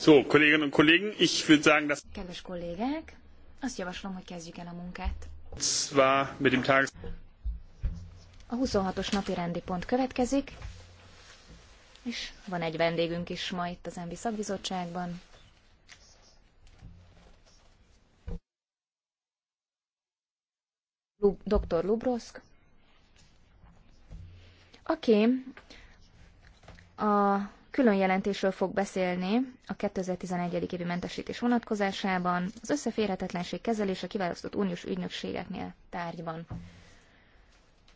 So, Kolleginnen und Kollegen, ich würde sagen, dass... Kedves kollégák, azt javaslom, hogy kezdjük el a munkát. Zwar mit dem Tages... A 26-os napi rendi pont következik, és van egy vendégünk is ma itt az ENVI szakbizottságban. Lub, Dr. Lubroszk, aki a külön jelentésről fog beszélni a 2011. évi mentesítés vonatkozásában az összeférhetetlenség kezelése kiválasztott uniós ügynökségeknél tárgyban.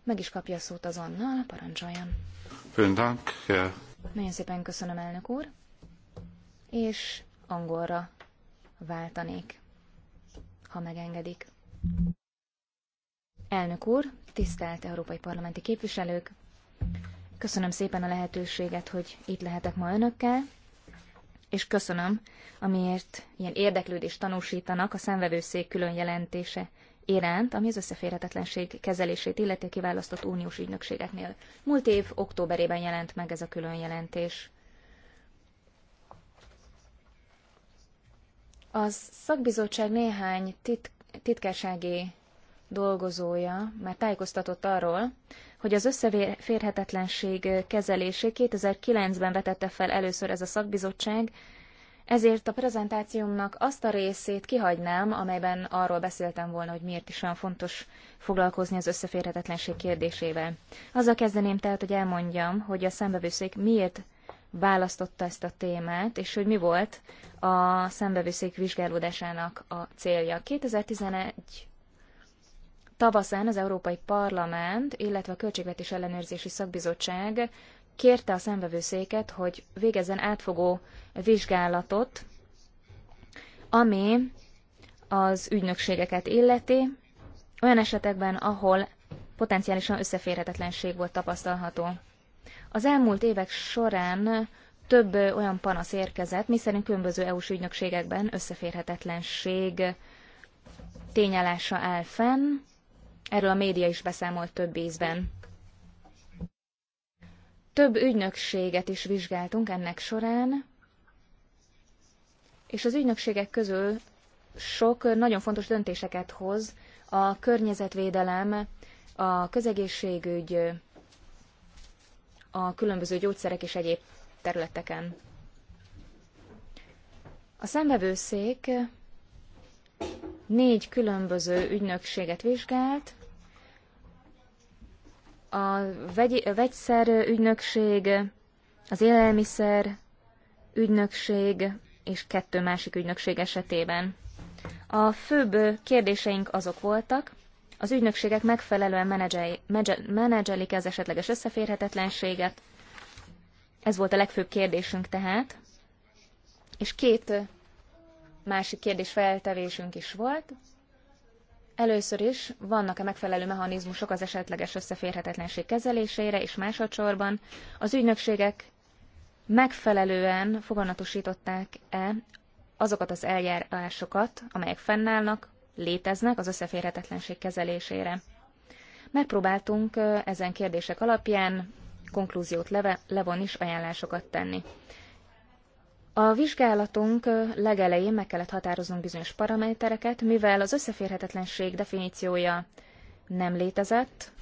Meg is kapja a szót azonnal, parancsoljon. Főndank. Nagyon szépen köszönöm, elnök úr. És angolra váltanék, ha megengedik. Elnök úr, tisztelt európai parlamenti képviselők, Köszönöm szépen a lehetőséget, hogy itt lehetek ma önökkel, és köszönöm, amiért ilyen érdeklődést tanúsítanak a számvevőszék külön jelentése iránt, ami az összeférhetetlenség kezelését illeti a kiválasztott uniós ügynökségeknél. Múlt év októberében jelent meg ez a külön jelentés. Az szakbizottság néhány tit- titkársági dolgozója már tájékoztatott arról, hogy az összeférhetetlenség kezelését 2009-ben vetette fel először ez a szakbizottság, ezért a prezentációmnak azt a részét kihagynám, amelyben arról beszéltem volna, hogy miért is olyan fontos foglalkozni az összeférhetetlenség kérdésével. Azzal kezdeném tehát, hogy elmondjam, hogy a szembevőszék miért választotta ezt a témát, és hogy mi volt a szembevőszék vizsgálódásának a célja. 2011 Tavaszán az Európai Parlament, illetve a Költségvetés Ellenőrzési Szakbizottság kérte a szemvevőszéket, hogy végezzen átfogó vizsgálatot, ami az ügynökségeket illeti, olyan esetekben, ahol potenciálisan összeférhetetlenség volt tapasztalható. Az elmúlt évek során több olyan panasz érkezett, miszerint különböző EU-s ügynökségekben összeférhetetlenség tényállása áll fenn, Erről a média is beszámolt több ízben. Több ügynökséget is vizsgáltunk ennek során, és az ügynökségek közül sok nagyon fontos döntéseket hoz a környezetvédelem, a közegészségügy, a különböző gyógyszerek és egyéb területeken. A szembevőszék négy különböző ügynökséget vizsgált, a, vegy, a vegyszer ügynökség, az élelmiszer ügynökség és kettő másik ügynökség esetében. A főbb kérdéseink azok voltak, az ügynökségek megfelelően menedzselik az esetleges összeférhetetlenséget, ez volt a legfőbb kérdésünk tehát, és két másik kérdés feltevésünk is volt. Először is vannak-e megfelelő mechanizmusok az esetleges összeférhetetlenség kezelésére, és másodszorban az ügynökségek megfelelően foganatosították-e azokat az eljárásokat, amelyek fennállnak, léteznek az összeférhetetlenség kezelésére. Megpróbáltunk ezen kérdések alapján konklúziót leve, levon is ajánlásokat tenni. A vizsgálatunk legelején meg kellett határoznunk bizonyos paramétereket, mivel az összeférhetetlenség definíciója nem létezett.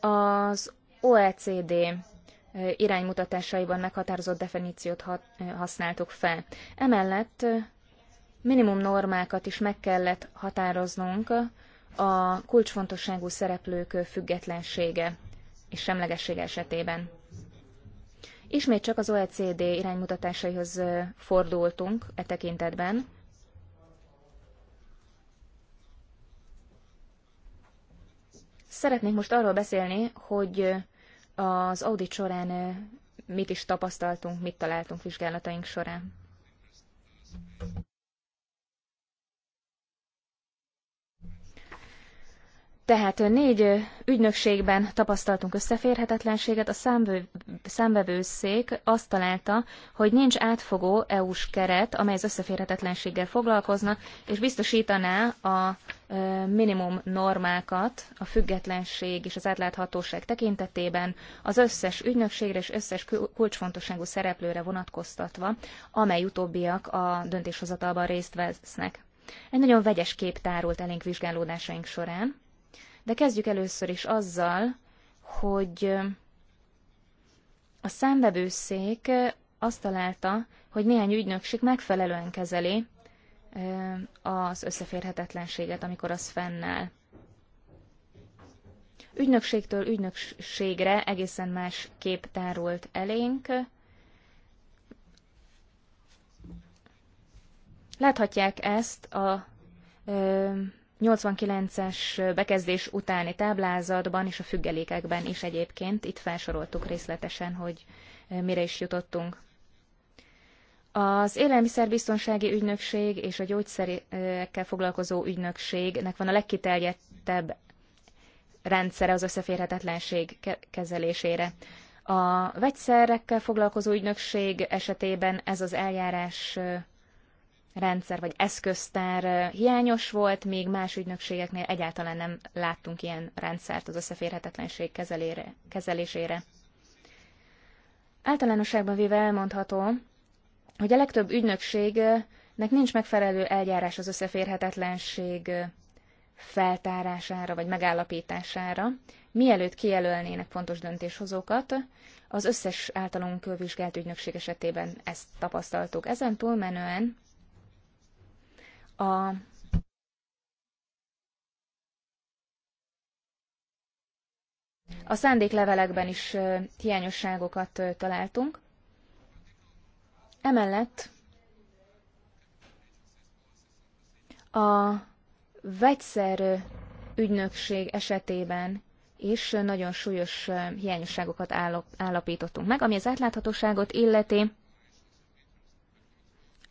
Az OECD iránymutatásaiban meghatározott definíciót használtuk fel. Emellett minimum normákat is meg kellett határoznunk a kulcsfontosságú szereplők függetlensége és semlegessége esetében. Ismét csak az OECD iránymutatásaihoz fordultunk e tekintetben. Szeretnék most arról beszélni, hogy az audit során mit is tapasztaltunk, mit találtunk vizsgálataink során. Tehát négy ügynökségben tapasztaltunk összeférhetetlenséget. A számvevőszék azt találta, hogy nincs átfogó EU-s keret, amely az összeférhetetlenséggel foglalkozna, és biztosítaná a minimum normákat a függetlenség és az átláthatóság tekintetében az összes ügynökségre és összes kulcsfontosságú szereplőre vonatkoztatva, amely utóbbiak a döntéshozatalban részt vesznek. Egy nagyon vegyes kép tárult elénk vizsgálódásaink során. De kezdjük először is azzal, hogy a számvevőszék azt találta, hogy néhány ügynökség megfelelően kezeli az összeférhetetlenséget, amikor az fennáll. Ügynökségtől ügynökségre egészen más kép tárult elénk. Láthatják ezt a 89-es bekezdés utáni táblázatban és a függelékekben is egyébként itt felsoroltuk részletesen, hogy eh, mire is jutottunk. Az élelmiszerbiztonsági ügynökség és a gyógyszerekkel foglalkozó ügynökségnek van a legkiteljettebb rendszere az összeférhetetlenség kezelésére. A vegyszerekkel foglalkozó ügynökség esetében ez az eljárás eh, rendszer vagy eszköztár hiányos volt, még más ügynökségeknél egyáltalán nem láttunk ilyen rendszert az összeférhetetlenség kezelére, kezelésére. Általánosságban véve elmondható, hogy a legtöbb ügynökségnek nincs megfelelő eljárás az összeférhetetlenség feltárására vagy megállapítására, mielőtt kijelölnének fontos döntéshozókat, az összes általunk vizsgált ügynökség esetében ezt tapasztaltuk. Ezen túlmenően a a szándéklevelekben is hiányosságokat találtunk. Emellett a vegyszer ügynökség esetében is nagyon súlyos hiányosságokat állapítottunk meg, ami az átláthatóságot illeti.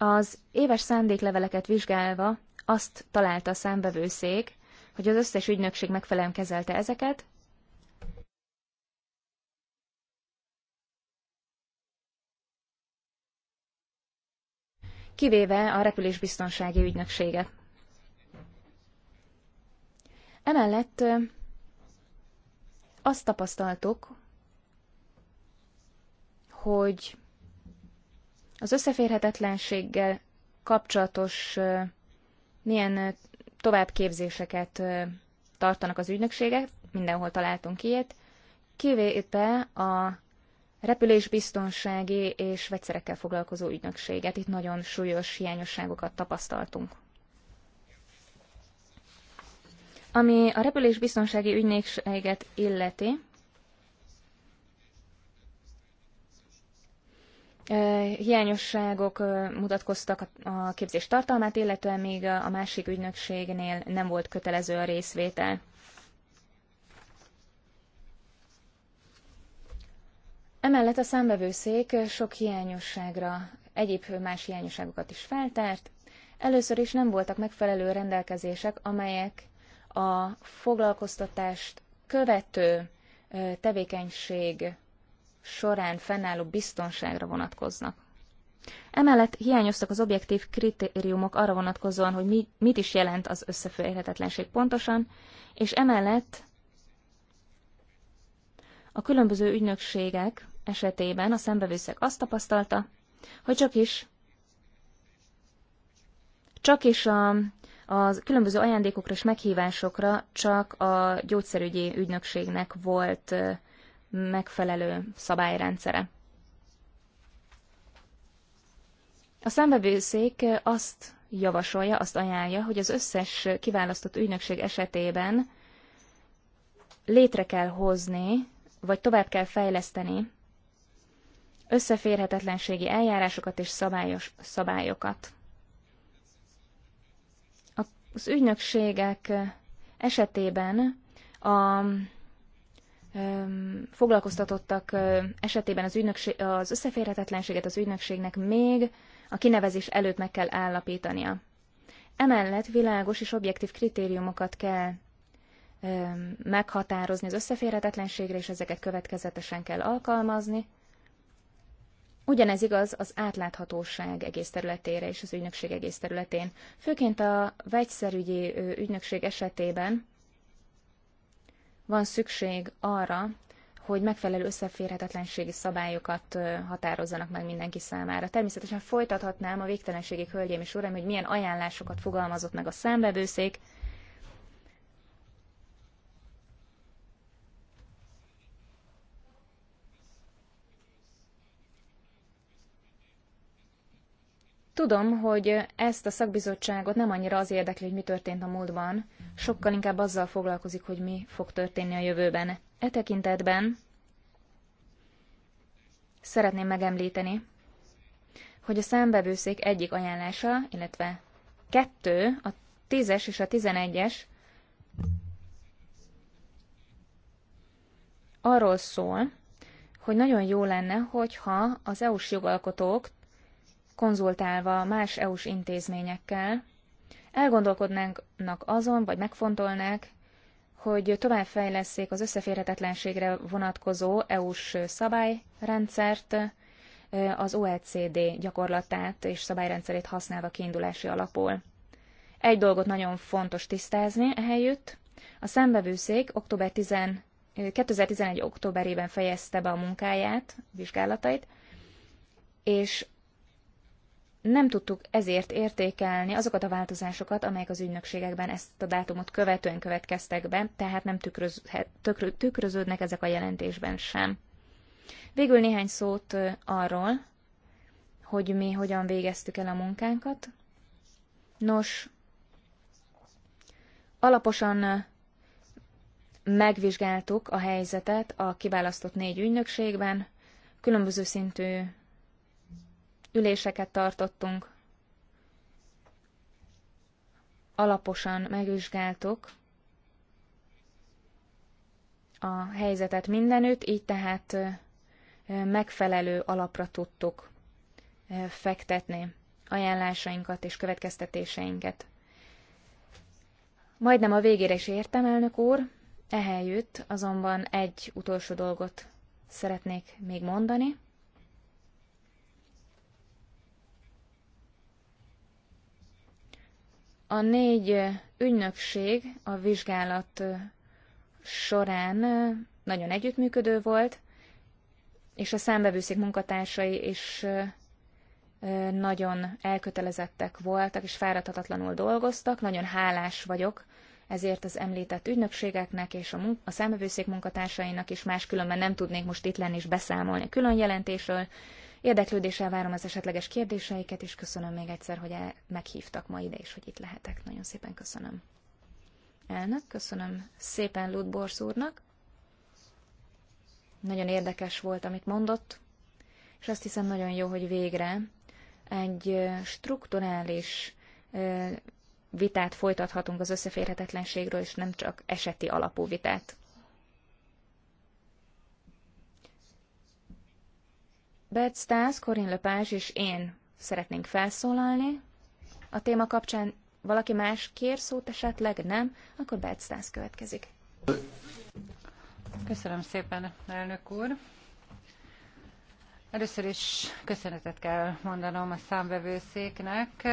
Az éves szándékleveleket vizsgálva azt találta a számbevőszék, hogy az összes ügynökség megfelelően kezelte ezeket, kivéve a repülésbiztonsági ügynökséget. Emellett azt tapasztaltuk, hogy az összeférhetetlenséggel kapcsolatos milyen továbbképzéseket tartanak az ügynökségek, mindenhol találtunk ilyet, kivéve a repülésbiztonsági és vegyszerekkel foglalkozó ügynökséget. Itt nagyon súlyos hiányosságokat tapasztaltunk. Ami a repülésbiztonsági ügynökséget illeti, Hiányosságok mutatkoztak a képzés tartalmát, illetően még a másik ügynökségnél nem volt kötelező a részvétel. Emellett a számbevőszék sok hiányosságra, egyéb más hiányosságokat is feltárt. Először is nem voltak megfelelő rendelkezések, amelyek a foglalkoztatást követő tevékenység során fennálló biztonságra vonatkoznak. Emellett hiányoztak az objektív kritériumok arra vonatkozóan, hogy mi, mit is jelent az összeférhetetlenség pontosan, és emellett a különböző ügynökségek esetében a szembevőszek azt tapasztalta, hogy csak is, csak is a, a különböző ajándékokra és meghívásokra csak a gyógyszerügyi ügynökségnek volt megfelelő szabályrendszere. A számbevőszék azt javasolja, azt ajánlja, hogy az összes kiválasztott ügynökség esetében létre kell hozni, vagy tovább kell fejleszteni összeférhetetlenségi eljárásokat és szabályos szabályokat. Az ügynökségek esetében a foglalkoztatottak esetében az, ügynökség, az összeférhetetlenséget az ügynökségnek még a kinevezés előtt meg kell állapítania. Emellett világos és objektív kritériumokat kell meghatározni az összeférhetetlenségre, és ezeket következetesen kell alkalmazni. Ugyanez igaz az átláthatóság egész területére és az ügynökség egész területén. Főként a vegyszerügyi ügynökség esetében van szükség arra, hogy megfelelő összeférhetetlenségi szabályokat határozzanak meg mindenki számára. Természetesen folytathatnám a végtelenségig, hölgyeim és uraim, hogy milyen ajánlásokat fogalmazott meg a számbevőszék, Tudom, hogy ezt a szakbizottságot nem annyira az érdekli, hogy mi történt a múltban, sokkal inkább azzal foglalkozik, hogy mi fog történni a jövőben. E tekintetben szeretném megemlíteni, hogy a számbevőszék egyik ajánlása, illetve kettő, a tízes és a tizenegyes arról szól, hogy nagyon jó lenne, hogyha az EU-s jogalkotók konzultálva más EU-s intézményekkel, elgondolkodnának azon, vagy megfontolnák, hogy továbbfejleszék az összeférhetetlenségre vonatkozó EU-s szabályrendszert, az OECD gyakorlatát és szabályrendszerét használva kiindulási alapul. Egy dolgot nagyon fontos tisztázni ehelyütt. A szembevőszék október 10, 2011. októberében fejezte be a munkáját, vizsgálatait, és nem tudtuk ezért értékelni azokat a változásokat, amelyek az ügynökségekben ezt a dátumot követően következtek be, tehát nem hát tükröződnek ezek a jelentésben sem. Végül néhány szót arról, hogy mi hogyan végeztük el a munkánkat. Nos, alaposan megvizsgáltuk a helyzetet a kiválasztott négy ügynökségben, különböző szintű üléseket tartottunk, alaposan megvizsgáltuk a helyzetet mindenütt, így tehát megfelelő alapra tudtuk fektetni ajánlásainkat és következtetéseinket. Majdnem a végére is értem, elnök úr, ehelyütt azonban egy utolsó dolgot szeretnék még mondani. A négy ügynökség a vizsgálat során nagyon együttműködő volt, és a számbevőszék munkatársai is nagyon elkötelezettek voltak, és fáradhatatlanul dolgoztak. Nagyon hálás vagyok ezért az említett ügynökségeknek és a, mun- a számbevőszék munkatársainak is, máskülönben nem tudnék most itt lenni és beszámolni külön jelentésről, Érdeklődéssel várom az esetleges kérdéseiket, és köszönöm még egyszer, hogy meghívtak ma ide, és hogy itt lehetek. Nagyon szépen köszönöm. Elnök, köszönöm szépen Ludborsz úrnak. Nagyon érdekes volt, amit mondott, és azt hiszem nagyon jó, hogy végre egy strukturális vitát folytathatunk az összeférhetetlenségről, és nem csak eseti alapú vitát. Bert Stas, Corinne Lepage és én szeretnénk felszólalni. A téma kapcsán valaki más kér szót esetleg, nem? Akkor Bert Stas következik. Köszönöm szépen, elnök úr. Először is köszönetet kell mondanom a számvevőszéknek.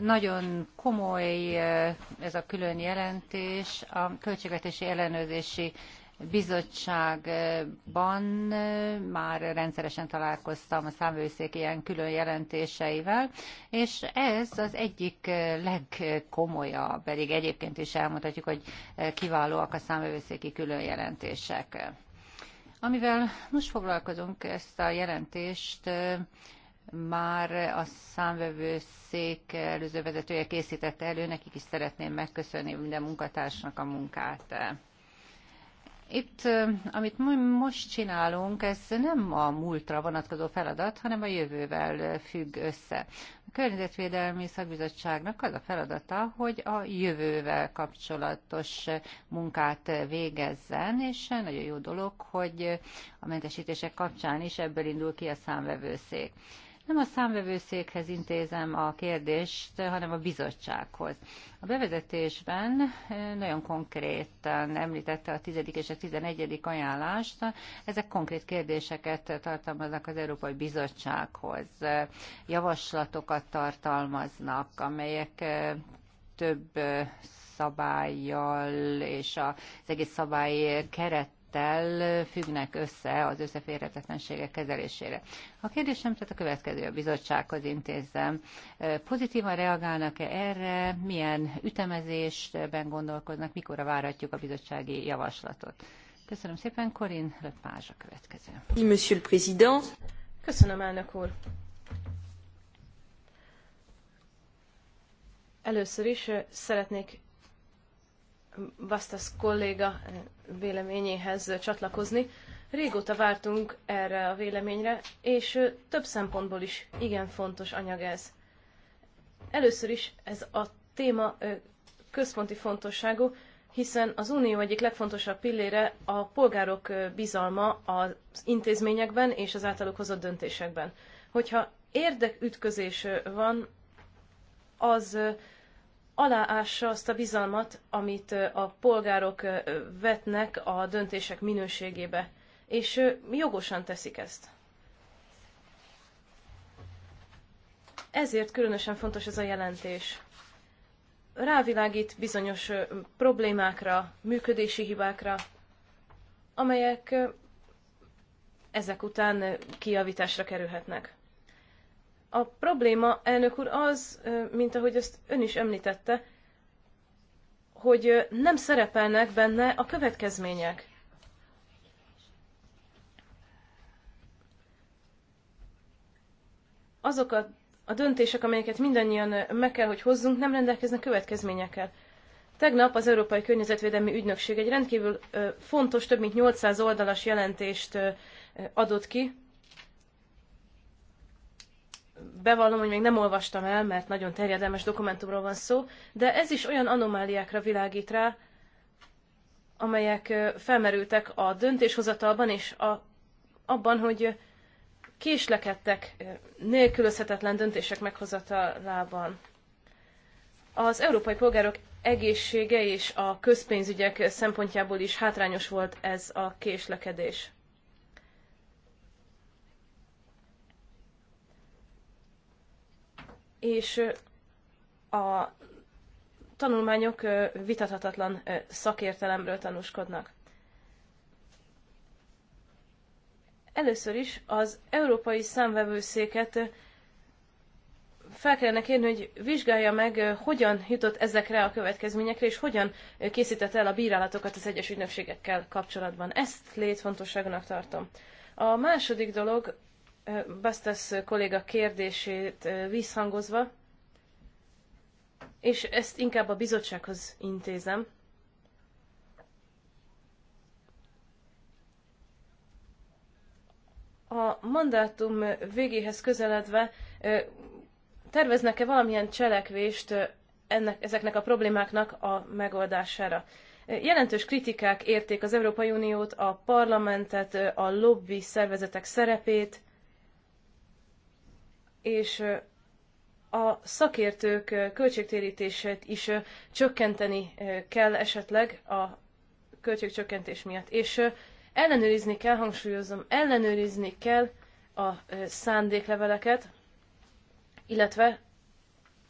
Nagyon komoly eh, ez a külön jelentés. A Költségvetési Ellenőrzési bizottságban eh, már rendszeresen találkoztam a számvőszék ilyen külön jelentéseivel, és ez az egyik eh, legkomolyabb, pedig egyébként is elmutatjuk, hogy eh, kiválóak a számvőszéki külön jelentések. Amivel most foglalkozunk, ezt a jelentést már a számvevőszék előző vezetője készítette elő, nekik is szeretném megköszönni minden munkatársnak a munkát. Itt, amit most csinálunk, ez nem a múltra vonatkozó feladat, hanem a jövővel függ össze. A Környezetvédelmi Szakbizottságnak az a feladata, hogy a jövővel kapcsolatos munkát végezzen, és nagyon jó dolog, hogy a mentesítések kapcsán is ebből indul ki a számvevőszék. Nem a számvevőszékhez intézem a kérdést, hanem a bizottsághoz. A bevezetésben nagyon konkrétan említette a 10. és a 11. ajánlást. Ezek konkrét kérdéseket tartalmaznak az Európai Bizottsághoz. Javaslatokat tartalmaznak, amelyek több szabályjal és az egész szabályi keret rendelettel függnek össze az összeférhetetlenségek kezelésére. A kérdésem tehát a következő, a bizottsághoz intézzem. Pozitívan reagálnak-e erre? Milyen ütemezésben gondolkoznak? Mikor várhatjuk a bizottsági javaslatot? Köszönöm szépen. Corin Lepázs a következő. Monsieur le Président. Köszönöm, elnök úr. Először is szeretnék Bastas kolléga véleményéhez csatlakozni. Régóta vártunk erre a véleményre, és több szempontból is igen fontos anyag ez. Először is ez a téma központi fontosságú, hiszen az unió egyik legfontosabb pillére a polgárok bizalma az intézményekben és az általuk hozott döntésekben. Hogyha érdekütközés van, az aláássa azt a bizalmat, amit a polgárok vetnek a döntések minőségébe, és jogosan teszik ezt. Ezért különösen fontos ez a jelentés. Rávilágít bizonyos problémákra, működési hibákra, amelyek ezek után kijavításra kerülhetnek. A probléma, elnök úr, az, mint ahogy ezt ön is említette, hogy nem szerepelnek benne a következmények. Azok a, a döntések, amelyeket mindannyian meg kell, hogy hozzunk, nem rendelkeznek következményekkel. Tegnap az Európai Környezetvédelmi Ügynökség egy rendkívül fontos, több mint 800 oldalas jelentést adott ki, bevallom, hogy még nem olvastam el, mert nagyon terjedelmes dokumentumról van szó, de ez is olyan anomáliákra világít rá, amelyek felmerültek a döntéshozatalban és a, abban, hogy késlekedtek nélkülözhetetlen döntések meghozatalában. Az európai polgárok egészsége és a közpénzügyek szempontjából is hátrányos volt ez a késlekedés. és a tanulmányok vitathatatlan szakértelemről tanúskodnak. Először is az európai számvevőszéket fel kellene kérni, hogy vizsgálja meg, hogyan jutott ezekre a következményekre, és hogyan készítette el a bírálatokat az egyes ügynökségekkel kapcsolatban. Ezt létfontosságnak tartom. A második dolog Bastas kolléga kérdését eh, visszhangozva, és ezt inkább a bizottsághoz intézem. A mandátum végéhez közeledve eh, terveznek-e valamilyen cselekvést eh, ennek, ezeknek a problémáknak a megoldására? Jelentős kritikák érték az Európai Uniót, a parlamentet, a lobby szervezetek szerepét, és a szakértők költségtérítését is csökkenteni kell esetleg a költségcsökkentés miatt. És ellenőrizni kell, hangsúlyozom, ellenőrizni kell a szándékleveleket, illetve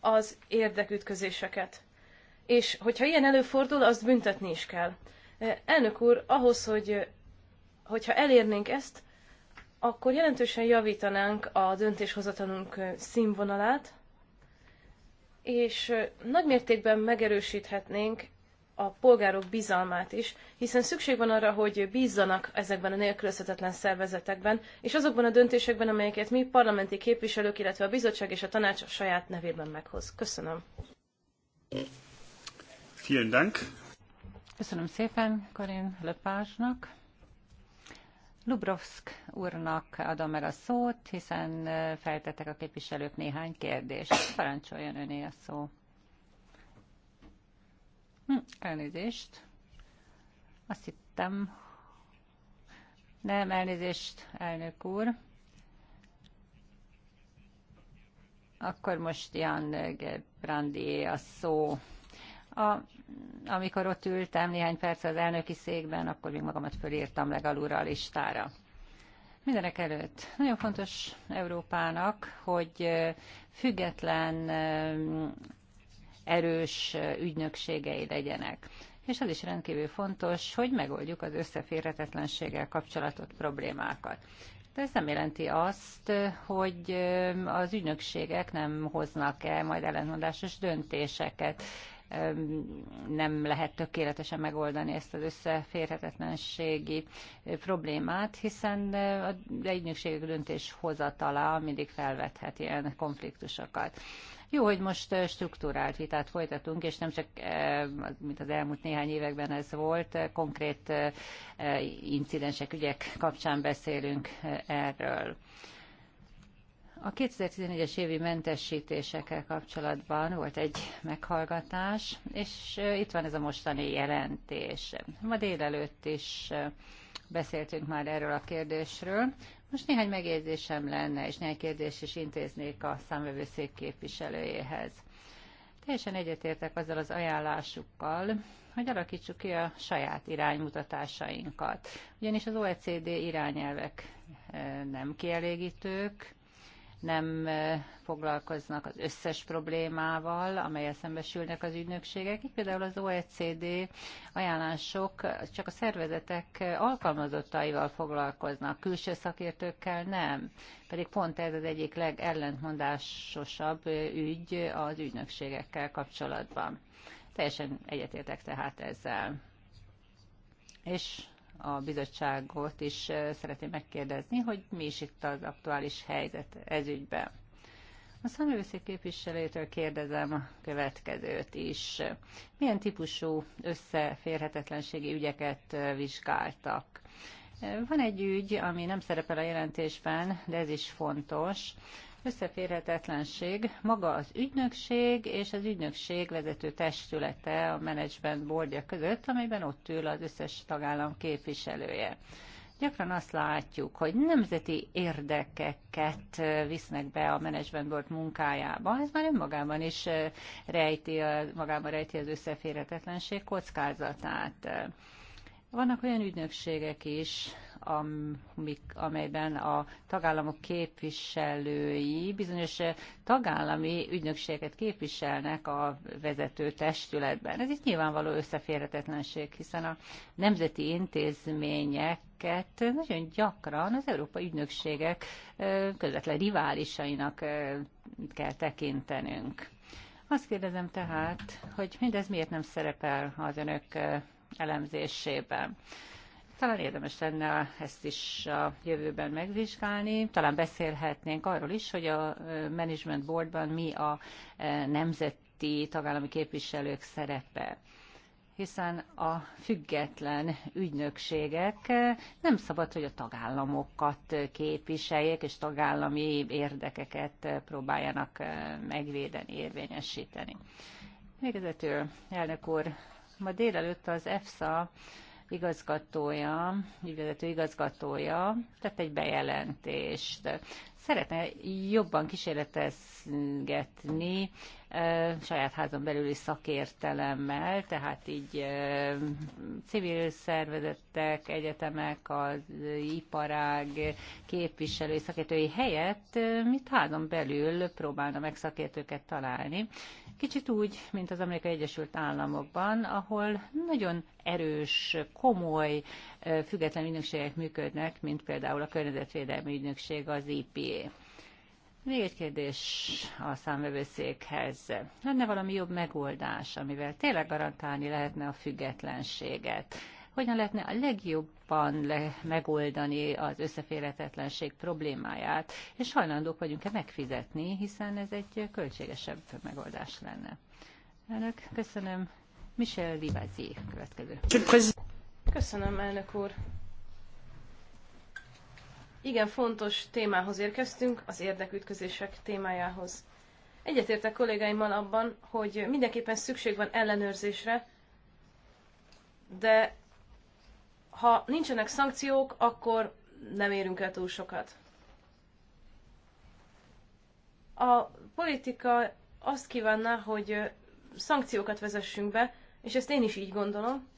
az érdekütközéseket. És hogyha ilyen előfordul, azt büntetni is kell. Elnök úr, ahhoz, hogy hogyha elérnénk ezt, akkor jelentősen javítanánk a döntéshozatalunk színvonalát, és nagymértékben megerősíthetnénk a polgárok bizalmát is, hiszen szükség van arra, hogy bízzanak ezekben a nélkülözhetetlen szervezetekben, és azokban a döntésekben, amelyeket mi parlamenti képviselők, illetve a bizottság és a tanács a saját nevében meghoz. Köszönöm. Vielen Dank. Köszönöm szépen Karin Lepásnak. Lubrovsk úrnak adom meg a szót, hiszen feltettek a képviselők néhány kérdést. Parancsoljon öné a szó. Hm, elnézést. Azt hittem. Nem, elnézést, elnök úr. Akkor most Jan Brandi a szó. A amikor ott ültem néhány perc az elnöki székben, akkor még magamat fölírtam legalúra a listára. Mindenek előtt nagyon fontos Európának, hogy független, erős ügynökségei legyenek. És az is rendkívül fontos, hogy megoldjuk az összeférhetetlenséggel kapcsolatot problémákat. De ez nem jelenti azt, hogy az ügynökségek nem hoznak el majd ellentmondásos döntéseket nem lehet tökéletesen megoldani ezt az összeférhetetlenségi problémát, hiszen a ügynökségek döntéshozatala mindig felvethet ilyen konfliktusokat. Jó, hogy most struktúrált vitát folytatunk, és nem csak, mint az elmúlt néhány években ez volt, konkrét incidensek, ügyek kapcsán beszélünk erről. A 2014-es évi mentesítésekkel kapcsolatban volt egy meghallgatás, és itt van ez a mostani jelentés. Ma délelőtt is beszéltünk már erről a kérdésről. Most néhány megjegyzésem lenne, és néhány kérdés is intéznék a számvevőszék képviselőjéhez. Teljesen egyetértek azzal az ajánlásukkal, hogy alakítsuk ki a saját iránymutatásainkat. Ugyanis az OECD irányelvek nem kielégítők, nem foglalkoznak az összes problémával, amelyel szembesülnek az ügynökségek. Így például az OECD ajánlások csak a szervezetek alkalmazottaival foglalkoznak, külső szakértőkkel nem. Pedig pont ez az egyik legellentmondásosabb ügy az ügynökségekkel kapcsolatban. Teljesen egyetértek tehát ezzel. És a bizottságot is szeretném megkérdezni, hogy mi is itt az aktuális helyzet ez ügyben. A számövőszék képviselőtől kérdezem a következőt is. Milyen típusú összeférhetetlenségi ügyeket vizsgáltak? Van egy ügy, ami nem szerepel a jelentésben, de ez is fontos összeférhetetlenség maga az ügynökség és az ügynökség vezető testülete a menedzsment bordja között, amelyben ott ül az összes tagállam képviselője. Gyakran azt látjuk, hogy nemzeti érdekeket visznek be a menedzsment board munkájába. Ez már önmagában is rejti, magában rejti az összeférhetetlenség kockázatát. Vannak olyan ügynökségek is, amik, amelyben a tagállamok képviselői bizonyos tagállami ügynökséget képviselnek a vezető testületben. Ez itt nyilvánvaló összeférhetetlenség, hiszen a nemzeti intézmények nagyon gyakran az európai ügynökségek közvetlen riválisainak kell tekintenünk. Azt kérdezem tehát, hogy mindez miért nem szerepel az önök elemzésében. Talán érdemes lenne ezt is a jövőben megvizsgálni. Talán beszélhetnénk arról is, hogy a Management Boardban mi a nemzeti tagállami képviselők szerepe hiszen a független ügynökségek nem szabad, hogy a tagállamokat képviseljék, és tagállami érdekeket próbáljanak megvédeni, érvényesíteni. Végezetül, elnök úr, ma délelőtt az EFSA igazgatója, ügyvezető igazgatója tett egy bejelentést. Szeretne jobban kísérletezgetni saját házon belüli szakértelemmel, tehát így civil szervezetek, egyetemek, az iparág képviselői, szakértői helyett mit házon belül próbálna meg szakértőket találni. Kicsit úgy, mint az Amerikai Egyesült Államokban, ahol nagyon erős, komoly, független ügynökségek működnek, mint például a Környezetvédelmi Ügynökség, az EPA. Még egy kérdés a számvevőszékhez. Lenne valami jobb megoldás, amivel tényleg garantálni lehetne a függetlenséget? Hogyan lehetne a legjobban le- megoldani az összeférhetetlenség problémáját, és hajlandók vagyunk-e megfizetni, hiszen ez egy költségesebb megoldás lenne. Elnök, köszönöm. Michel Livazi következő. Köszönöm, elnök úr igen fontos témához érkeztünk, az érdekütközések témájához. Egyetértek kollégáimmal abban, hogy mindenképpen szükség van ellenőrzésre, de ha nincsenek szankciók, akkor nem érünk el túl sokat. A politika azt kívánná, hogy szankciókat vezessünk be, és ezt én is így gondolom,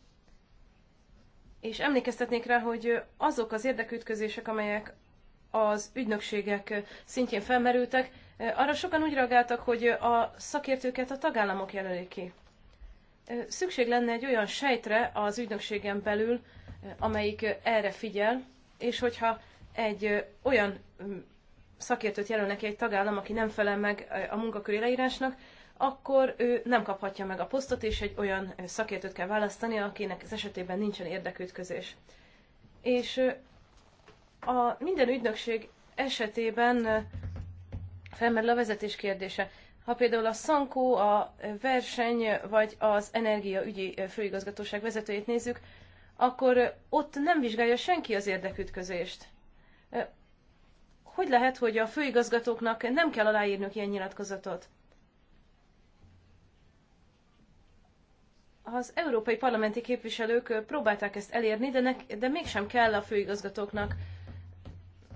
és emlékeztetnék rá, hogy azok az érdekütközések, amelyek az ügynökségek szintjén felmerültek, arra sokan úgy reagáltak, hogy a szakértőket a tagállamok jelölik ki. Szükség lenne egy olyan sejtre az ügynökségen belül, amelyik erre figyel, és hogyha egy olyan mm, szakértőt jelölnek egy tagállam, aki nem felel meg a munkaköré leírásnak, akkor ő nem kaphatja meg a posztot, és egy olyan szakértőt kell választani, akinek az esetében nincsen érdekütközés. És a minden ügynökség esetében felmerül a vezetés kérdése. Ha például a Szankó, a verseny vagy az energiaügyi főigazgatóság vezetőjét nézzük, akkor ott nem vizsgálja senki az érdekütközést. Hogy lehet, hogy a főigazgatóknak nem kell aláírnunk ilyen nyilatkozatot? az európai parlamenti képviselők próbálták ezt elérni, de, de mégsem kell a főigazgatóknak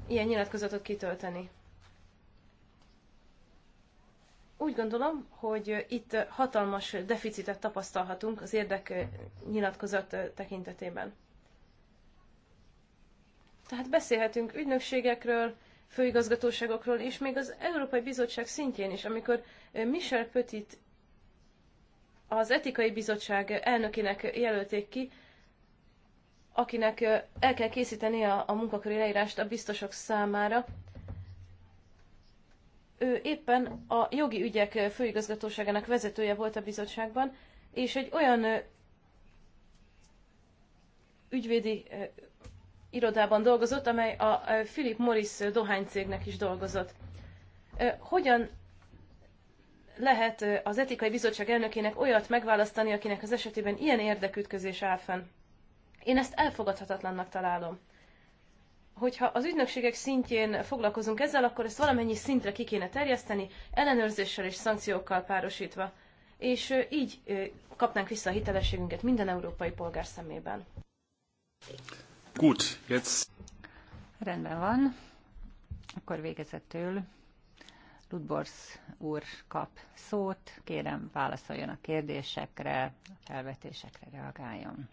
ilyen nyilatkozatot kitölteni. Úgy gondolom, hogy itt hatalmas deficitet tapasztalhatunk az érdeknyilatkozat tekintetében. Tehát beszélhetünk ügynökségekről, főigazgatóságokról, és még az Európai Bizottság szintjén is, amikor Michel Petit az etikai bizottság elnökének jelölték ki, akinek el kell készíteni a, a munkaköri leírást a biztosok számára. Ő éppen a jogi ügyek főigazgatóságának vezetője volt a bizottságban, és egy olyan ügyvédi irodában dolgozott, amely a Philip Morris dohánycégnek is dolgozott. Hogyan lehet az etikai bizottság elnökének olyat megválasztani, akinek az esetében ilyen érdekütközés áll fenn. Én ezt elfogadhatatlannak találom. Hogyha az ügynökségek szintjén foglalkozunk ezzel, akkor ezt valamennyi szintre ki kéne terjeszteni, ellenőrzéssel és szankciókkal párosítva. És így kapnánk vissza a hitelességünket minden európai polgár szemében. Gut, jetzt. Rendben van. Akkor végezetül Ludborsz úr kap szót, kérem válaszoljon a kérdésekre, a felvetésekre reagáljon.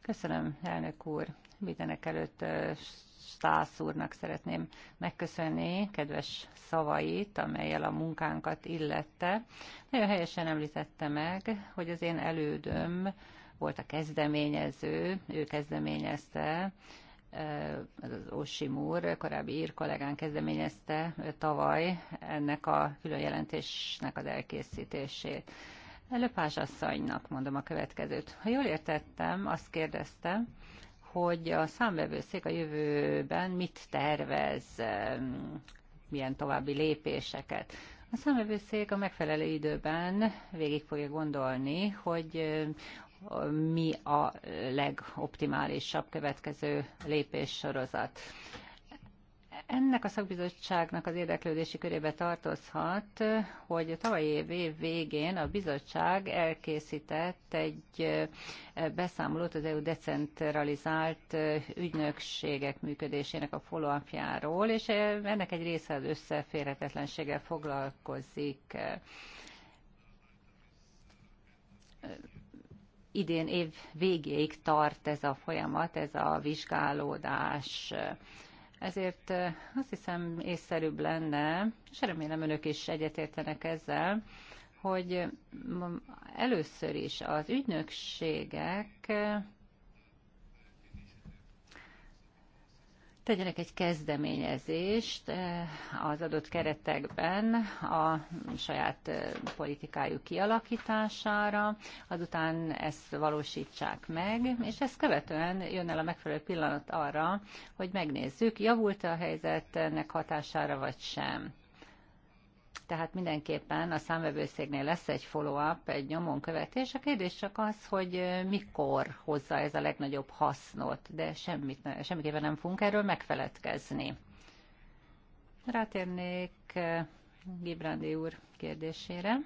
Köszönöm, elnök úr. Mindenek előtt Stász úrnak szeretném megköszönni kedves szavait, amelyel a munkánkat illette. Nagyon helyesen említette meg, hogy az én elődöm volt a kezdeményező, ő kezdeményezte ez az Osim úr, korábbi ír kollégán kezdeményezte tavaly ennek a külön jelentésnek az elkészítését. Előpás asszonynak mondom a következőt. Ha jól értettem, azt kérdeztem, hogy a számvevőszék a jövőben mit tervez, milyen további lépéseket. A számvevőszék a megfelelő időben végig fogja gondolni, hogy mi a legoptimálisabb következő lépés sorozat. Ennek a szakbizottságnak az érdeklődési körébe tartozhat, hogy a tavalyi év, év végén a bizottság elkészített egy beszámolót az EU decentralizált ügynökségek működésének a follow és ennek egy része az összeférhetetlenséggel foglalkozik idén év végéig tart ez a folyamat, ez a vizsgálódás. Ezért azt hiszem észszerűbb lenne, és remélem önök is egyetértenek ezzel, hogy először is az ügynökségek tegyenek egy kezdeményezést eh, az adott keretekben a saját eh, politikájuk kialakítására, azután ezt valósítsák meg, és ezt követően jön el a megfelelő pillanat arra, hogy megnézzük, javult-e a helyzet ennek hatására vagy sem tehát mindenképpen a számvevőszéknél lesz egy follow-up, egy nyomon követés. A kérdés csak az, hogy mikor hozza ez a legnagyobb hasznot, de semmit, semmiképpen nem fogunk erről megfeledkezni. Rátérnék Gibrandi úr kérdésére.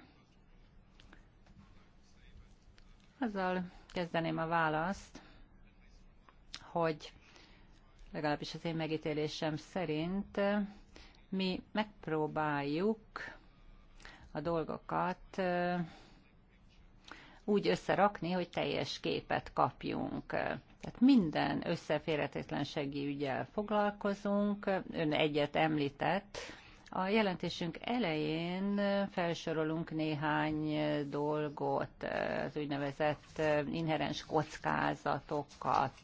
Azzal kezdeném a választ, hogy legalábbis az én megítélésem szerint mi megpróbáljuk a dolgokat úgy összerakni, hogy teljes képet kapjunk. Tehát minden összeférhetetlenségi ügyel foglalkozunk, ön egyet említett, a jelentésünk elején felsorolunk néhány dolgot, az úgynevezett inherens kockázatokat,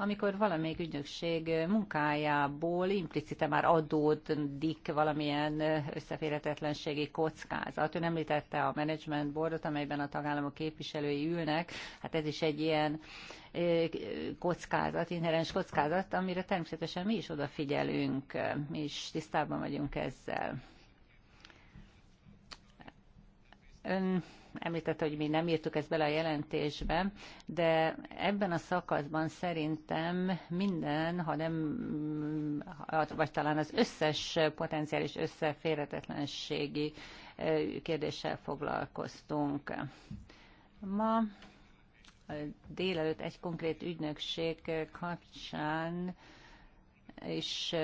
amikor valamelyik ügynökség munkájából implicite már adódik valamilyen összeférhetetlenségi kockázat. Ön említette a management boardot, amelyben a tagállamok képviselői ülnek, hát ez is egy ilyen kockázat, inherens kockázat, amire természetesen mi is odafigyelünk, mi is tisztában vagyunk ezzel. Ön említette, hogy mi nem írtuk ezt bele a jelentésben, de ebben a szakaszban szerintem minden, ha nem, vagy talán az összes potenciális összeférhetetlenségi kérdéssel foglalkoztunk. Ma délelőtt egy konkrét ügynökség kapcsán is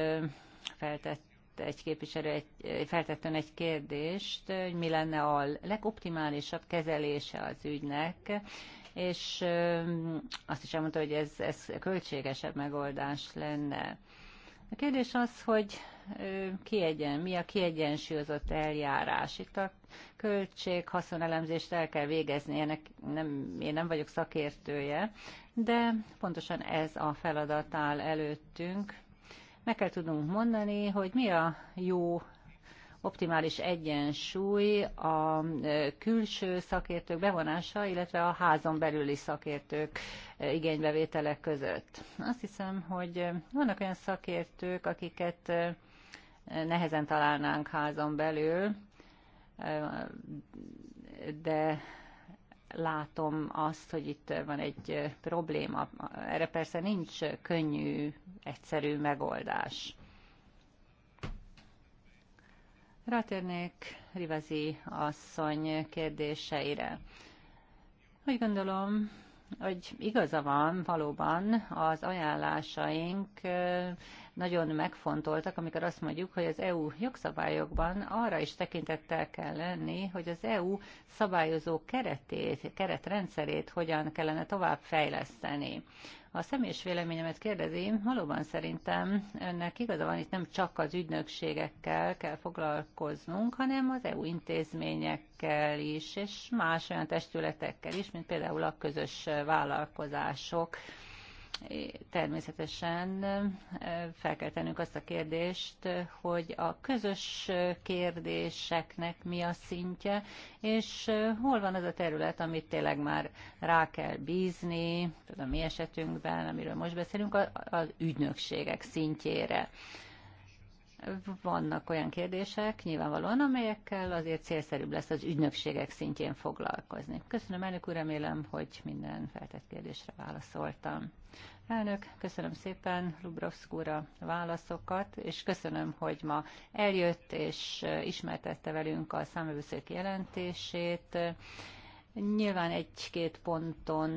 feltett egy képviselő egy, eh, feltettem egy kérdést, hogy mi lenne a legoptimálisabb kezelése az ügynek, és eh, azt is elmondta, hogy ez, ez költségesebb megoldás lenne. A kérdés az, hogy eh, kiegyen, mi a kiegyensúlyozott eljárás. Itt a költség haszonelemzést el kell végezni, ennek nem, én nem vagyok szakértője, de pontosan ez a feladat áll előttünk, meg kell tudnunk mondani, hogy mi a jó optimális egyensúly a e, külső szakértők bevonása, illetve a házon belüli szakértők e, igénybevételek között. Azt hiszem, hogy vannak olyan szakértők, akiket e, nehezen találnánk házon belül, de látom azt, hogy itt van egy probléma. Erre persze nincs könnyű, egyszerű megoldás. Rátérnék Rivazi asszony kérdéseire. Úgy gondolom, hogy igaza van valóban az ajánlásaink nagyon megfontoltak, amikor azt mondjuk, hogy az EU jogszabályokban arra is tekintettel kell lenni, hogy az EU szabályozó keretét, keretrendszerét hogyan kellene tovább fejleszteni. a személyes véleményemet kérdezi, valóban szerintem önnek igaza van, itt nem csak az ügynökségekkel kell foglalkoznunk, hanem az EU intézményekkel is, és más olyan testületekkel is, mint például a közös vállalkozások, Természetesen fel kell tennünk azt a kérdést, hogy a közös kérdéseknek mi a szintje, és hol van az a terület, amit tényleg már rá kell bízni, A mi esetünkben, amiről most beszélünk, az ügynökségek szintjére vannak olyan kérdések nyilvánvalóan, amelyekkel azért célszerűbb lesz az ügynökségek szintjén foglalkozni. Köszönöm, elnök úr, remélem, hogy minden feltett kérdésre válaszoltam. Elnök, köszönöm szépen Lubrovszkóra válaszokat, és köszönöm, hogy ma eljött és ismertette velünk a számövőszék jelentését. Nyilván egy-két ponton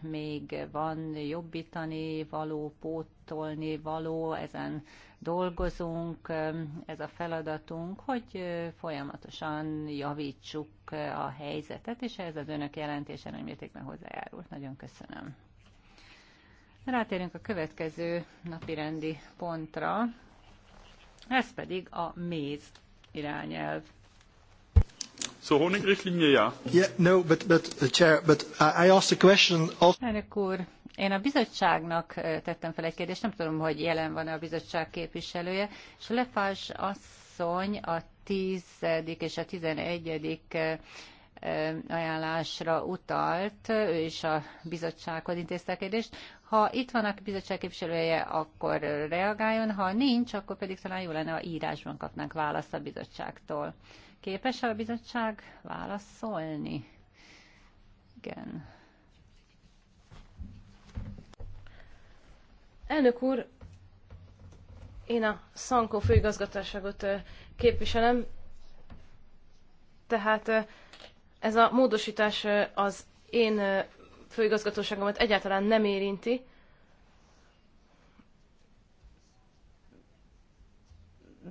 még van jobbítani való, pótolni való, ezen dolgozunk, ez a feladatunk, hogy folyamatosan javítsuk a helyzetet, és ez az önök jelentése nagy mértékben hozzájárult. Nagyon köszönöm. Rátérünk a következő napirendi pontra, ez pedig a méz irányelv. So honigrichtlinie, ja. Yeah, no, but, but, the uh, chair, but I asked a question of... Elnök úr, én a bizottságnak tettem fel egy kérdést, nem tudom, hogy jelen van-e a bizottság képviselője, és Lefás asszony a tizedik és a tizenegyedik ajánlásra utalt, ő is a bizottsághoz intézte a kérdést. Ha itt van a bizottság képviselője, akkor reagáljon, ha nincs, akkor pedig talán jó lenne, ha írásban kapnánk választ a bizottságtól. Képes a bizottság válaszolni? Igen. Elnök úr, én a Szankó főigazgatóságot képviselem, tehát ez a módosítás az én főigazgatóságomat egyáltalán nem érinti.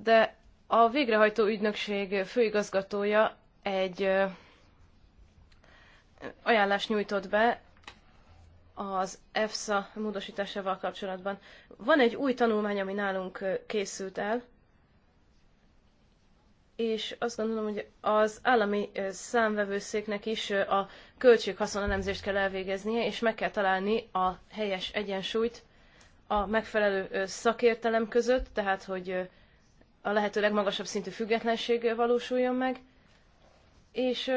De a végrehajtó ügynökség főigazgatója egy ajánlást nyújtott be az EFSA módosításával kapcsolatban. Van egy új tanulmány, ami nálunk készült el, és azt gondolom, hogy az állami számvevőszéknek is a költséghaszon elemzést kell elvégeznie, és meg kell találni a helyes egyensúlyt a megfelelő szakértelem között, tehát hogy a lehető legmagasabb szintű függetlenség valósuljon meg, és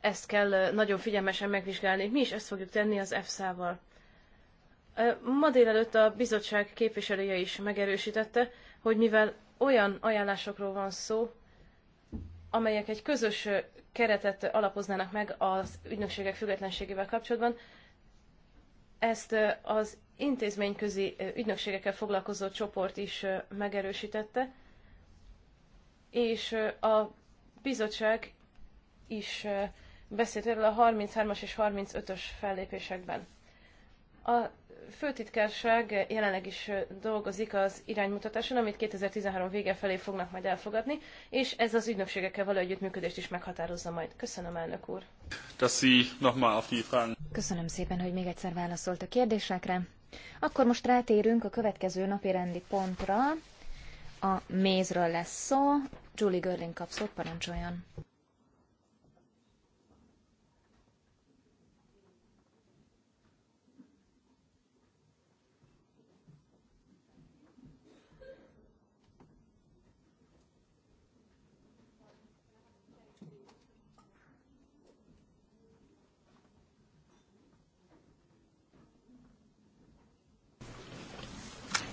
ezt kell nagyon figyelmesen megvizsgálni. Mi is ezt fogjuk tenni az EFSA-val. Ma délelőtt a bizottság képviselője is megerősítette, hogy mivel olyan ajánlásokról van szó, amelyek egy közös keretet alapoznának meg az ügynökségek függetlenségével kapcsolatban. Ezt az intézményközi ügynökségekkel foglalkozó csoport is megerősítette, és a bizottság is beszélt erről a 33-as és 35-ös fellépésekben. A főtitkárság jelenleg is dolgozik az iránymutatáson, amit 2013 vége felé fognak majd elfogadni, és ez az ügynökségekkel való együttműködést is meghatározza majd. Köszönöm, elnök úr. Köszönöm szépen, hogy még egyszer válaszolt a kérdésekre. Akkor most rátérünk a következő napi rendi pontra. A mézről lesz szó. Julie Görling kap szót, parancsoljon.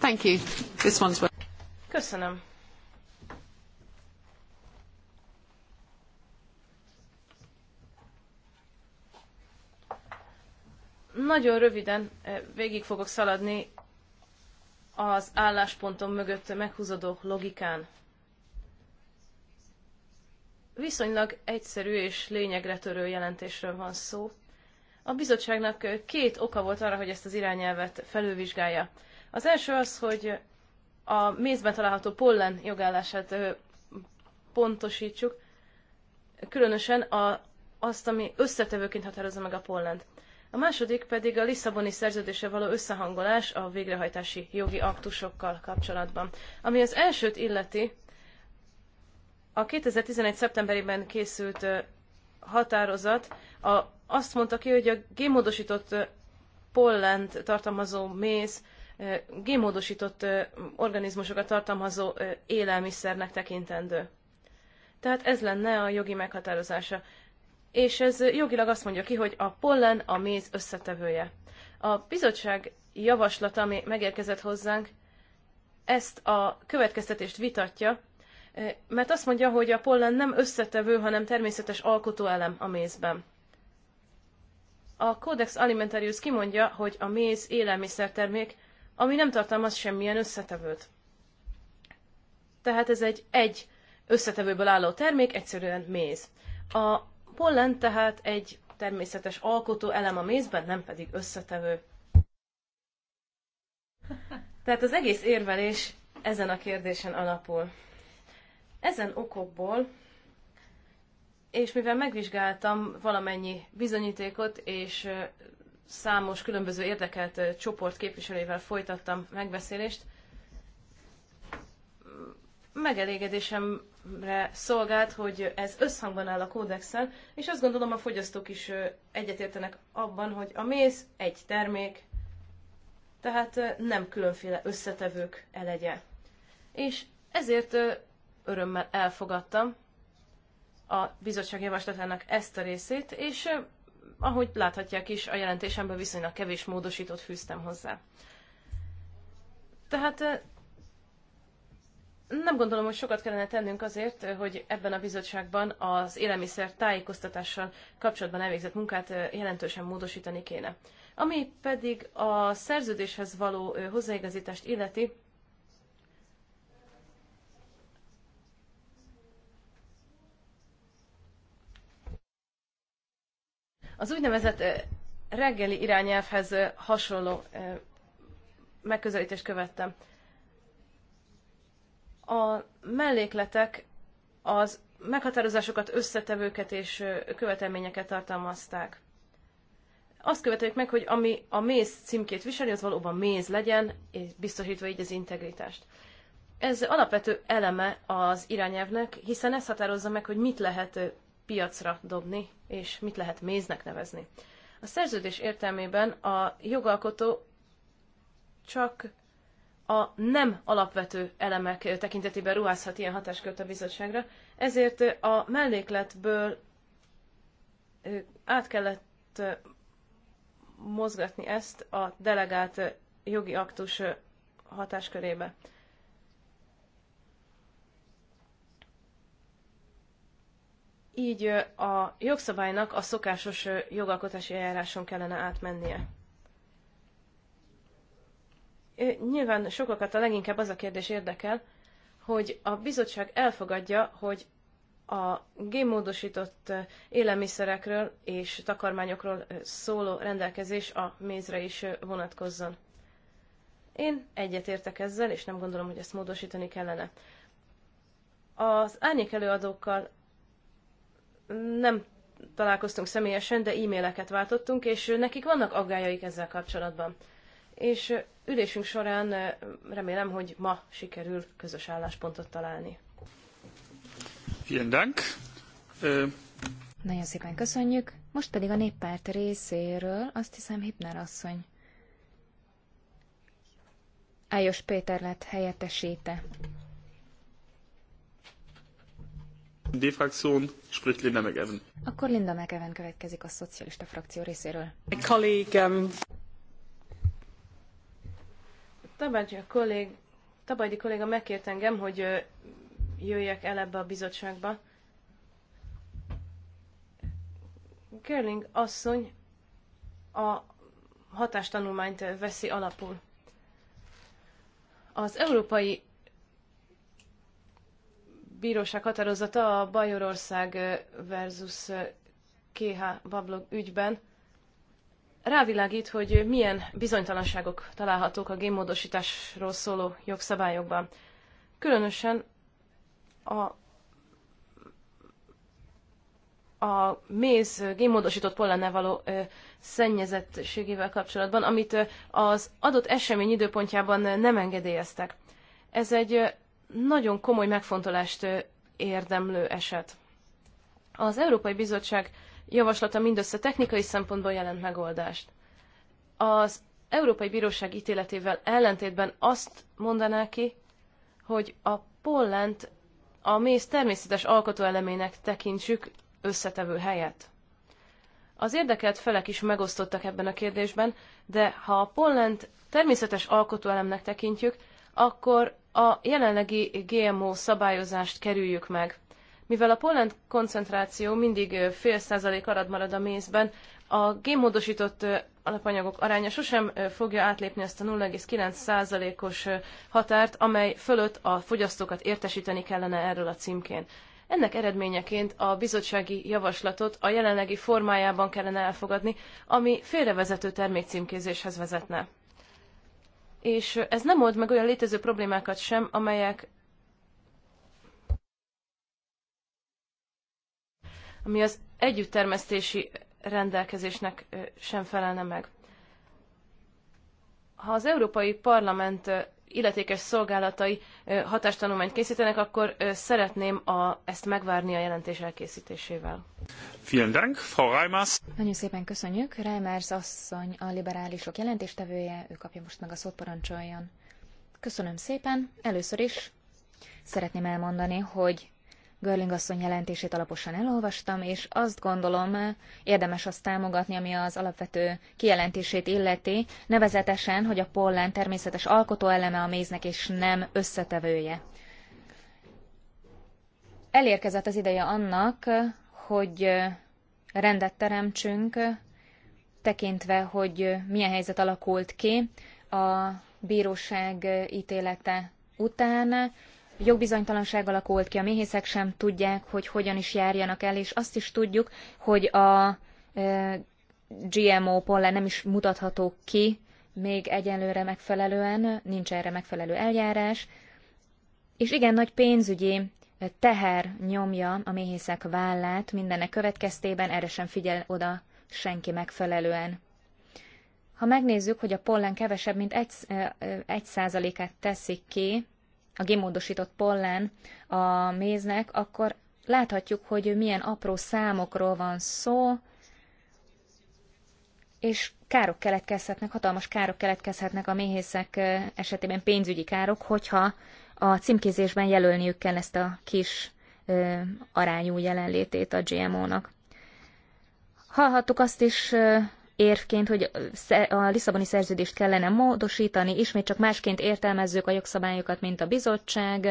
Thank you. This one's... Köszönöm. Nagyon röviden eh, végig fogok szaladni az álláspontom mögött meghúzódó logikán. Viszonylag egyszerű és lényegre törő jelentésről van szó. A bizottságnak két oka volt arra, hogy ezt az irányelvet felülvizsgálja. Az első az, hogy a mézben található pollen jogállását pontosítsuk, különösen a, azt, ami összetevőként határozza meg a pollent. A második pedig a Lisszaboni szerződése való összehangolás a végrehajtási jogi aktusokkal kapcsolatban. Ami az elsőt illeti, a 2011. szeptemberében készült határozat a, azt mondta ki, hogy a gémódosított pollent tartalmazó méz gémódosított organizmusokat tartalmazó élelmiszernek tekintendő. Tehát ez lenne a jogi meghatározása. És ez jogilag azt mondja ki, hogy a pollen a méz összetevője. A bizottság javaslata, ami megérkezett hozzánk, ezt a következtetést vitatja, mert azt mondja, hogy a pollen nem összetevő, hanem természetes alkotóelem a mézben. A Codex Alimentarius kimondja, hogy a méz élelmiszertermék, ami nem tartalmaz semmilyen összetevőt. Tehát ez egy egy összetevőből álló termék, egyszerűen méz. A pollen tehát egy természetes alkotó elem a mézben, nem pedig összetevő. Tehát az egész érvelés ezen a kérdésen alapul. Ezen okokból, és mivel megvizsgáltam valamennyi bizonyítékot, és számos különböző érdekelt csoport képviselőivel folytattam megbeszélést. Megelégedésemre szolgált, hogy ez összhangban áll a kódexsel, és azt gondolom a fogyasztók is egyetértenek abban, hogy a méz egy termék, tehát nem különféle összetevők elegye. És ezért örömmel elfogadtam a bizottság javaslatának ezt a részét, és ahogy láthatják is, a jelentésemben viszonylag kevés módosítót fűztem hozzá. Tehát nem gondolom, hogy sokat kellene tennünk azért, hogy ebben a bizottságban az élelmiszer tájékoztatással kapcsolatban elvégzett munkát jelentősen módosítani kéne. Ami pedig a szerződéshez való hozzáigazítást illeti, Az úgynevezett reggeli irányelvhez hasonló megközelítést követtem. A mellékletek az meghatározásokat, összetevőket és követelményeket tartalmazták. Azt követeljük meg, hogy ami a méz címkét viseli, az valóban méz legyen, és biztosítva így az integritást. Ez alapvető eleme az irányelvnek, hiszen ez határozza meg, hogy mit lehet piacra dobni, és mit lehet méznek nevezni. A szerződés értelmében a jogalkotó csak a nem alapvető elemek tekintetében ruházhat ilyen hatáskört a bizottságra, ezért a mellékletből át kellett mozgatni ezt a delegált jogi aktus hatáskörébe. így a jogszabálynak a szokásos jogalkotási eljáráson kellene átmennie. Nyilván sokakat a leginkább az a kérdés érdekel, hogy a bizottság elfogadja, hogy a génmódosított élelmiszerekről és takarmányokról szóló rendelkezés a mézre is vonatkozzon. Én egyetértek ezzel, és nem gondolom, hogy ezt módosítani kellene. Az árnyék előadókkal nem találkoztunk személyesen, de e-maileket váltottunk, és nekik vannak aggájaik ezzel kapcsolatban. És ülésünk során remélem, hogy ma sikerül közös álláspontot találni. Vielen Dank. Nagyon szépen köszönjük. Most pedig a néppárt részéről azt hiszem Hipner asszony. Ájos Péter lett helyettesíte. D frakción spricht Linda McEwen. Akkor Linda McEwen következik a szocialista frakció részéről. Um, a kollégám. Tabágyi kollég, Tabágyi kolléga megkért engem, hogy jöjjek el ebbe a bizottságba. Görling asszony a hatástanulmányt veszi alapul. Az Európai bíróság határozata a Bajorország versus KH Bablog ügyben rávilágít, hogy milyen bizonytalanságok találhatók a génmódosításról szóló jogszabályokban. Különösen a a méz génmódosított pollennel való szennyezettségével kapcsolatban, amit az adott esemény időpontjában nem engedélyeztek. Ez egy nagyon komoly megfontolást érdemlő eset. Az Európai Bizottság javaslata mindössze technikai szempontból jelent megoldást. Az Európai Bíróság ítéletével ellentétben azt mondaná ki, hogy a pollent a méz természetes alkotóelemének tekintsük összetevő helyett. Az érdekelt felek is megosztottak ebben a kérdésben, de ha a pollent természetes alkotóelemnek tekintjük, akkor a jelenlegi GMO szabályozást kerüljük meg. Mivel a pollen koncentráció mindig fél százalék arad marad a mézben, a génmódosított alapanyagok aránya sosem fogja átlépni ezt a 0,9 százalékos határt, amely fölött a fogyasztókat értesíteni kellene erről a címkén. Ennek eredményeként a bizottsági javaslatot a jelenlegi formájában kellene elfogadni, ami félrevezető termékcímkézéshez vezetne és ez nem old meg olyan létező problémákat sem, amelyek ami az együtttermesztési rendelkezésnek sem felelne meg. Ha az Európai Parlament illetékes szolgálatai hatástanulmányt készítenek, akkor szeretném a, ezt megvárni a jelentés elkészítésével. Vielen Dank, Frau Reimers. Nagyon szépen köszönjük. Reimers asszony a liberálisok jelentéstevője, ő kapja most meg a szót, parancsoljon. Köszönöm szépen. Először is szeretném elmondani, hogy Görling asszony jelentését alaposan elolvastam, és azt gondolom, érdemes azt támogatni, ami az alapvető kijelentését illeti, nevezetesen, hogy a pollen természetes alkotóeleme a méznek, és nem összetevője. Elérkezett az ideje annak, hogy rendet teremtsünk, tekintve, hogy milyen helyzet alakult ki a bíróság ítélete után, jogbizonytalanság alakult ki, a méhészek sem tudják, hogy hogyan is járjanak el, és azt is tudjuk, hogy a GMO pollen nem is mutatható ki, még egyelőre megfelelően, nincs erre megfelelő eljárás, és igen, nagy pénzügyi teher nyomja a méhészek vállát mindennek következtében, erre sem figyel oda senki megfelelően. Ha megnézzük, hogy a pollen kevesebb, mint egy, egy százalékát teszik ki a gémódosított pollen a méznek, akkor láthatjuk, hogy milyen apró számokról van szó, és károk keletkezhetnek, hatalmas károk keletkezhetnek a méhészek esetében pénzügyi károk, hogyha a címkézésben jelölniük kell ezt a kis arányú jelenlétét a GMO-nak. Hallhattuk azt is érvként, hogy a Lisszaboni szerződést kellene módosítani, ismét csak másként értelmezzük a jogszabályokat, mint a bizottság,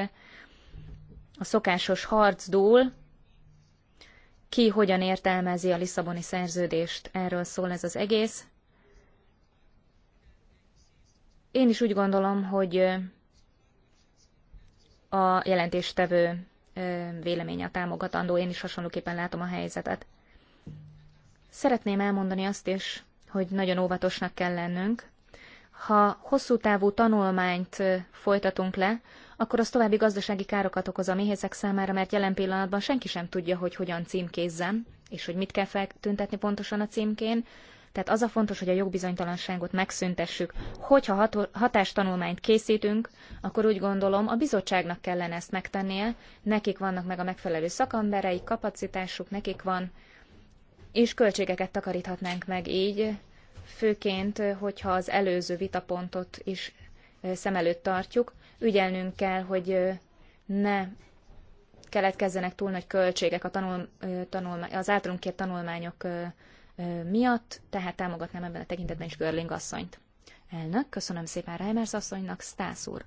a szokásos harc dúl, ki hogyan értelmezi a Lisszaboni szerződést, erről szól ez az egész. Én is úgy gondolom, hogy a jelentéstevő véleménye a támogatandó, én is hasonlóképpen látom a helyzetet. Szeretném elmondani azt is, hogy nagyon óvatosnak kell lennünk. Ha hosszú távú tanulmányt folytatunk le, akkor az további gazdasági károkat okoz a méhészek számára, mert jelen pillanatban senki sem tudja, hogy hogyan címkézzem, és hogy mit kell feltüntetni pontosan a címkén. Tehát az a fontos, hogy a jogbizonytalanságot megszüntessük. Hogyha hatástanulmányt készítünk, akkor úgy gondolom, a bizottságnak kellene ezt megtennie, nekik vannak meg a megfelelő szakembereik, kapacitásuk, nekik van és költségeket takaríthatnánk meg így, főként, hogyha az előző vitapontot is szem előtt tartjuk. Ügyelnünk kell, hogy ne keletkezzenek túl nagy költségek a tanul, tanulmány, az általunk kért tanulmányok miatt, tehát támogatnám ebben a tekintetben is Görling asszonyt. Elnök, köszönöm szépen Reimers asszonynak, Stász úr.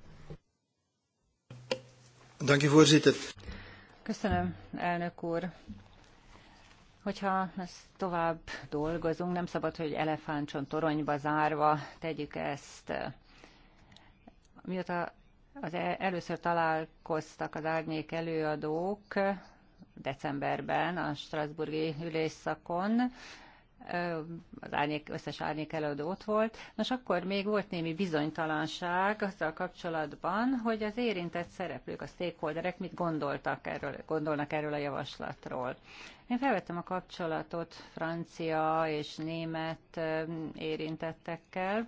Köszönöm, elnök úr hogyha ezt tovább dolgozunk, nem szabad, hogy elefántson toronyba zárva tegyük ezt. Mióta az e- először találkoztak az árnyék előadók decemberben a Strasburgi ülésszakon, az árnyék, összes árnyék előadó ott volt. Nos, akkor még volt némi bizonytalanság azzal kapcsolatban, hogy az érintett szereplők, a stakeholderek mit gondoltak erről, gondolnak erről a javaslatról. Én felvettem a kapcsolatot francia és német érintettekkel,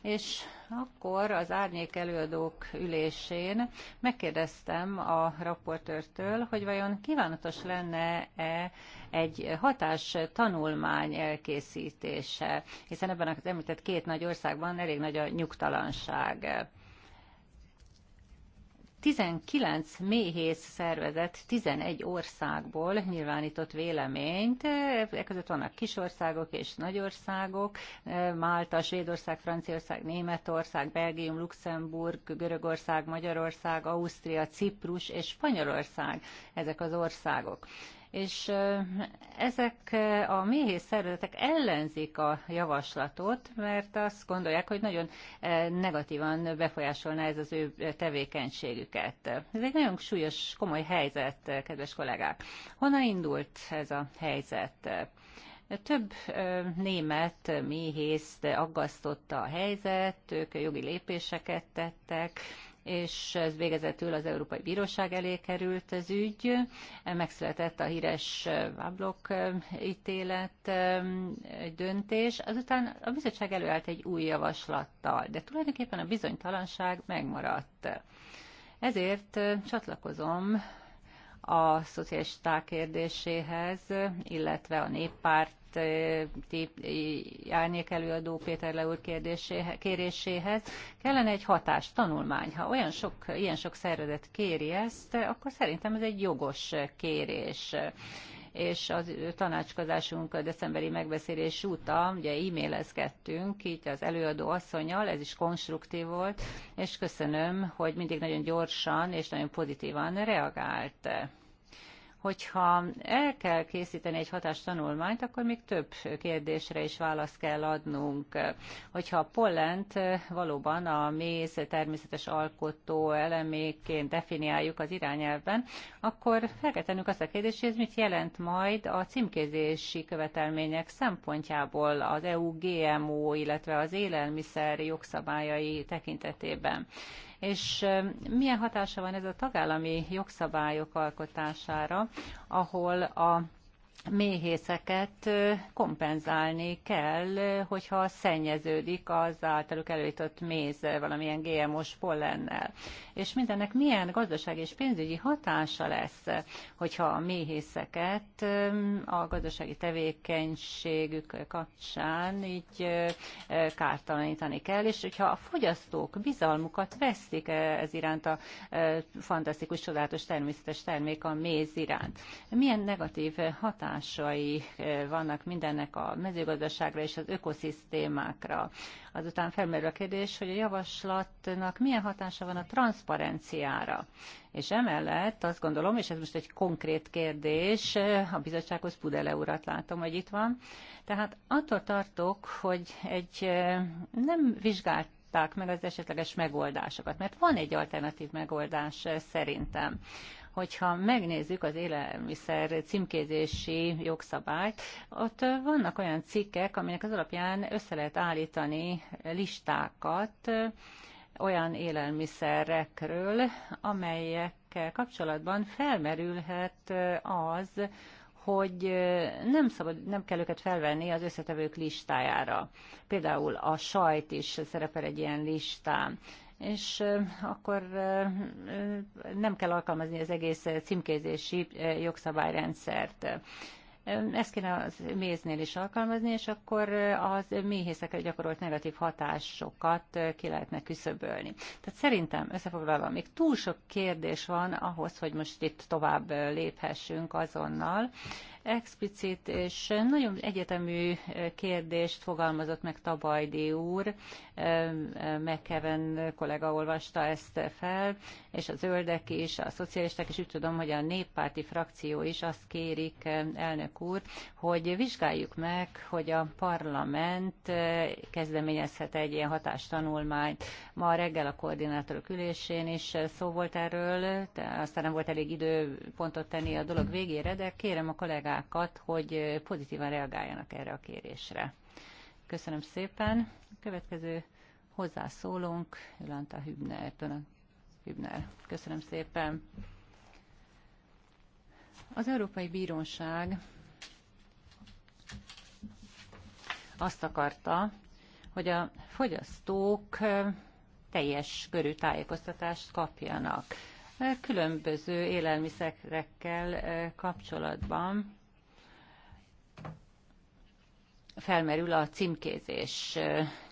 és akkor az árnyék előadók ülésén megkérdeztem a raportőrtől, hogy vajon kívánatos lenne-e egy hatás tanulmány elkészítése, hiszen ebben az említett két nagy országban elég nagy a nyugtalanság. 19 méhész szervezet 11 országból nyilvánított véleményt, ezek között vannak kisországok és nagyországok, e Málta, Svédország, Franciaország, Németország, Belgium, Luxemburg, Görögország, Magyarország, Ausztria, Ciprus és Spanyolország ezek az országok és ezek a méhész szervezetek ellenzik a javaslatot, mert azt gondolják, hogy nagyon negatívan befolyásolná ez az ő tevékenységüket. Ez egy nagyon súlyos, komoly helyzet, kedves kollégák. Honnan indult ez a helyzet? Több német méhészt aggasztotta a helyzet, ők jogi lépéseket tettek, és ez végezetül az Európai Bíróság elé került az ügy. Megszületett a híres Vablok ítélet döntés. Azután a bizottság előállt egy új javaslattal, de tulajdonképpen a bizonytalanság megmaradt. Ezért csatlakozom a szocialisták kérdéséhez, illetve a néppárt járnék előadó Péter Leúr kéréséhez. Kellene egy hatás tanulmány. Ha olyan sok, ilyen sok szervezet kéri ezt, akkor szerintem ez egy jogos kérés és az tanácskozásunk decemberi megbeszélés óta ugye e-mailezkedtünk, így az előadó asszonyal, ez is konstruktív volt, és köszönöm, hogy mindig nagyon gyorsan és nagyon pozitívan reagált hogyha el kell készíteni egy hatástanulmányt, akkor még több kérdésre is választ kell adnunk. Hogyha a pollent eh, valóban a méz természetes alkotó eleméként definiáljuk az irányelvben, akkor fel kell tennünk azt a kérdést, hogy ez mit jelent majd a címkézési követelmények szempontjából az EU GMO, illetve az élelmiszer jogszabályai tekintetében és milyen hatása van ez a tagállami jogszabályok alkotására, ahol a méhészeket kompenzálni kell, hogyha szennyeződik az általuk előított méz valamilyen GMO-s pollennel. És mindennek milyen gazdaság és pénzügyi hatása lesz, hogyha a méhészeket a gazdasági tevékenységük kapcsán így kártalanítani kell, és hogyha a fogyasztók bizalmukat vesztik ez iránt a fantasztikus, csodálatos természetes termék a méz iránt. Milyen negatív hatása hatásai eh, vannak mindennek a mezőgazdaságra és az ökoszisztémákra. Azután felmerül a kérdés, hogy a javaslatnak milyen hatása van a transzparenciára. És emellett azt gondolom, és ez most egy konkrét kérdés, eh, a bizottsághoz Pudele urat látom, hogy itt van, tehát attól tartok, hogy egy eh, nem vizsgált meg az esetleges megoldásokat, mert van egy alternatív megoldás szerintem hogyha megnézzük az élelmiszer címkézési jogszabályt, ott vannak olyan cikkek, aminek az alapján össze lehet állítani listákat olyan élelmiszerekről, amelyekkel kapcsolatban felmerülhet az, hogy nem, szabad, nem kell őket felvenni az összetevők listájára. Például a sajt is szerepel egy ilyen listán és akkor nem kell alkalmazni az egész címkézési jogszabályrendszert. Ezt kéne az méznél is alkalmazni, és akkor az méhészekre gyakorolt negatív hatásokat ki lehetne küszöbölni. Tehát szerintem összefoglalva még túl sok kérdés van ahhoz, hogy most itt tovább léphessünk azonnal explicit és nagyon egyetemű kérdést fogalmazott meg Tabajdi úr. McKeven kollega olvasta ezt fel, és a zöldek is, a szocialisták is úgy tudom, hogy a néppárti frakció is azt kérik, elnök úr, hogy vizsgáljuk meg, hogy a parlament eh, kezdeményezhet egy ilyen hatástanulmányt. Ma reggel a koordinátorok ülésén is eh, szó volt erről, aztán nem volt elég idő pontot tenni a dolog végére, de kérem a kollégát, kollégákat, hogy pozitívan reagáljanak erre a kérésre. Köszönöm szépen. A következő hozzászólónk, Jolanta Hübner, Hübner. Köszönöm szépen. Az Európai Bíróság azt akarta, hogy a fogyasztók teljes körű tájékoztatást kapjanak különböző élelmiszerekkel kapcsolatban felmerül a címkézés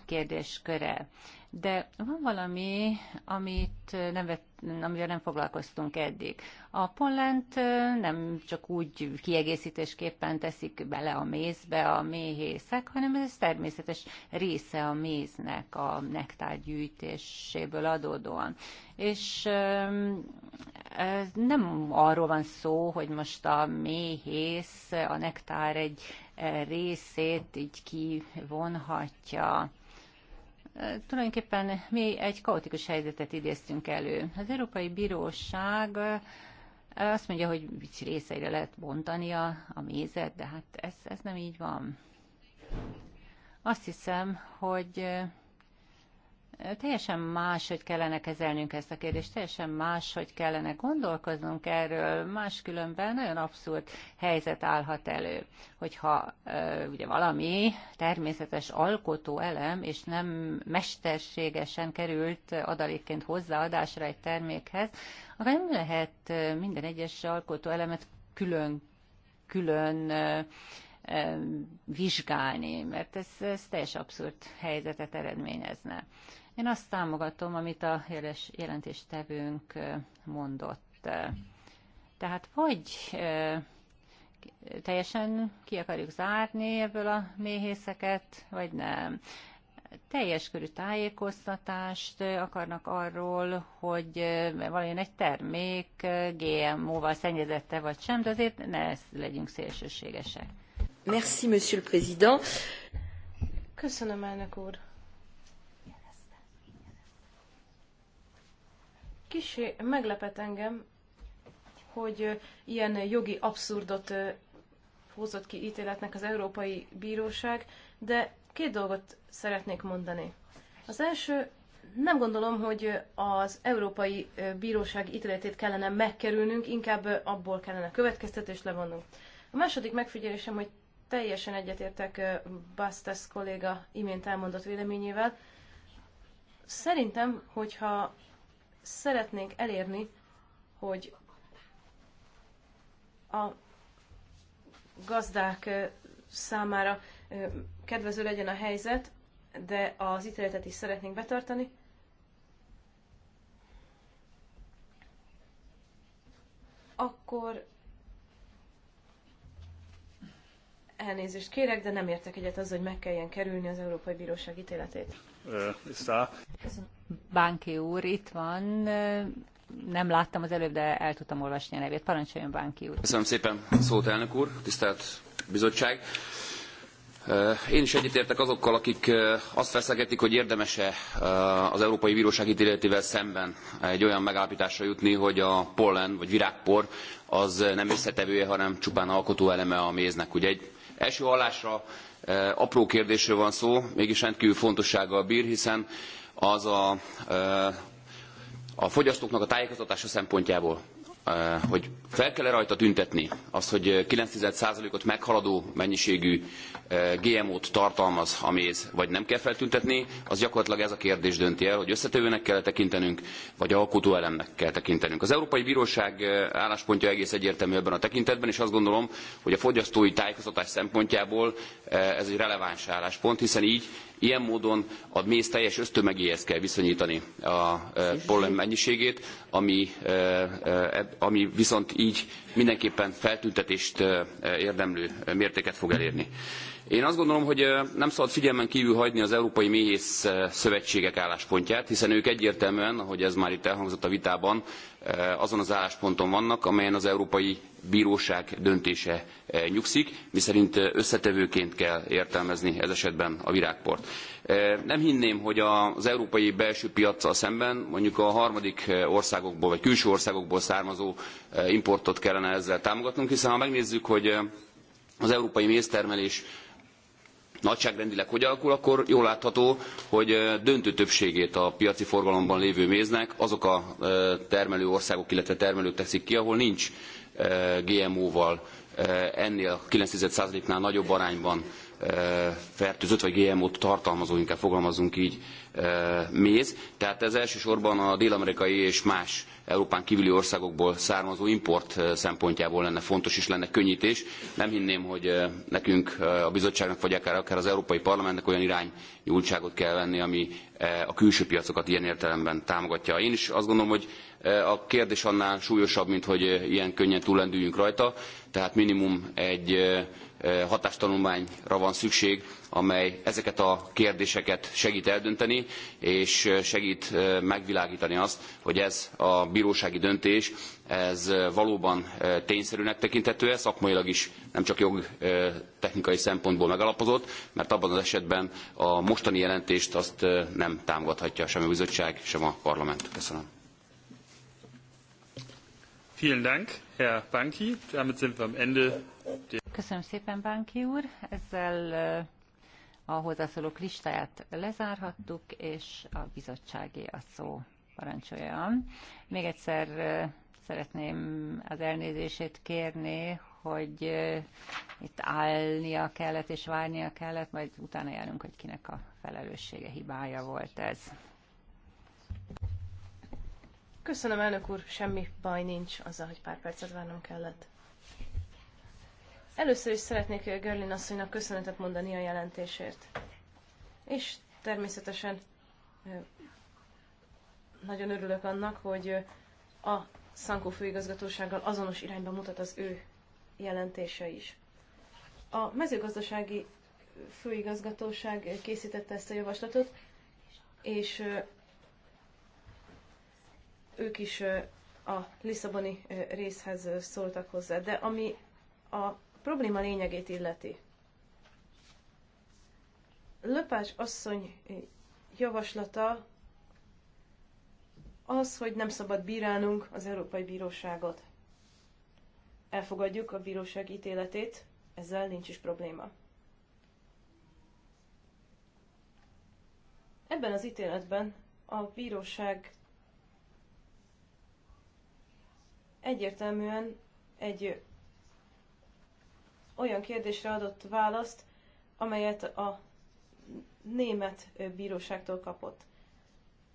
kérdésköre. De van valami, amit nem vett, amivel nem foglalkoztunk eddig. A pollent nem csak úgy kiegészítésképpen teszik bele a mézbe a méhészek, hanem ez természetes része a méznek a nektárgyűjtéséből adódóan. És nem arról van szó, hogy most a méhész, a nektár egy részét így kivonhatja. Tulajdonképpen mi egy kaotikus helyzetet idéztünk elő. Az Európai Bíróság azt mondja, hogy részeire lehet bontani a, a mézet, de hát ez, ez nem így van. Azt hiszem, hogy teljesen más, hogy kellene kezelnünk ezt a kérdést, teljesen más, hogy kellene gondolkoznunk erről, máskülönben nagyon abszurd helyzet állhat elő, hogyha ugye valami természetes alkotó elem, és nem mesterségesen került adalékként hozzáadásra egy termékhez, akkor nem lehet minden egyes alkotó elemet külön külön vizsgálni, mert ez, ez teljes abszurd helyzetet eredményezne. Én azt támogatom, amit a jelentéstevőnk mondott. Tehát vagy teljesen ki akarjuk zárni ebből a méhészeket, vagy nem. Teljes körű tájékoztatást akarnak arról, hogy valójában egy termék GMO-val szennyezette vagy sem, de azért ne legyünk szélsőségesek. Merci, monsieur le président. Köszönöm, elnök úr. Kisé meglepet engem, hogy ilyen jogi abszurdot hozott ki ítéletnek az Európai Bíróság, de két dolgot szeretnék mondani. Az első, nem gondolom, hogy az Európai Bíróság ítéletét kellene megkerülnünk, inkább abból kellene következtetést levonnunk. A második megfigyelésem, hogy teljesen egyetértek Bastas kolléga imént elmondott véleményével. Szerintem, hogyha szeretnénk elérni, hogy a gazdák számára kedvező legyen a helyzet, de az ítéletet is szeretnénk betartani. Akkor elnézést kérek, de nem értek egyet az, hogy meg kelljen kerülni az Európai Bíróság ítéletét ist da. banki úr itt van. Nem láttam az előbb, de el tudtam olvasni a nevét. Parancsoljon banki úr. Köszönöm szépen szót, elnök úr, tisztelt bizottság. Én is egyetértek azokkal, akik azt feszegetik, hogy érdemese az Európai Bíróság ítéletével szemben egy olyan megállapításra jutni, hogy a pollen vagy virágpor az nem összetevője, hanem csupán alkotó eleme a méznek. Ugye egy első hallásra apró kérdésről van szó, mégis rendkívül fontossággal bír, hiszen az a, a fogyasztóknak a tájékoztatása szempontjából Eh, hogy fel kell-e rajta tüntetni azt, hogy 9%-ot eh, meghaladó mennyiségű eh, GMO-t tartalmaz a méz, vagy nem kell feltüntetni, az gyakorlatilag ez a kérdés dönti el, hogy összetevőnek kell -e tekintenünk, vagy alkotóelemnek kell tekintenünk. Az Európai Bíróság álláspontja egész egyértelmű ebben a tekintetben, és azt gondolom, hogy a fogyasztói tájékoztatás szempontjából ez egy releváns álláspont, hiszen így Ilyen módon a méz teljes ösztömegéhez kell viszonyítani a e, pollen mennyiségét, ami, e, e, ami viszont így mindenképpen feltüntetést érdemlő mértéket fog elérni. Én azt gondolom, hogy nem szabad figyelmen kívül hagyni az Európai Méhész Szövetségek álláspontját, hiszen ők egyértelműen, ahogy ez már itt elhangzott a vitában, azon az állásponton vannak, amelyen az Európai Bíróság döntése nyugszik, miszerint összetevőként kell értelmezni ez esetben a virágport. Nem hinném, hogy az európai belső piaccal szemben mondjuk a harmadik országokból vagy külső országokból származó importot kellene ezzel támogatnunk, hiszen ha megnézzük, hogy az európai méztermelés nagyságrendileg hogy alakul, akkor jól látható, hogy döntő többségét a piaci forgalomban lévő méznek azok a termelő országok, illetve termelők teszik ki, ahol nincs GMO-val ennél 9%-nál nagyobb arányban fertőzött vagy GMO-t tartalmazó, inkább fogalmazunk így, méz. Tehát ez elsősorban a dél-amerikai és más Európán kívüli országokból származó import szempontjából lenne fontos és lenne könnyítés. Nem hinném, hogy nekünk a bizottságnak vagy akár, akár az Európai Parlamentnek olyan irányultságot kell venni, ami a külső piacokat ilyen értelemben támogatja. Én is azt gondolom, hogy a kérdés annál súlyosabb, mint hogy ilyen könnyen túllendüljünk rajta. Tehát minimum egy hatástanulmányra van szükség, amely ezeket a kérdéseket segít eldönteni, és segít megvilágítani azt, hogy ez a bírósági döntés, ez valóban tényszerűnek tekinthető-e, szakmailag is nem csak jogtechnikai szempontból megalapozott, mert abban az esetben a mostani jelentést azt nem támogathatja sem a bizottság, sem a parlament. Köszönöm. Vielen Dank, Herr Banki. Damit sind wir am Ende Köszönöm szépen, Bánki úr. Ezzel eh, a hozzászólók listáját lezárhattuk, és a bizottságé a szó parancsoljon. Még egyszer eh, szeretném az elnézését kérni, hogy eh, itt állnia kellett és várnia kellett, majd utána járunk, hogy kinek a felelőssége, hibája volt ez. Köszönöm, elnök úr, semmi baj nincs azzal, hogy pár percet várnom kellett. Először is szeretnék Görlin asszonynak köszönetet mondani a jelentésért. És természetesen nagyon örülök annak, hogy a Szankó főigazgatósággal azonos irányba mutat az ő jelentése is. A mezőgazdasági főigazgatóság készítette ezt a javaslatot, és ők is a Lisszaboni részhez szóltak hozzá. De ami a probléma lényegét illeti. Löpás asszony javaslata az, hogy nem szabad bírálnunk az Európai Bíróságot. Elfogadjuk a bíróság ítéletét, ezzel nincs is probléma. Ebben az ítéletben a bíróság egyértelműen egy olyan kérdésre adott választ, amelyet a német bíróságtól kapott.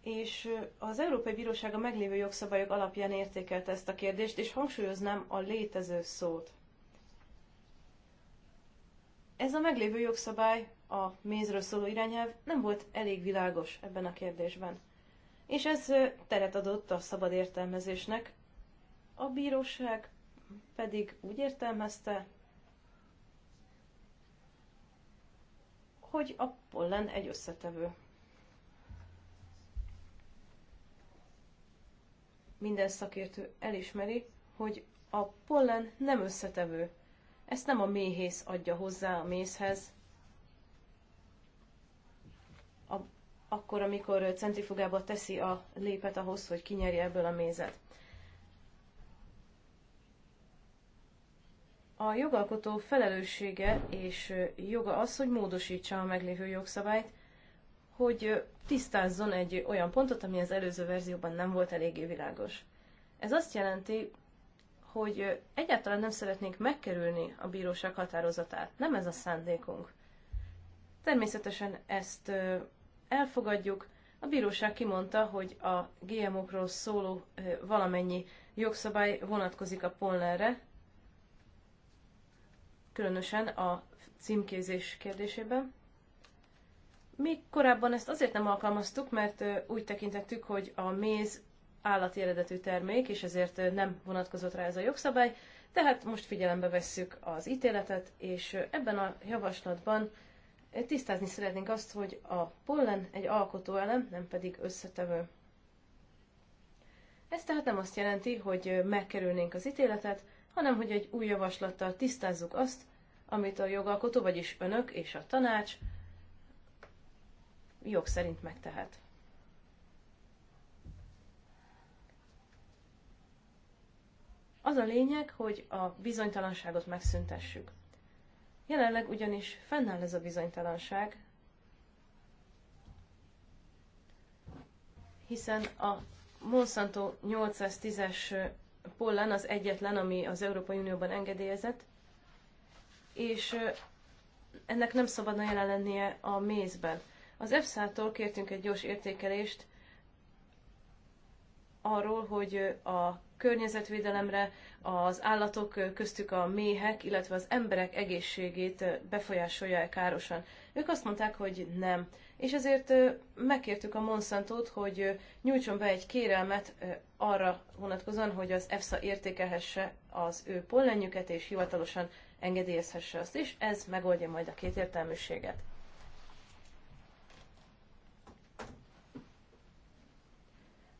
És az Európai Bíróság a meglévő jogszabályok alapján értékelte ezt a kérdést, és hangsúlyoznám a létező szót. Ez a meglévő jogszabály, a mézről szóló irányelv nem volt elég világos ebben a kérdésben. És ez teret adott a szabad értelmezésnek. A bíróság pedig úgy értelmezte, hogy a pollen egy összetevő. Minden szakértő elismeri, hogy a pollen nem összetevő. Ezt nem a méhész adja hozzá a mézhez. A, akkor, amikor centrifugába teszi a lépet ahhoz, hogy kinyerje ebből a mézet. A jogalkotó felelőssége és joga az, hogy módosítsa a meglévő jogszabályt, hogy tisztázzon egy olyan pontot, ami az előző verzióban nem volt eléggé világos. Ez azt jelenti, hogy egyáltalán nem szeretnénk megkerülni a bíróság határozatát. Nem ez a szándékunk. Természetesen ezt elfogadjuk. A bíróság kimondta, hogy a GMO-król szóló valamennyi jogszabály vonatkozik a pollenre, különösen a címkézés kérdésében. Mi korábban ezt azért nem alkalmaztuk, mert úgy tekintettük, hogy a méz állati eredetű termék, és ezért nem vonatkozott rá ez a jogszabály, tehát most figyelembe vesszük az ítéletet, és ebben a javaslatban tisztázni szeretnénk azt, hogy a pollen egy alkotóelem, nem pedig összetevő. Ez tehát nem azt jelenti, hogy megkerülnénk az ítéletet, hanem hogy egy új javaslattal tisztázzuk azt, amit a jogalkotó, vagyis önök és a tanács jog szerint megtehet. Az a lényeg, hogy a bizonytalanságot megszüntessük. Jelenleg ugyanis fennáll ez a bizonytalanság, hiszen a Monsanto 810-es pollen az egyetlen, ami az Európai Unióban engedélyezett, és ennek nem szabadna jelen lennie a mézben. Az EFSA-tól kértünk egy gyors értékelést arról, hogy a környezetvédelemre, az állatok, köztük a méhek, illetve az emberek egészségét befolyásolja-e károsan. Ők azt mondták, hogy nem és ezért megkértük a Monsantot, hogy nyújtson be egy kérelmet arra vonatkozóan, hogy az EFSA értékelhesse az ő pollenjüket, és hivatalosan engedélyezhesse azt is. Ez megoldja majd a két értelműséget.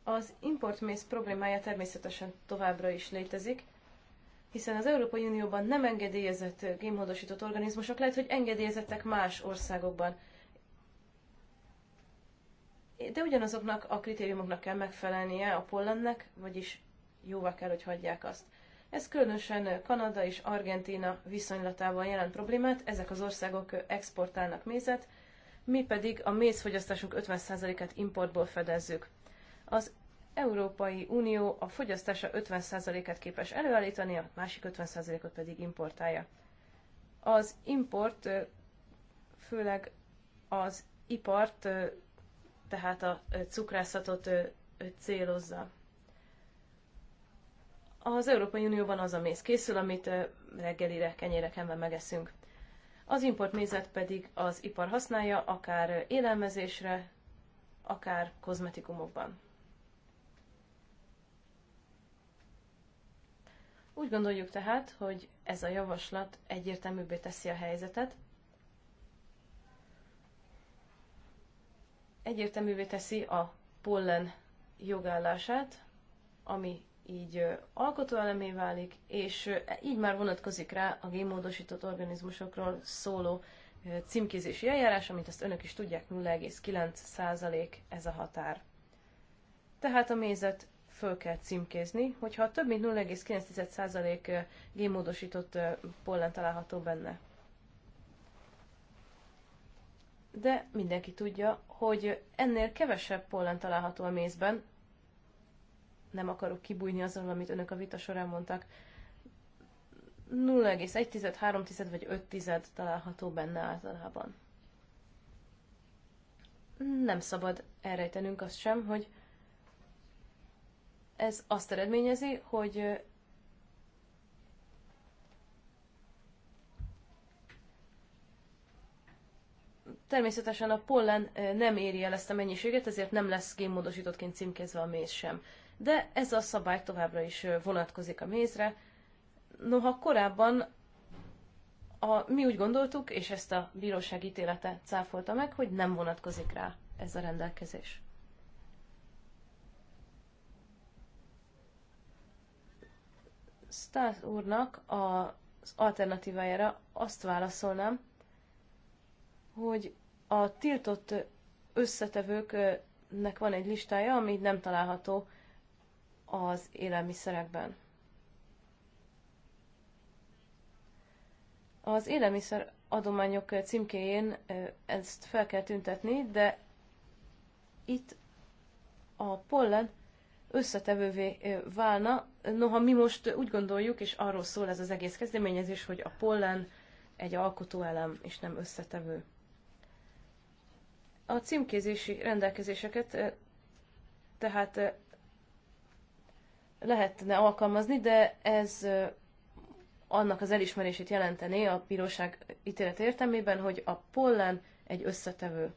Az importméz problémája természetesen továbbra is létezik, hiszen az Európai Unióban nem engedélyezett génmódosított organizmusok lehet, hogy engedélyezettek más országokban de ugyanazoknak a kritériumoknak kell megfelelnie a pollennek, vagyis jóvá kell, hogy hagyják azt. Ez különösen Kanada és Argentína viszonylatában jelent problémát, ezek az országok exportálnak mézet, mi pedig a mézfogyasztásunk 50%-át importból fedezzük. Az Európai Unió a fogyasztása 50%-át képes előállítani, a másik 50%-ot pedig importálja. Az import főleg az ipart tehát a cukrászatot célozza. Az Európai Unióban az a méz készül, amit reggelire, kenyére kenve megeszünk. Az import mézet pedig az ipar használja, akár élelmezésre, akár kozmetikumokban. Úgy gondoljuk tehát, hogy ez a javaslat egyértelműbbé teszi a helyzetet, egyértelművé teszi a pollen jogállását, ami így alkotóelemé válik, és így már vonatkozik rá a génmódosított organizmusokról szóló címkézési eljárás, amit azt önök is tudják, 0,9% ez a határ. Tehát a mézet föl kell címkézni, hogyha több mint 0,9% génmódosított pollen található benne. de mindenki tudja, hogy ennél kevesebb pollen található a mézben. Nem akarok kibújni azon, amit önök a vita során mondtak. 0,1, 3 vagy 5 tized található benne általában. Nem szabad elrejtenünk azt sem, hogy ez azt eredményezi, hogy Természetesen a pollen eh, nem éri el ezt a mennyiséget, ezért nem lesz génmódosítottként címkézve a méz sem. De ez a szabály továbbra is eh, vonatkozik a mézre. Noha korábban a, mi úgy gondoltuk, és ezt a bíróság ítélete cáfolta meg, hogy nem vonatkozik rá ez a rendelkezés. Stász úrnak az alternatívájára azt válaszolnám, hogy a tiltott összetevőknek van egy listája, ami nem található az élelmiszerekben. Az élelmiszer adományok címkéjén ezt fel kell tüntetni, de itt a pollen összetevővé válna. Noha mi most úgy gondoljuk, és arról szól ez az egész kezdeményezés, hogy a pollen egy alkotóelem, és nem összetevő. A címkézési rendelkezéseket tehát lehetne alkalmazni, de ez annak az elismerését jelentené a bíróság ítélet értelmében, hogy a pollen egy összetevő.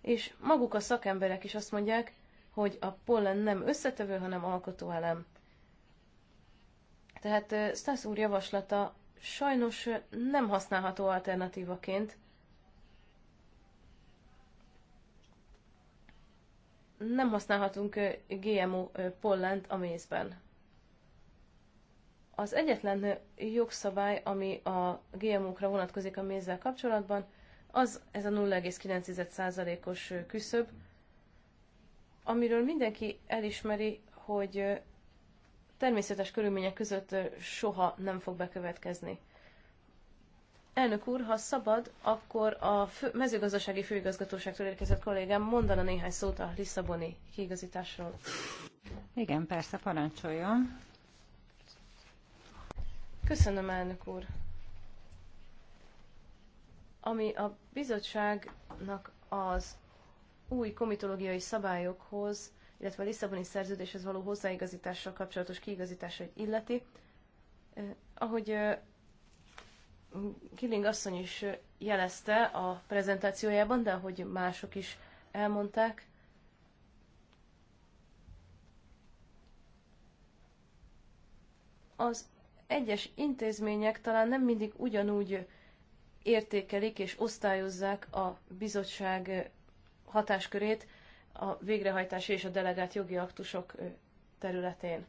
És maguk a szakemberek is azt mondják, hogy a pollen nem összetevő, hanem alkotóelem. Tehát Stasz úr javaslata sajnos nem használható alternatívaként nem használhatunk GMO pollent a mézben. Az egyetlen jogszabály, ami a GMO-kra vonatkozik a mézzel kapcsolatban, az ez a 0,9%-os küszöb, amiről mindenki elismeri, hogy természetes körülmények között soha nem fog bekövetkezni. Elnök úr, ha szabad, akkor a fő, mezőgazdasági főigazgatóságtól érkezett kollégám mondana néhány szót a Lisszaboni kiigazításról. Igen, persze, parancsoljon. Köszönöm, elnök úr. Ami a bizottságnak az új komitológiai szabályokhoz, illetve a Lisszaboni szerződéshez való hozzáigazítással kapcsolatos kiigazításait illeti, eh, ahogy eh, Killing asszony is jelezte a prezentációjában, de ahogy mások is elmondták, az egyes intézmények talán nem mindig ugyanúgy értékelik és osztályozzák a bizottság hatáskörét a végrehajtási és a delegált jogi aktusok területén.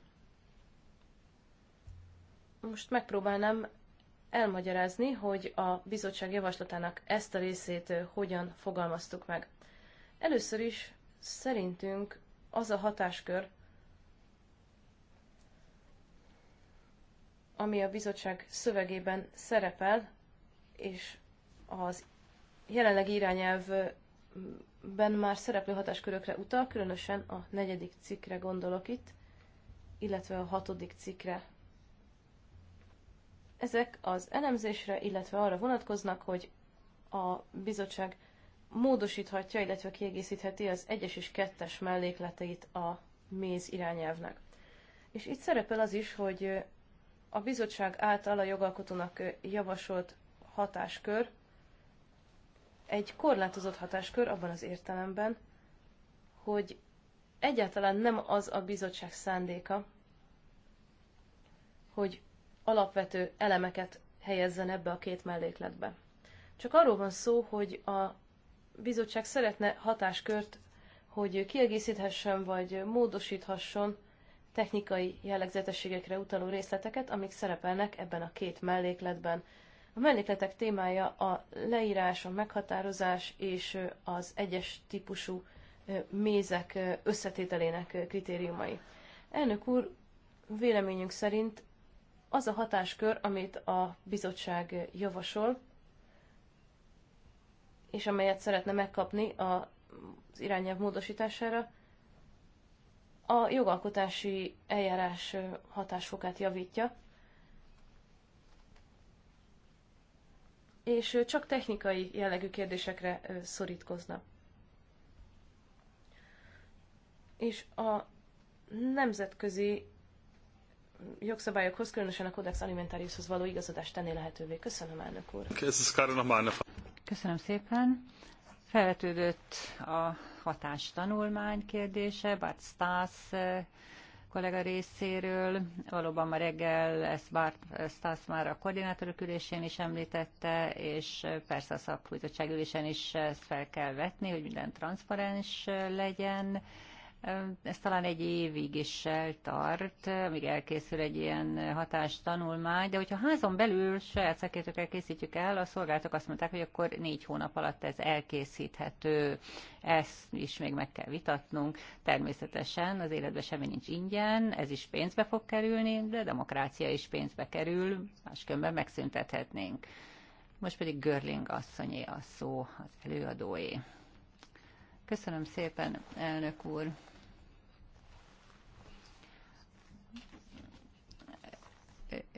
Most megpróbálnám elmagyarázni, hogy a bizottság javaslatának ezt a részét hogyan fogalmaztuk meg. Először is szerintünk az a hatáskör, ami a bizottság szövegében szerepel, és az jelenlegi irányelvben már szereplő hatáskörökre utal, különösen a negyedik cikkre gondolok itt, illetve a hatodik cikkre ezek az elemzésre, illetve arra vonatkoznak, hogy a bizottság módosíthatja, illetve kiegészítheti az egyes és kettes mellékleteit a méz irányelvnek. És itt szerepel az is, hogy a bizottság által a jogalkotónak javasolt hatáskör egy korlátozott hatáskör abban az értelemben, hogy egyáltalán nem az a bizottság szándéka, hogy alapvető elemeket helyezzen ebbe a két mellékletbe. Csak arról van szó, hogy a bizottság szeretne hatáskört, hogy kiegészíthessen vagy módosíthasson technikai jellegzetességekre utaló részleteket, amik szerepelnek ebben a két mellékletben. A mellékletek témája a leírás, a meghatározás és az egyes típusú mézek összetételének kritériumai. Elnök úr, véleményünk szerint az a hatáskör, amit a bizottság javasol, és amelyet szeretne megkapni az irányelv módosítására, a jogalkotási eljárás hatásfokát javítja, és csak technikai jellegű kérdésekre szorítkozna. És a nemzetközi jogszabályokhoz, különösen a Codex Alimentariushoz való igazodást tenni lehetővé. Köszönöm, elnök úr. Köszönöm szépen. Felvetődött a hatástanulmány kérdése, Bart Stas eh, kollega részéről. Valóban ma reggel ezt Bart Stas már a koordinátorok ülésén is említette, és persze a szakbizottság ülésen is ezt fel kell vetni, hogy minden transzparens eh, legyen ez talán egy évig is eltart, amíg elkészül egy ilyen tanulmány. de hogyha házon belül saját szakértőkkel készítjük el, a szolgáltatók azt mondták, hogy akkor négy hónap alatt ez elkészíthető, ezt is még meg kell vitatnunk. Természetesen az életben semmi nincs ingyen, ez is pénzbe fog kerülni, de a demokrácia is pénzbe kerül, máskönben megszüntethetnénk. Most pedig Görling asszonyé a szó, az előadóé. Köszönöm szépen, elnök úr!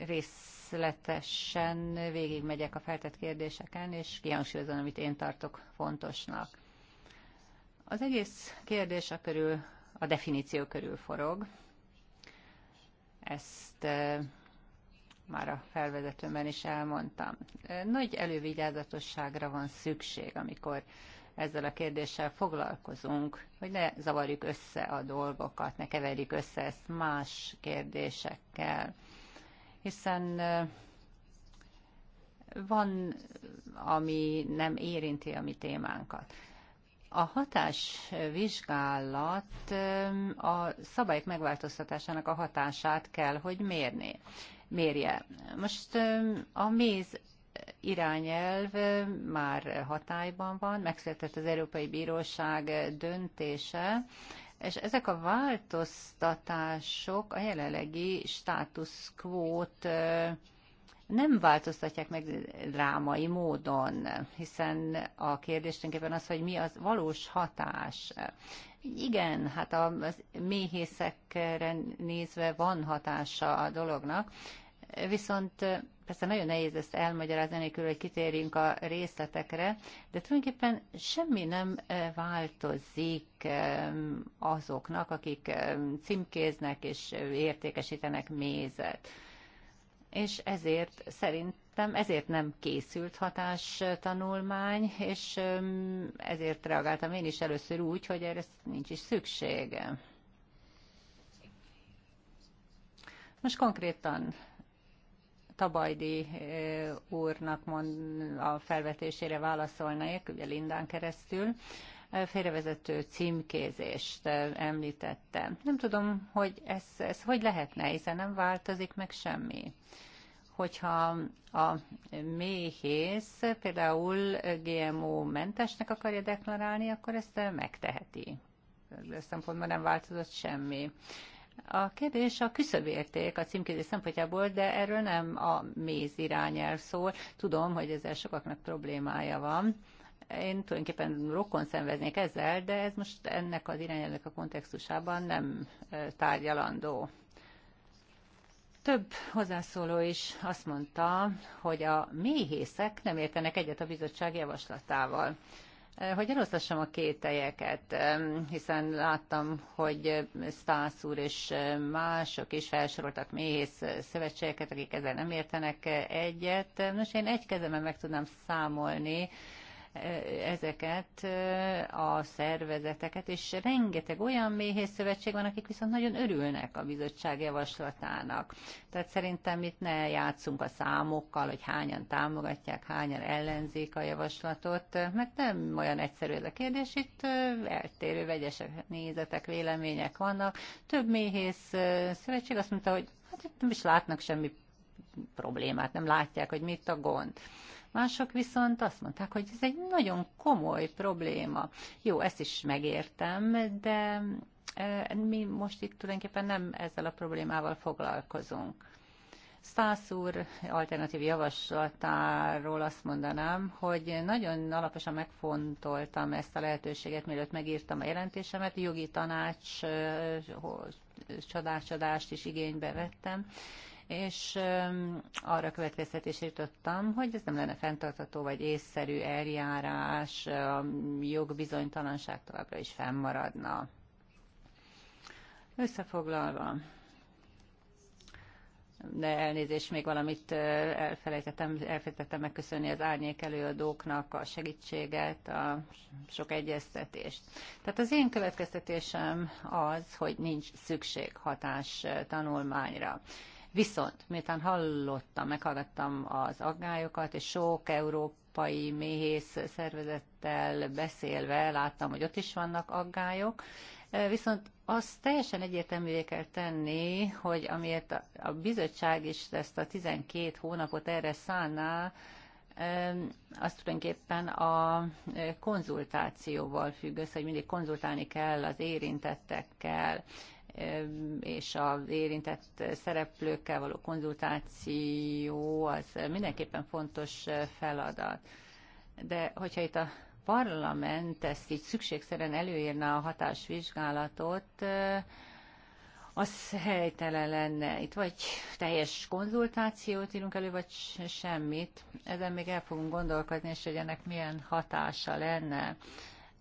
részletesen végigmegyek a feltett kérdéseken, és kihangsúlyozom, amit én tartok fontosnak. Az egész kérdés a, körül, a definíció körül forog. Ezt e, már a felvezetőmben is elmondtam. E, nagy elővigyázatosságra van szükség, amikor ezzel a kérdéssel foglalkozunk, hogy ne zavarjuk össze a dolgokat, ne keverjük össze ezt más kérdésekkel hiszen van, ami nem érinti a mi témánkat. A hatásvizsgálat a szabályok megváltoztatásának a hatását kell, hogy mérni, mérje. Most a méz irányelv már hatályban van, megszületett az Európai Bíróság döntése, és ezek a változtatások a jelenlegi status quo-t nem változtatják meg drámai módon, hiszen a kérdés tulajdonképpen az, hogy mi az valós hatás. Igen, hát a méhészekre nézve van hatása a dolognak, Viszont persze nagyon nehéz ezt elmagyarázni, anélkül, hogy kitérjünk a részletekre, de tulajdonképpen semmi nem változik azoknak, akik címkéznek és értékesítenek mézet. És ezért szerintem ezért nem készült hatás tanulmány és ezért reagáltam én is először úgy, hogy erre nincs is szüksége. Most konkrétan Tabajdi úrnak mond, a felvetésére válaszolnék, ugye Lindán keresztül félrevezető címkézést említette. Nem tudom, hogy ez, ez hogy lehetne, hiszen nem változik meg semmi hogyha a méhész például GMO mentesnek akarja deklarálni, akkor ezt megteheti. Ebből szempontból nem változott semmi. A kérdés a küszöbérték a címkézés szempontjából, de erről nem a méz irányel szól. Tudom, hogy ezzel sokaknak problémája van. Én tulajdonképpen rokon szenveznék ezzel, de ez most ennek az irányelnek a kontextusában nem tárgyalandó több hozzászóló is azt mondta, hogy a méhészek nem értenek egyet a bizottság javaslatával. Eh, hogy eloszlassam a kételyeket, hiszen láttam, hogy eh, Stász úr és eh, mások is felsoroltak méhész szövetségeket, akik ezzel nem értenek egyet. Most én egy kezemben meg tudnám számolni, ezeket a szervezeteket, és rengeteg olyan méhészszövetség van, akik viszont nagyon örülnek a bizottság javaslatának. Tehát szerintem itt ne játszunk a számokkal, hogy hányan támogatják, hányan ellenzik a javaslatot, mert nem olyan egyszerű ez a kérdés, itt eltérő vegyesek nézetek, vélemények vannak. Több méhész szövetség azt mondta, hogy hát itt nem is látnak semmi problémát, nem látják, hogy mit a gond. Mások viszont azt mondták, hogy ez egy nagyon komoly probléma. Jó, ezt is megértem, de e, mi most itt tulajdonképpen nem ezzel a problémával foglalkozunk. Stász úr alternatív javaslatáról azt mondanám, hogy nagyon alaposan megfontoltam ezt a lehetőséget, mielőtt megírtam a jelentésemet, jogi tanács csodácsodást is igénybe vettem, és arra következtetésre jutottam, hogy ez nem lenne fenntartható vagy észszerű eljárás, a jogbizonytalanság továbbra is fennmaradna. Összefoglalva, de elnézést, még valamit elfelejtettem, elfelejtettem megköszönni az árnyék előadóknak a segítséget, a sok egyeztetést. Tehát az én következtetésem az, hogy nincs szükség hatás tanulmányra. Viszont, miután hallottam, meghallgattam az aggályokat, és sok európai méhész szervezettel beszélve láttam, hogy ott is vannak aggályok, eh, Viszont azt teljesen egyértelművé kell tenni, hogy amiért a bizottság is ezt a 12 hónapot erre szánná, az tulajdonképpen a eh, konzultációval függ össze, hogy mindig konzultálni kell az érintettekkel és az érintett szereplőkkel való konzultáció az mindenképpen fontos feladat. De hogyha itt a parlament ezt így szükségszerűen előírná a hatásvizsgálatot, az helytelen lenne. Itt vagy teljes konzultációt írunk elő, vagy semmit. Ezen még el fogunk gondolkodni, és hogy ennek milyen hatása lenne.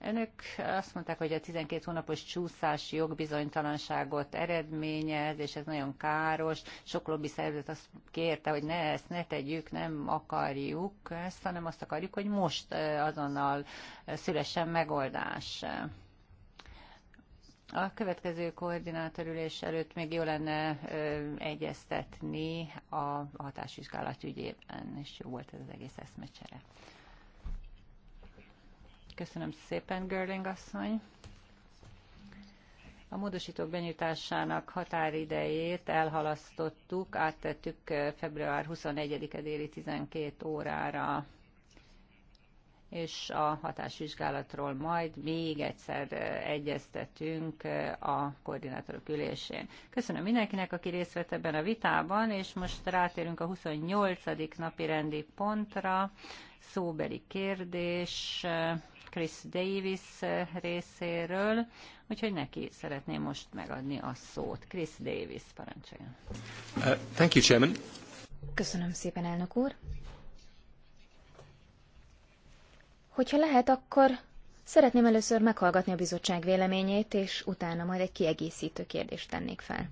Önök azt mondták, hogy a 12 hónapos csúszás jogbizonytalanságot eredményez, és ez nagyon káros. Sok lobby szervezet azt kérte, hogy ne ezt ne tegyük, nem akarjuk ezt, hanem azt akarjuk, hogy most azonnal szülessen megoldás. A következő koordinátorülés előtt még jó lenne ö, egyeztetni a hatásvizsgálat ügyében, és jó volt ez az egész eszmecsere. Köszönöm szépen, Görling asszony. A módosítók benyújtásának határidejét elhalasztottuk, áttettük eh, február 21-e déli 12 órára, és a hatásvizsgálatról majd még egyszer eh, egyeztetünk eh, a koordinátorok ülésén. Köszönöm mindenkinek, aki részt vett ebben a vitában, és most rátérünk a 28. napi rendi pontra, szóbeli kérdés, Chris Davis eh, részéről, úgyhogy neki szeretném most megadni a szót. Chris Davis, parancsoljon. Uh, thank you, Chairman. Köszönöm szépen, elnök úr. Hogyha lehet, akkor szeretném először meghallgatni a bizottság véleményét, és utána majd egy kiegészítő kérdést tennék fel.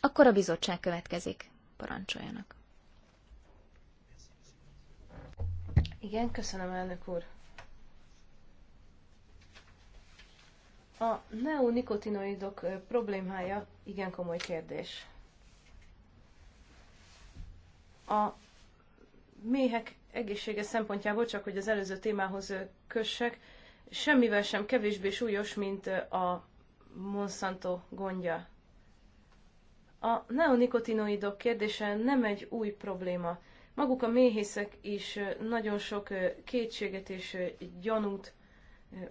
Akkor a bizottság következik. Parancsoljanak. Igen, köszönöm, elnök úr. A neonikotinoidok problémája igen komoly kérdés. A méhek egészsége szempontjából, csak hogy az előző témához kössek, semmivel sem kevésbé súlyos, mint a Monsanto gondja. A neonikotinoidok kérdése nem egy új probléma. Maguk a méhészek is nagyon sok kétséget és gyanút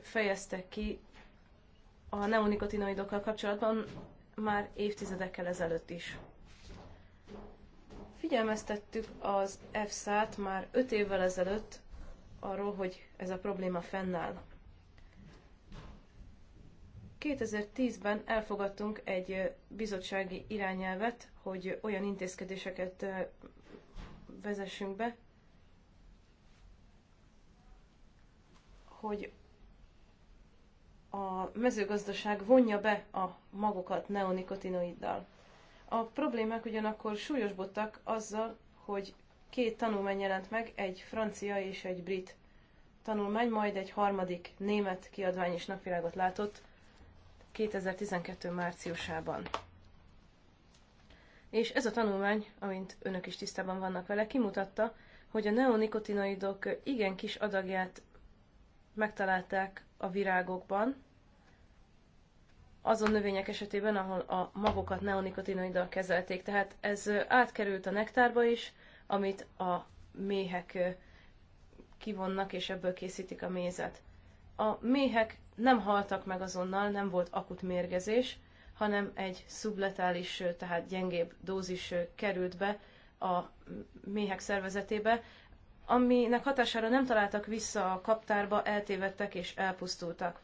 fejeztek ki a neonikotinoidokkal kapcsolatban már évtizedekkel ezelőtt is. Figyelmeztettük az EFSA-t már 5 évvel ezelőtt arról, hogy ez a probléma fennáll. 2010-ben elfogadtunk egy bizottsági irányelvet, hogy olyan intézkedéseket vezessünk be, hogy a mezőgazdaság vonja be a magokat neonikotinoiddal. A problémák ugyanakkor súlyosbodtak azzal, hogy két tanulmány jelent meg, egy francia és egy brit tanulmány, majd egy harmadik német kiadvány is napvilágot látott 2012. márciusában és ez a tanulmány, amint önök is tisztában vannak vele, kimutatta, hogy a neonikotinoidok igen kis adagját megtalálták a virágokban, azon növények esetében, ahol a magokat neonikotinoiddal kezelték. Tehát ez átkerült a nektárba is, amit a méhek kivonnak, és ebből készítik a mézet. A méhek nem haltak meg azonnal, nem volt akut mérgezés, hanem egy szubletális, tehát gyengébb dózis került be a méhek szervezetébe, aminek hatására nem találtak vissza a kaptárba, eltévedtek és elpusztultak.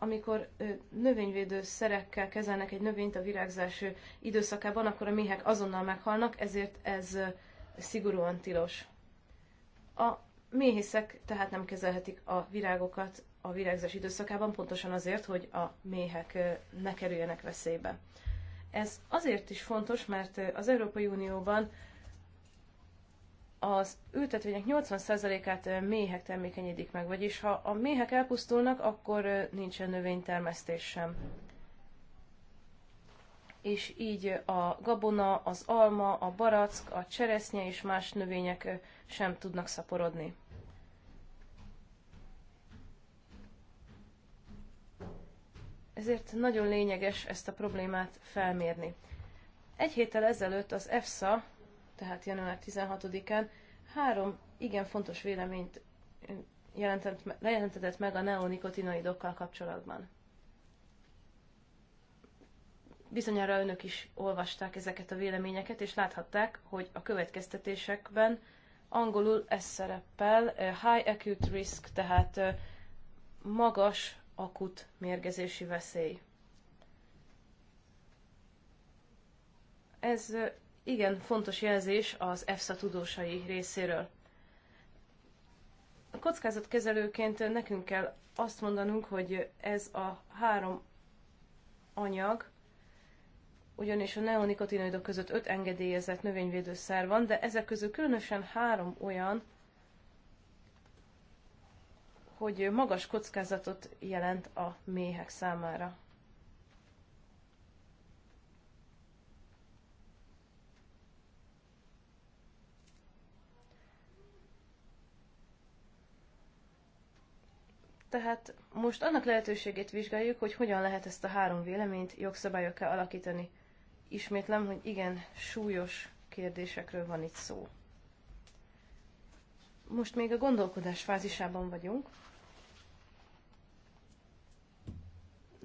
Amikor növényvédő szerekkel kezelnek egy növényt a virágzás időszakában, akkor a méhek azonnal meghalnak, ezért ez szigorúan tilos. A Méhészek tehát nem kezelhetik a virágokat a virágzás időszakában, pontosan azért, hogy a méhek ne kerüljenek veszélybe. Ez azért is fontos, mert az Európai Unióban az ültetvények 80%-át méhek termékenyedik meg, vagyis ha a méhek elpusztulnak, akkor nincsen növénytermesztés sem és így a gabona, az alma, a barack, a cseresznye és más növények sem tudnak szaporodni. Ezért nagyon lényeges ezt a problémát felmérni. Egy héttel ezelőtt az EFSA, tehát január 16-án három igen fontos véleményt jelentett meg a neonikotinoidokkal kapcsolatban. Bizonyára önök is olvasták ezeket a véleményeket, és láthatták, hogy a következtetésekben angolul ez szerepel, eh, high acute risk, tehát eh, magas akut mérgezési veszély. Ez eh, igen fontos jelzés az EFSA tudósai részéről. A kockázatkezelőként nekünk kell azt mondanunk, hogy ez a három anyag ugyanis a neonikotinoidok között öt engedélyezett növényvédőszer van, de ezek közül különösen három olyan, hogy magas kockázatot jelent a méhek számára. Tehát most annak lehetőségét vizsgáljuk, hogy hogyan lehet ezt a három véleményt jogszabályokkal alakítani. Ismétlem, hogy igen, súlyos kérdésekről van itt szó. Most még a gondolkodás fázisában vagyunk,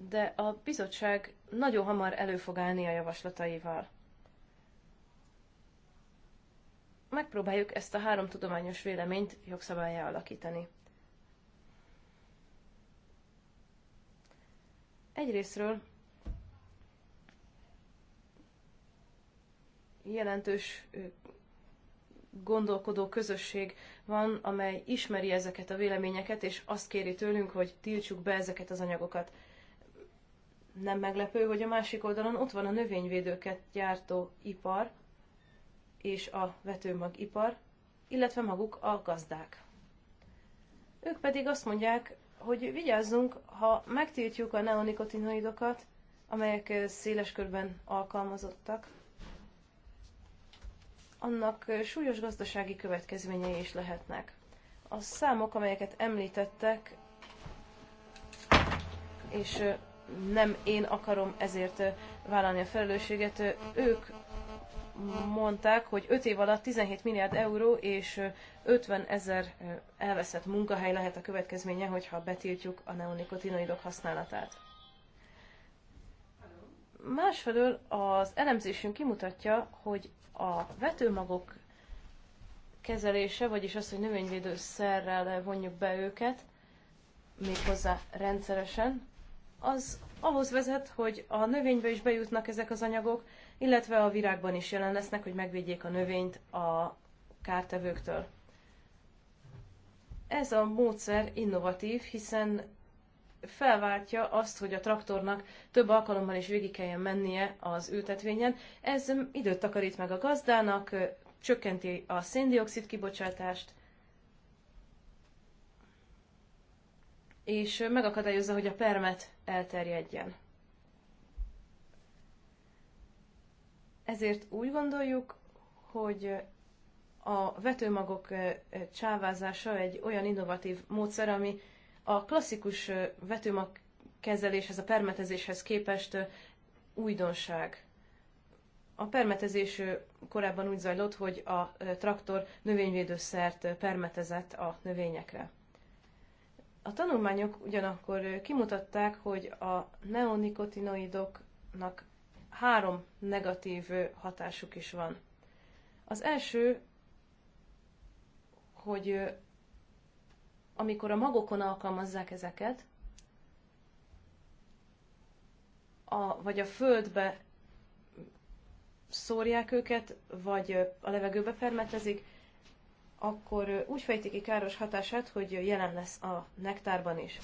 de a bizottság nagyon hamar elő fog állni a javaslataival. Megpróbáljuk ezt a három tudományos véleményt jogszabályá alakítani. Egyrésztről jelentős gondolkodó közösség van, amely ismeri ezeket a véleményeket, és azt kéri tőlünk, hogy tiltsuk be ezeket az anyagokat. Nem meglepő, hogy a másik oldalon ott van a növényvédőket gyártó ipar és a vetőmagipar, illetve maguk a gazdák. Ők pedig azt mondják, hogy vigyázzunk, ha megtiltjuk a neonikotinoidokat, amelyek széles körben alkalmazottak, annak súlyos gazdasági következményei is lehetnek. A számok, amelyeket említettek, és nem én akarom ezért vállalni a felelősséget, ők mondták, hogy 5 év alatt 17 milliárd euró és 50 ezer elveszett munkahely lehet a következménye, hogyha betiltjuk a neonikotinoidok használatát. Másfelől az elemzésünk kimutatja, hogy a vetőmagok kezelése, vagyis az, hogy növényvédőszerrel vonjuk be őket, méghozzá rendszeresen, az ahhoz vezet, hogy a növénybe is bejutnak ezek az anyagok, illetve a virágban is jelen lesznek, hogy megvédjék a növényt a kártevőktől. Ez a módszer innovatív, hiszen felváltja azt, hogy a traktornak több alkalommal is végig kelljen mennie az ültetvényen. Ez időt takarít meg a gazdának, csökkenti a széndiokszid kibocsátást, és megakadályozza, hogy a permet elterjedjen. Ezért úgy gondoljuk, hogy a vetőmagok csávázása egy olyan innovatív módszer, ami a klasszikus vetőmag kezeléshez, a permetezéshez képest újdonság. A permetezés korábban úgy zajlott, hogy a traktor növényvédőszert permetezett a növényekre. A tanulmányok ugyanakkor kimutatták, hogy a neonikotinoidoknak három negatív hatásuk is van. Az első, hogy amikor a magokon alkalmazzák ezeket, a, vagy a földbe szórják őket, vagy a levegőbe fermetezik, akkor úgy fejti ki káros hatását, hogy jelen lesz a nektárban is.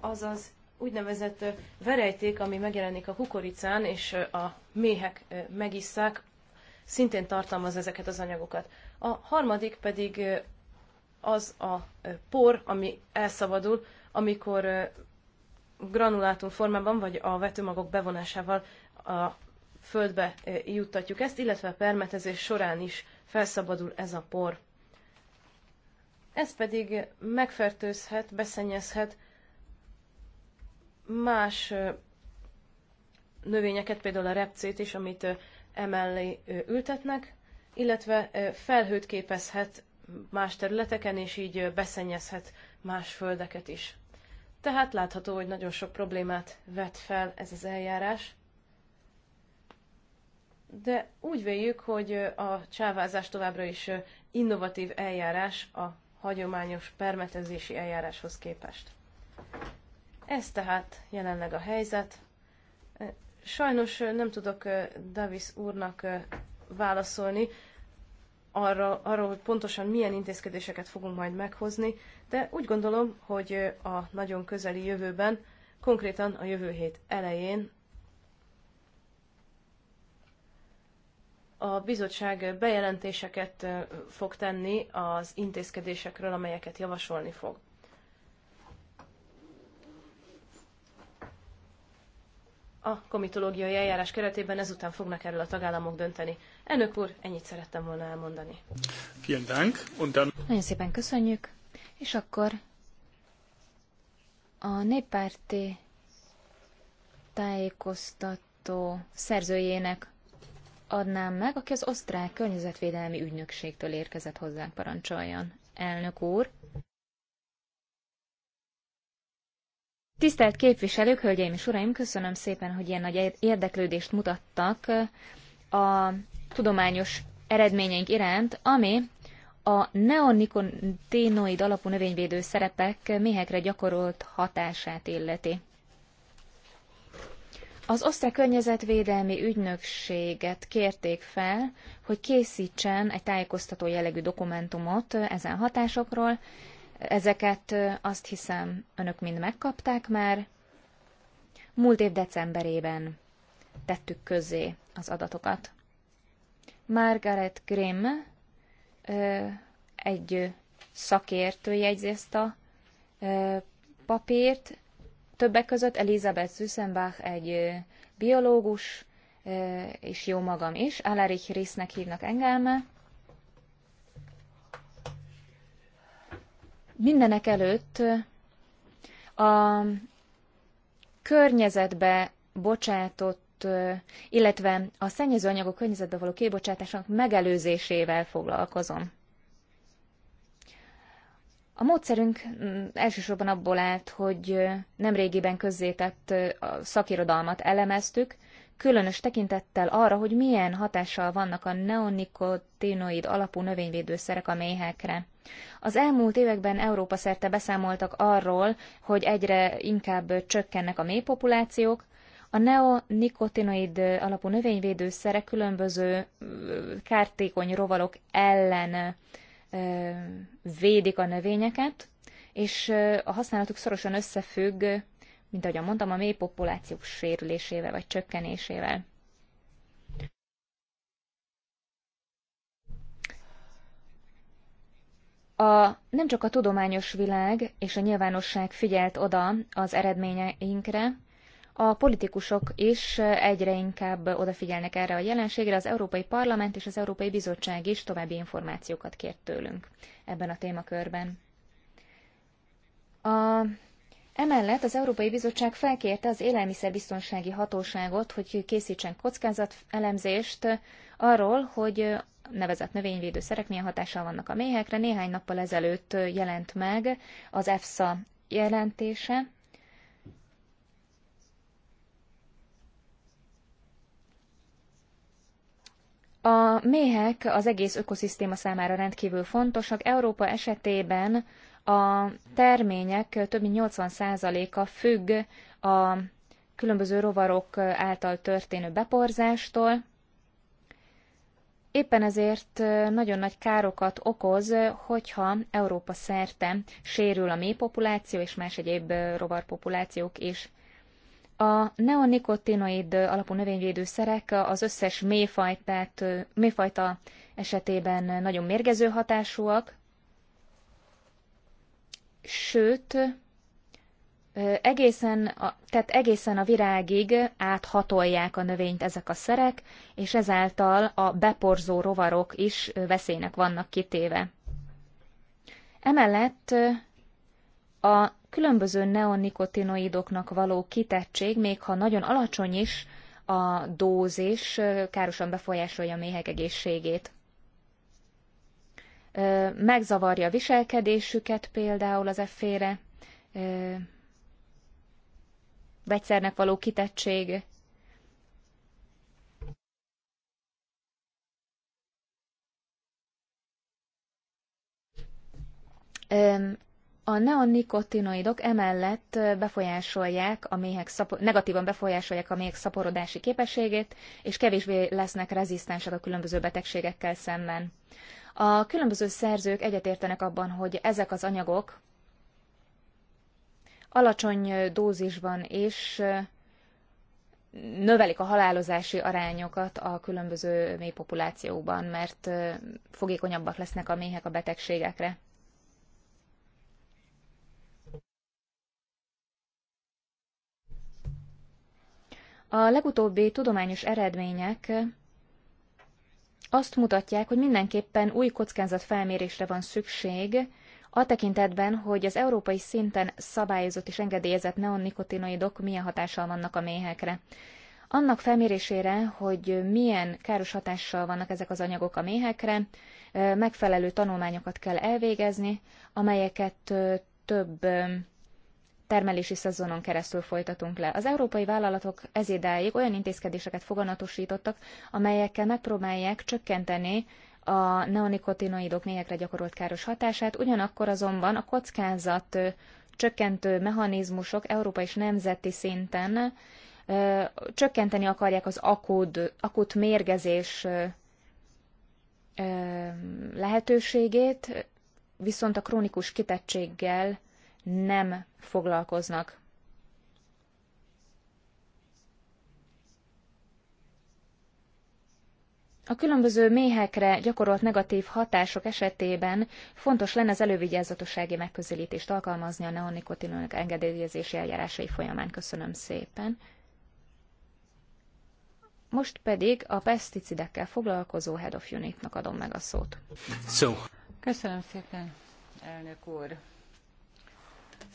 Azaz úgynevezett verejték, ami megjelenik a kukoricán, és a méhek megisszák, szintén tartalmaz ezeket az anyagokat. A harmadik pedig az a por, ami elszabadul, amikor granulátum formában, vagy a vetőmagok bevonásával a földbe juttatjuk ezt, illetve a permetezés során is felszabadul ez a por. Ez pedig megfertőzhet, beszennyezhet más növényeket, például a repcét is, amit emellé ültetnek, illetve felhőt képezhet más területeken, és így beszennyezhet más földeket is. Tehát látható, hogy nagyon sok problémát vet fel ez az eljárás. De úgy véljük, hogy a csávázás továbbra is innovatív eljárás a hagyományos permetezési eljáráshoz képest. Ez tehát jelenleg a helyzet. Eh, sajnos eh, nem tudok eh, Davis úrnak válaszolni arra, arról, hogy pontosan milyen intézkedéseket fogunk majd meghozni, de úgy gondolom, hogy a nagyon közeli jövőben, konkrétan a jövő hét elején a bizottság bejelentéseket fog tenni az intézkedésekről, amelyeket javasolni fog. a komitológiai eljárás keretében ezután fognak erről a tagállamok dönteni. Elnök úr, ennyit szerettem volna elmondani. Vielen Dank. Und dann... Nagyon szépen köszönjük. És akkor a néppárti tájékoztató szerzőjének adnám meg, aki az osztrák környezetvédelmi ügynökségtől érkezett hozzánk parancsoljon. Elnök úr, Tisztelt képviselők, hölgyeim és uraim, köszönöm szépen, hogy ilyen nagy érdeklődést mutattak a tudományos eredményeink iránt, ami a neonikotinoid alapú növényvédő szerepek méhekre gyakorolt hatását illeti. Az osztrák környezetvédelmi ügynökséget kérték fel, hogy készítsen egy tájékoztató jellegű dokumentumot ezen hatásokról, Ezeket azt hiszem önök mind megkapták már. Múlt év decemberében tettük közzé az adatokat. Margaret Grimm egy szakértő jegyzést papírt, többek között Elizabeth Süssenbach egy biológus, és jó magam is, Alarich Risznek hívnak engem, Mindenek előtt a környezetbe bocsátott, illetve a szennyezőanyagok környezetbe való kibocsátásának megelőzésével foglalkozom. A módszerünk mm, elsősorban abból állt, hogy nemrégiben közzétett szakirodalmat elemeztük, különös tekintettel arra, hogy milyen hatással vannak a neonikotinoid alapú növényvédőszerek a méhekre. Az elmúlt években Európa szerte beszámoltak arról, hogy egyre inkább csökkennek a mélypopulációk, a neonikotinoid alapú növényvédőszerek különböző kártékony rovalok ellen védik a növényeket, és a használatuk szorosan összefügg, mint ahogyan mondtam, a mély sérülésével vagy csökkenésével. A, nem csak a tudományos világ és a nyilvánosság figyelt oda az eredményeinkre, a politikusok is egyre inkább odafigyelnek erre a jelenségre, az Európai Parlament és az Európai Bizottság is további információkat kért tőlünk ebben a témakörben. A Emellett az Európai Bizottság felkérte az Élelmiszerbiztonsági Hatóságot, hogy készítsen kockázatelemzést arról, hogy nevezett növényvédőszerek milyen hatással vannak a méhekre. Néhány nappal ezelőtt jelent meg az EFSA jelentése. A méhek az egész ökoszisztéma számára rendkívül fontosak. Európa esetében a termények több mint 80%-a függ a különböző rovarok által történő beporzástól, Éppen ezért nagyon nagy károkat okoz, hogyha Európa szerte sérül a mélypopuláció és más egyéb rovarpopulációk is. A neonikotinoid alapú növényvédőszerek az összes mélyfajtát, mélyfajta esetében nagyon mérgező hatásúak, sőt, egészen a, tehát egészen a virágig áthatolják a növényt ezek a szerek, és ezáltal a beporzó rovarok is veszélynek vannak kitéve. Emellett a különböző neonikotinoidoknak való kitettség, még ha nagyon alacsony is, a dózis károsan befolyásolja a méhek egészségét. Megzavarja a viselkedésüket például az effére, vegyszernek való kitettség. A neonikotinoidok emellett befolyásolják a méhek szapor- negatívan befolyásolják a méhek szaporodási képességét, és kevésbé lesznek rezisztensek a különböző betegségekkel szemben. A különböző szerzők egyetértenek abban, hogy ezek az anyagok alacsony dózisban is növelik a halálozási arányokat a különböző méhpopulációban, mert fogékonyabbak lesznek a méhek a betegségekre. A legutóbbi tudományos eredmények azt mutatják, hogy mindenképpen új kockázatfelmérésre van szükség, a tekintetben, hogy az európai szinten szabályozott és engedélyezett neonikotinoidok milyen hatással vannak a méhekre. Annak felmérésére, hogy milyen káros hatással vannak ezek az anyagok a méhekre, megfelelő tanulmányokat kell elvégezni, amelyeket több termelési szezonon keresztül folytatunk le. Az európai vállalatok ezidáig olyan intézkedéseket foganatosítottak, amelyekkel megpróbálják csökkenteni a neonikotinoidok mélyekre gyakorolt káros hatását, ugyanakkor azonban a kockázat csökkentő mechanizmusok európai és nemzeti szinten ö, csökkenteni akarják az akut, akut mérgezés ö, lehetőségét, viszont a krónikus kitettséggel nem foglalkoznak. A különböző méhekre gyakorolt negatív hatások esetében fontos lenne az elővigyázatossági megközelítést alkalmazni a neonikotinoidok engedélyezési eljárásai folyamán. Köszönöm szépen. Most pedig a peszticidekkel foglalkozó Head of Unit-nak adom meg a szót. So. Köszönöm szépen, elnök úr.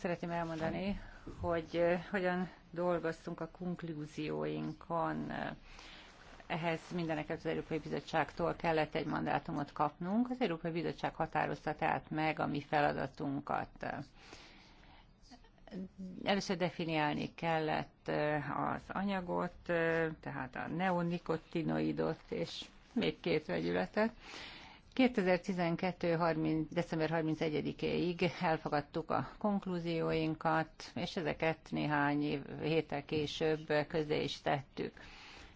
Szeretném elmondani, hogy eh, hogyan dolgoztunk a konklúzióinkon ehhez mindeneket az Európai Bizottságtól kellett egy mandátumot kapnunk. Az Európai Bizottság határozta tehát meg a mi feladatunkat. Először definiálni kellett az anyagot, tehát a neonikotinoidot és még két vegyületet. 2012. 30, december 31-éig elfogadtuk a konklúzióinkat, és ezeket néhány év, héttel később közé is tettük.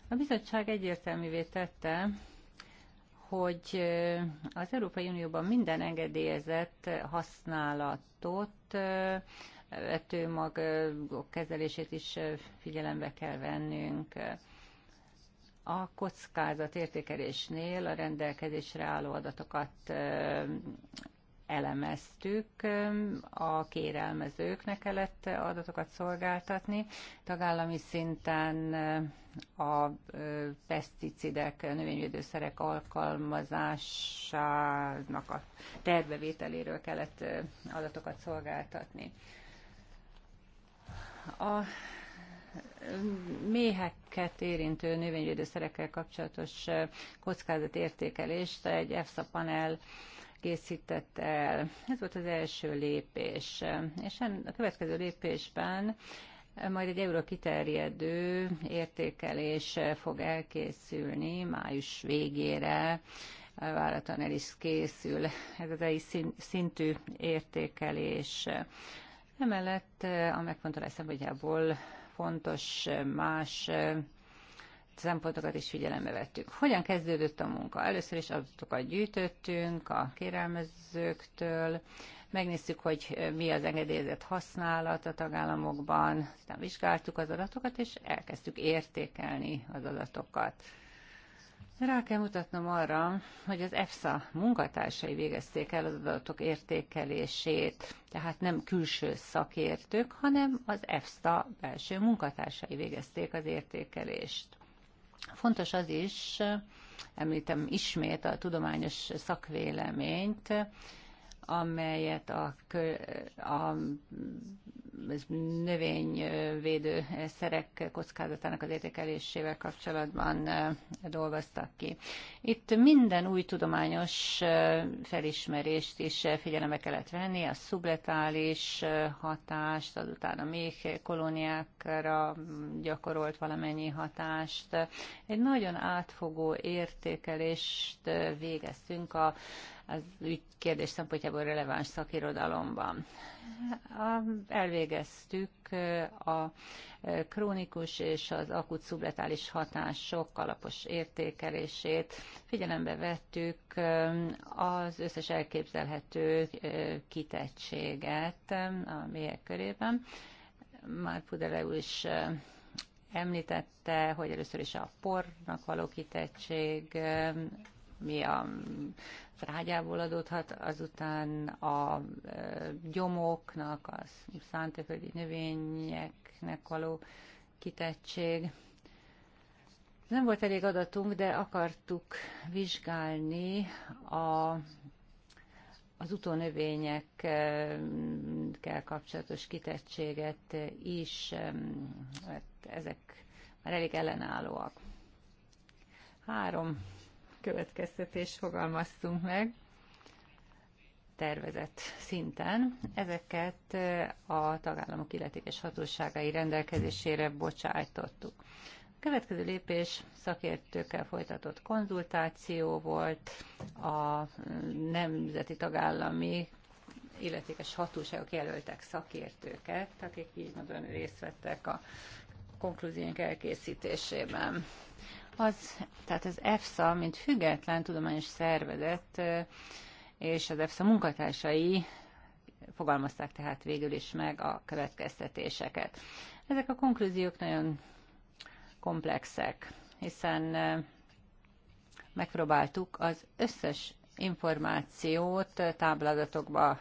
A bizottság egyértelművé tette, hogy az Európai Unióban minden engedélyezett használatot vetőmagok kezelését is figyelembe kell vennünk. A kockázat értékelésnél a rendelkezésre álló adatokat elemeztük, a kérelmezőknek kellett adatokat szolgáltatni. Tagállami szinten a peszticidek, növényvédőszerek alkalmazásának a tervevételéről kellett adatokat szolgáltatni. A méheket érintő növényvédőszerekkel kapcsolatos kockázatértékelést egy EFSA panel készített el. Ez volt az első lépés. És a következő lépésben majd egy euró kiterjedő értékelés fog elkészülni május végére, váratlan el is készül ez az egy szintű értékelés. Emellett a megfontolás szempontjából fontos más szempontokat is figyelembe vettük. Hogyan kezdődött a munka? Először is adatokat gyűjtöttünk a kérelmezőktől, megnéztük, hogy mi az engedélyezett használat a tagállamokban, aztán vizsgáltuk az adatokat, és elkezdtük értékelni az adatokat. Rá kell mutatnom arra, hogy az EFSA munkatársai végezték el az adatok értékelését, tehát nem külső szakértők, hanem az EFSA belső munkatársai végezték az értékelést. Fontos az is, említem ismét a tudományos szakvéleményt, amelyet a, a növényvédő szerek kockázatának az értékelésével kapcsolatban dolgoztak ki. Itt minden új tudományos felismerést is figyelembe kellett venni, a szubletális hatást, azután a méh kolóniákra gyakorolt valamennyi hatást. Egy nagyon átfogó értékelést végeztünk a az ügy kérdés szempontjából releváns szakirodalomban. Elvégeztük a krónikus és az akut szubletális hatások alapos értékelését. Figyelembe vettük az összes elképzelhető kitettséget a mélyek körében. Már Pudele is említette, hogy először is a pornak való kitettség, mi a rágyából adódhat, azután a e, gyomoknak, a szántóföldi növényeknek való kitettség. Nem volt elég adatunk, de akartuk vizsgálni a az utónövényekkel kapcsolatos kitettséget is, mert hát ezek már elég ellenállóak. Három következtetést fogalmaztunk meg tervezett szinten. Ezeket eh, a tagállamok illetékes hatóságai rendelkezésére bocsájtottuk. A következő lépés szakértőkkel folytatott konzultáció volt, a mm, nemzeti tagállami illetékes hatóságok jelöltek szakértőket, akik így nagyon részt vettek a konklúziónk elkészítésében. Az, tehát az EFSA, mint független tudományos szervezet, és az EFSA munkatársai fogalmazták tehát végül is meg a következtetéseket. Ezek a konklúziók nagyon komplexek, hiszen megpróbáltuk az összes információt táblázatokba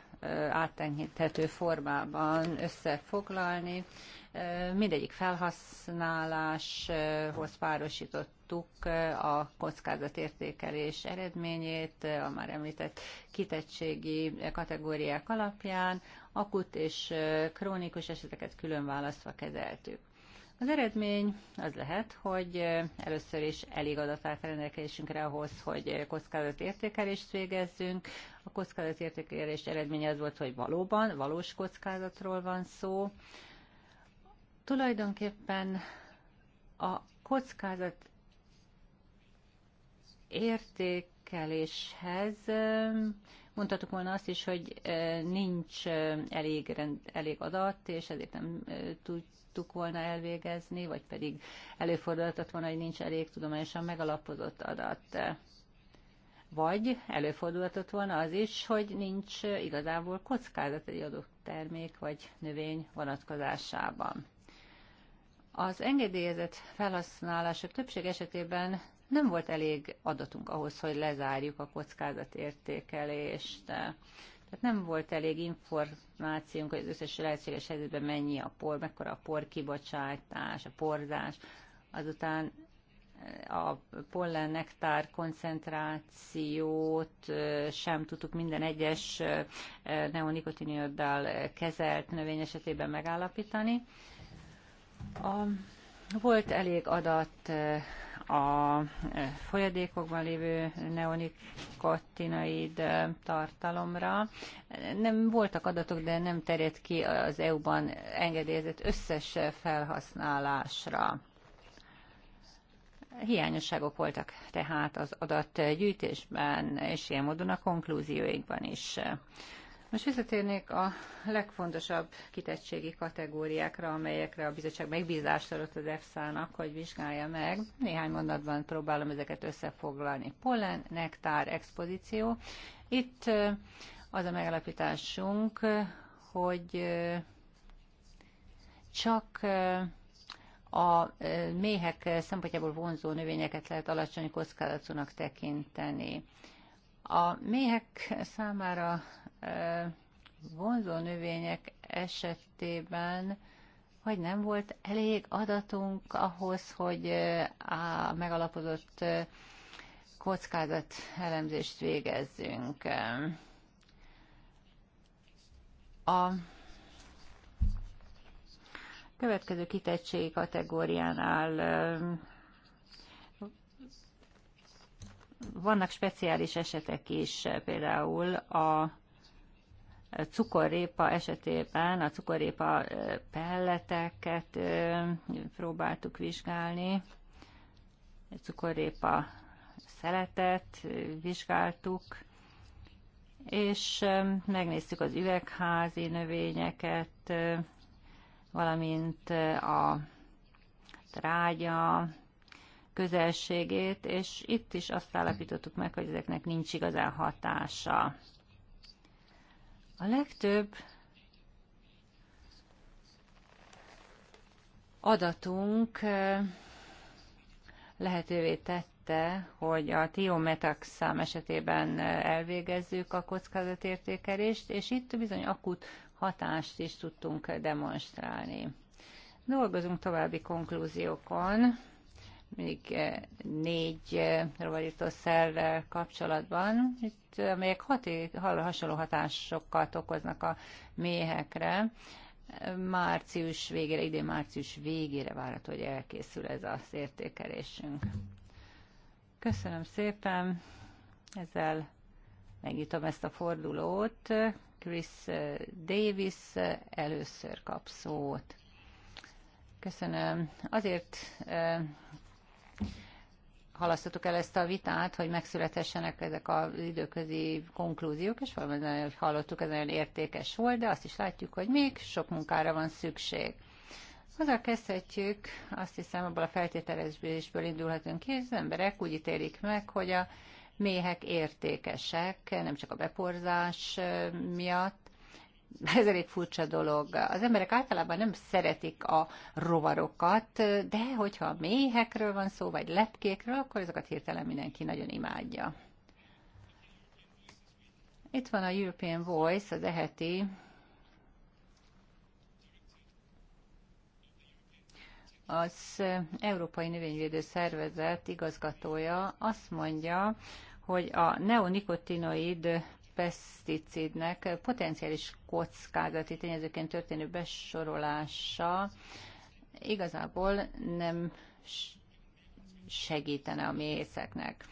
áttenhíthető formában összefoglalni. Mindegyik felhasználáshoz párosított láttuk a kockázatértékelés eredményét, a már említett kitettségi kategóriák alapján, akut és krónikus eseteket külön választva kezeltük. Az eredmény az lehet, hogy először is elég adatát rendelkezésünkre ahhoz, hogy kockázatértékelést végezzünk. A kockázatértékelés eredménye az volt, hogy valóban valós kockázatról van szó. Tulajdonképpen a kockázat értékeléshez mondhatok volna azt is, hogy nincs elég, rend, elég adat, és ezért nem tudtuk volna elvégezni, vagy pedig előfordulhatott volna, hogy nincs elég tudományosan megalapozott adat. Vagy előfordulhatott volna az is, hogy nincs igazából kockázat egy adott termék vagy növény vonatkozásában. Az engedélyezett felhasználások többség esetében nem volt elég adatunk ahhoz, hogy lezárjuk a kockázatértékelést. Tehát nem volt elég információnk, hogy az összes lehetséges helyzetben mennyi a por, mekkora a por kibocsátás, a porzás, azután eh, a pollen nektár koncentrációt eh, sem tudtuk minden egyes eh, neonikotinioddal kezelt növény esetében megállapítani. A, volt elég adat a e, folyadékokban lévő neonikotinaid e, tartalomra. Nem voltak adatok, de nem terjed ki az EU-ban engedélyezett összes felhasználásra. Hiányosságok voltak tehát az adatgyűjtésben, és ilyen módon a konklúzióikban is. Most visszatérnék a legfontosabb kitettségi kategóriákra, amelyekre a bizottság megbízást adott az EFSA-nak, hogy vizsgálja meg. Néhány mondatban próbálom ezeket összefoglalni. Pollen, nektár, expozíció. Itt az a megalapításunk, hogy csak a méhek szempontjából vonzó növényeket lehet alacsony kockázatúnak tekinteni. A méhek számára vonzó növények esetében hogy nem volt elég adatunk ahhoz, hogy a megalapozott kockázat elemzést végezzünk. A következő kitettség kategóriánál vannak speciális esetek is, például a cukorrépa esetében a cukorrépa pelleteket próbáltuk vizsgálni, cukorrépa szeletet vizsgáltuk, és megnéztük az üvegházi növényeket, valamint a trágya közelségét, és itt is azt állapítottuk meg, hogy ezeknek nincs igazán hatása. A legtöbb adatunk lehetővé tette, hogy a szám esetében elvégezzük a kockázatértékelést, és itt bizony akut hatást is tudtunk demonstrálni. Dolgozunk további konklúziókon, még eh, négy rovarítószerrel kapcsolatban, itt, eh, amelyek hati, hasonló hatásokat okoznak a méhekre. Március végére, idén március végére várható, hogy elkészül ez az értékelésünk. Köszönöm szépen, ezzel megnyitom ezt a fordulót. Chris eh, Davis először kap szót. Köszönöm. Azért halasztottuk el ezt a vitát, hogy megszülethessenek ezek az időközi konklúziók, és valamelyik hogy hallottuk, ez nagyon értékes volt, de azt is látjuk, hogy még sok munkára van szükség. Azzal kezdhetjük, azt hiszem abból a feltételezésből indulhatunk ki, az emberek úgy ítélik meg, hogy a méhek értékesek, nem csak a beporzás miatt, ez elég furcsa dolog. Az emberek általában nem szeretik a rovarokat, de hogyha méhekről van szó, vagy lepkékről, akkor ezeket hirtelen mindenki nagyon imádja. Itt van a European Voice, az eheti az Európai Növényvédő Szervezet igazgatója azt mondja, hogy a neonikotinoid peszticidnek potenciális kockázati tényezőként történő besorolása igazából nem segítene a mészeknek.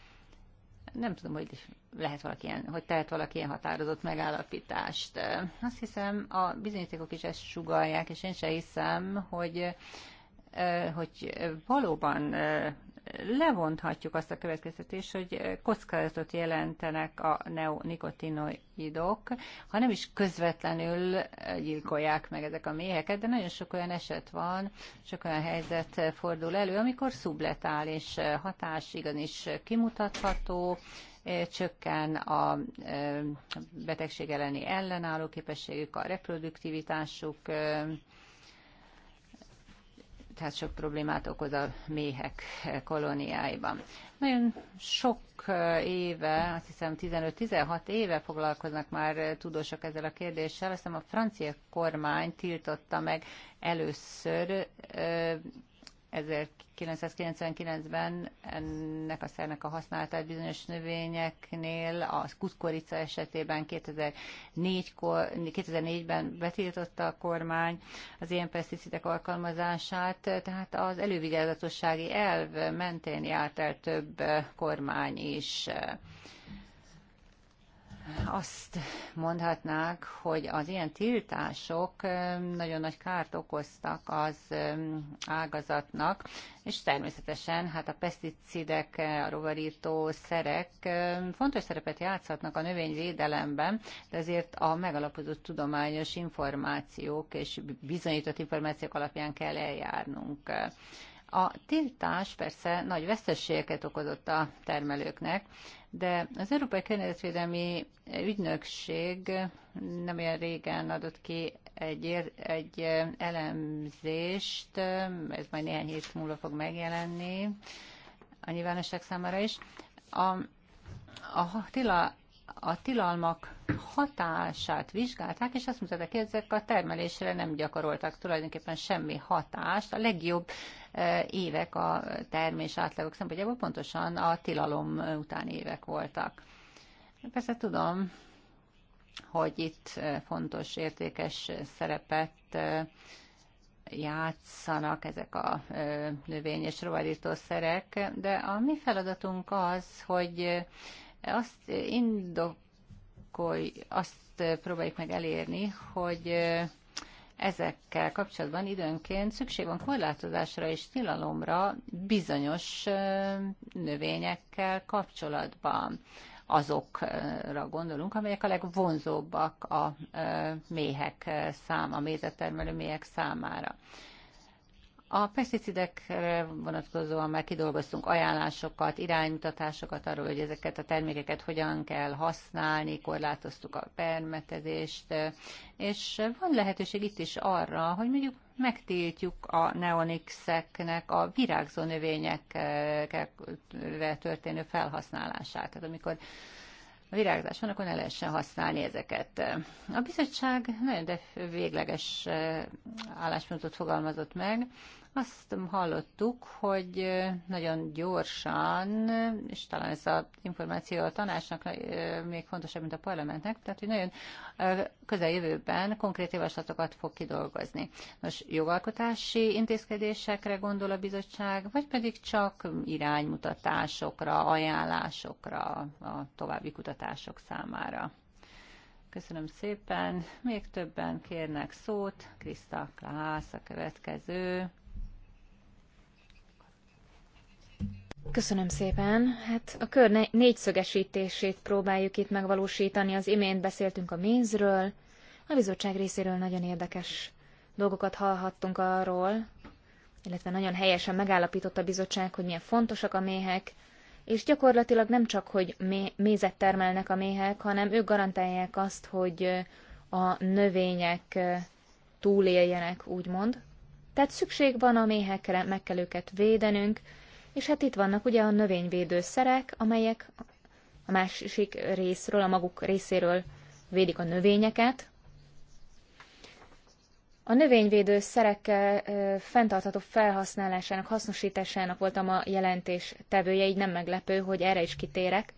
Nem tudom, hogy lehet valaki ilyen, hogy tehet valaki ilyen határozott megállapítást. Azt hiszem, a bizonyítékok is ezt sugalják, és én se hiszem, hogy eh, hogy valóban eh, levonthatjuk azt a következtetést, hogy kockázatot jelentenek a neonikotinoidok, ha nem is közvetlenül gyilkolják meg ezek a méheket, de nagyon sok olyan eset van, sok olyan helyzet fordul elő, amikor szubletális hatás igenis kimutatható, eh, csökken a eh, betegség elleni ellenálló képességük, a reproduktivitásuk, eh, tehát sok problémát okoz a méhek kolóniáiban. Nagyon sok éve, azt hiszem 15-16 éve foglalkoznak már tudósok ezzel a kérdéssel, azt hiszem a francia kormány tiltotta meg először 1999-ben ennek a szernek a használatát bizonyos növényeknél, a kuszkorica esetében 2004-ben betiltotta a kormány az ilyen peszticidek alkalmazását, tehát az elővigyázatossági elv mentén járt el több kormány is azt mondhatnák, hogy az ilyen tiltások nagyon nagy kárt okoztak az ágazatnak, és természetesen hát a peszticidek, a rovarító szerek fontos szerepet játszhatnak a növényvédelemben, de azért a megalapozott tudományos információk és bizonyított információk alapján kell eljárnunk. A tiltás persze nagy veszességeket okozott a termelőknek, de az Európai Környezetvédelmi Ügynökség nem olyan régen adott ki egy, egy elemzést, ez majd néhány hét múlva fog megjelenni a nyilvánosság számára is. A, a, tila, a tilalmak hatását vizsgálták, és azt mutatták, hogy ezek a termelésre nem gyakoroltak tulajdonképpen semmi hatást. A legjobb Eh, évek a termés átlagok szempontjából pontosan a tilalom utáni évek voltak. Persze tudom, hogy itt eh, fontos, értékes szerepet eh, játszanak ezek a növény- és rovarítószerek, de a mi feladatunk az, hogy azt indokolj, azt próbáljuk meg elérni, hogy ezekkel kapcsolatban időnként szükség van korlátozásra és tilalomra bizonyos növényekkel kapcsolatban. Azokra gondolunk, amelyek a legvonzóbbak a méhek száma, a mézetermelő méhek számára. A peszticidekre vonatkozóan már kidolgoztunk ajánlásokat, iránymutatásokat arról, hogy ezeket a termékeket hogyan kell használni, korlátoztuk a permetezést, és van lehetőség itt is arra, hogy mondjuk megtiltjuk a neonixeknek a virágzó növényekre történő felhasználását. Tehát amikor a virágzás van, akkor ne lehessen használni ezeket. A bizottság nagyon de végleges eh, álláspontot fogalmazott meg, azt hallottuk, hogy nagyon gyorsan, és talán ez az információ a tanácsnak még fontosabb, mint a parlamentnek, tehát hogy nagyon közeljövőben konkrét javaslatokat fog kidolgozni. Most jogalkotási intézkedésekre gondol a bizottság, vagy pedig csak iránymutatásokra, ajánlásokra a további kutatások számára? Köszönöm szépen. Még többen kérnek szót. Krista Klász a következő. Köszönöm szépen. Hát a kör négyszögesítését próbáljuk itt megvalósítani. Az imént beszéltünk a mézről. A bizottság részéről nagyon érdekes dolgokat hallhattunk arról, illetve nagyon helyesen megállapította a bizottság, hogy milyen fontosak a méhek, és gyakorlatilag nem csak, hogy mézet termelnek a méhek, hanem ők garantálják azt, hogy a növények túléljenek, úgymond. Tehát szükség van a méhekre, meg kell őket védenünk, és hát itt vannak ugye a szerek amelyek a másik részről, a maguk részéről védik a növényeket. A növényvédő szerek fenntartható felhasználásának, hasznosításának voltam a jelentés tevője, így nem meglepő, hogy erre is kitérek.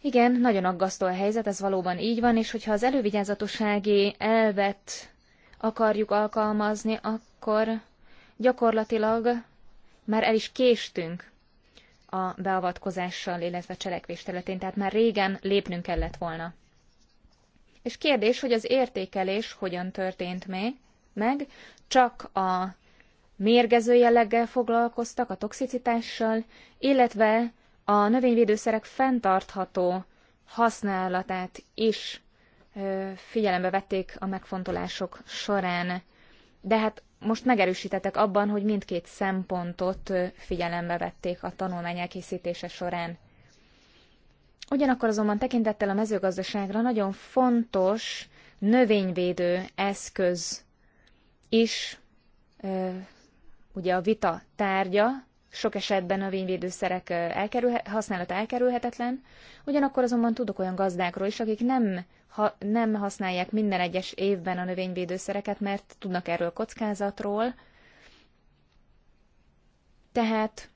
Igen, nagyon aggasztó a helyzet, ez valóban így van, és hogyha az elővigyázatossági elvet akarjuk alkalmazni, akkor gyakorlatilag már el is késtünk a beavatkozással, illetve a cselekvés területén, tehát már régen lépnünk kellett volna. És kérdés, hogy az értékelés hogyan történt még, meg, csak a mérgező jelleggel foglalkoztak, a toxicitással, illetve a növényvédőszerek fenntartható használatát is figyelembe vették a megfontolások során. De hát most megerősítettek abban, hogy mindkét szempontot figyelembe vették a tanulmány elkészítése során. Ugyanakkor azonban tekintettel a mezőgazdaságra nagyon fontos növényvédő eszköz is ugye a vita tárgya, sok esetben növényvédőszerek elkerülhet, használata elkerülhetetlen, ugyanakkor azonban tudok olyan gazdákról is, akik nem ha nem használják minden egyes évben a növényvédőszereket, mert tudnak erről kockázatról. Tehát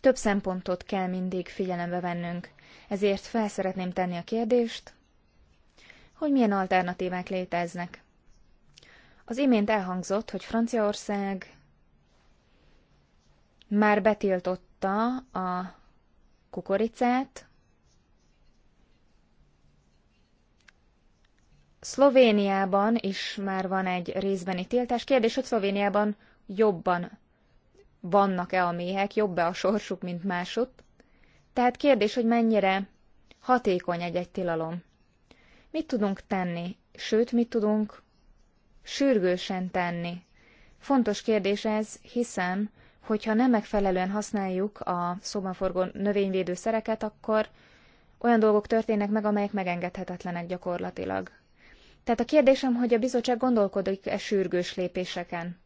több szempontot kell mindig figyelembe vennünk. Ezért fel szeretném tenni a kérdést, hogy milyen alternatívák léteznek. Az imént elhangzott, hogy Franciaország már betiltotta a kukoricát, Szlovéniában is már van egy részbeni tiltás. Kérdés, hogy Szlovéniában jobban vannak-e a méhek, jobb-e a sorsuk, mint másutt. Tehát kérdés, hogy mennyire hatékony egy-egy tilalom. Mit tudunk tenni? Sőt, mit tudunk sürgősen tenni? Fontos kérdés ez, hiszen, hogyha nem megfelelően használjuk a szóban forgó növényvédőszereket, akkor olyan dolgok történnek meg, amelyek megengedhetetlenek gyakorlatilag. Tehát a kérdésem, hogy a bizottság gondolkodik-e sürgős lépéseken?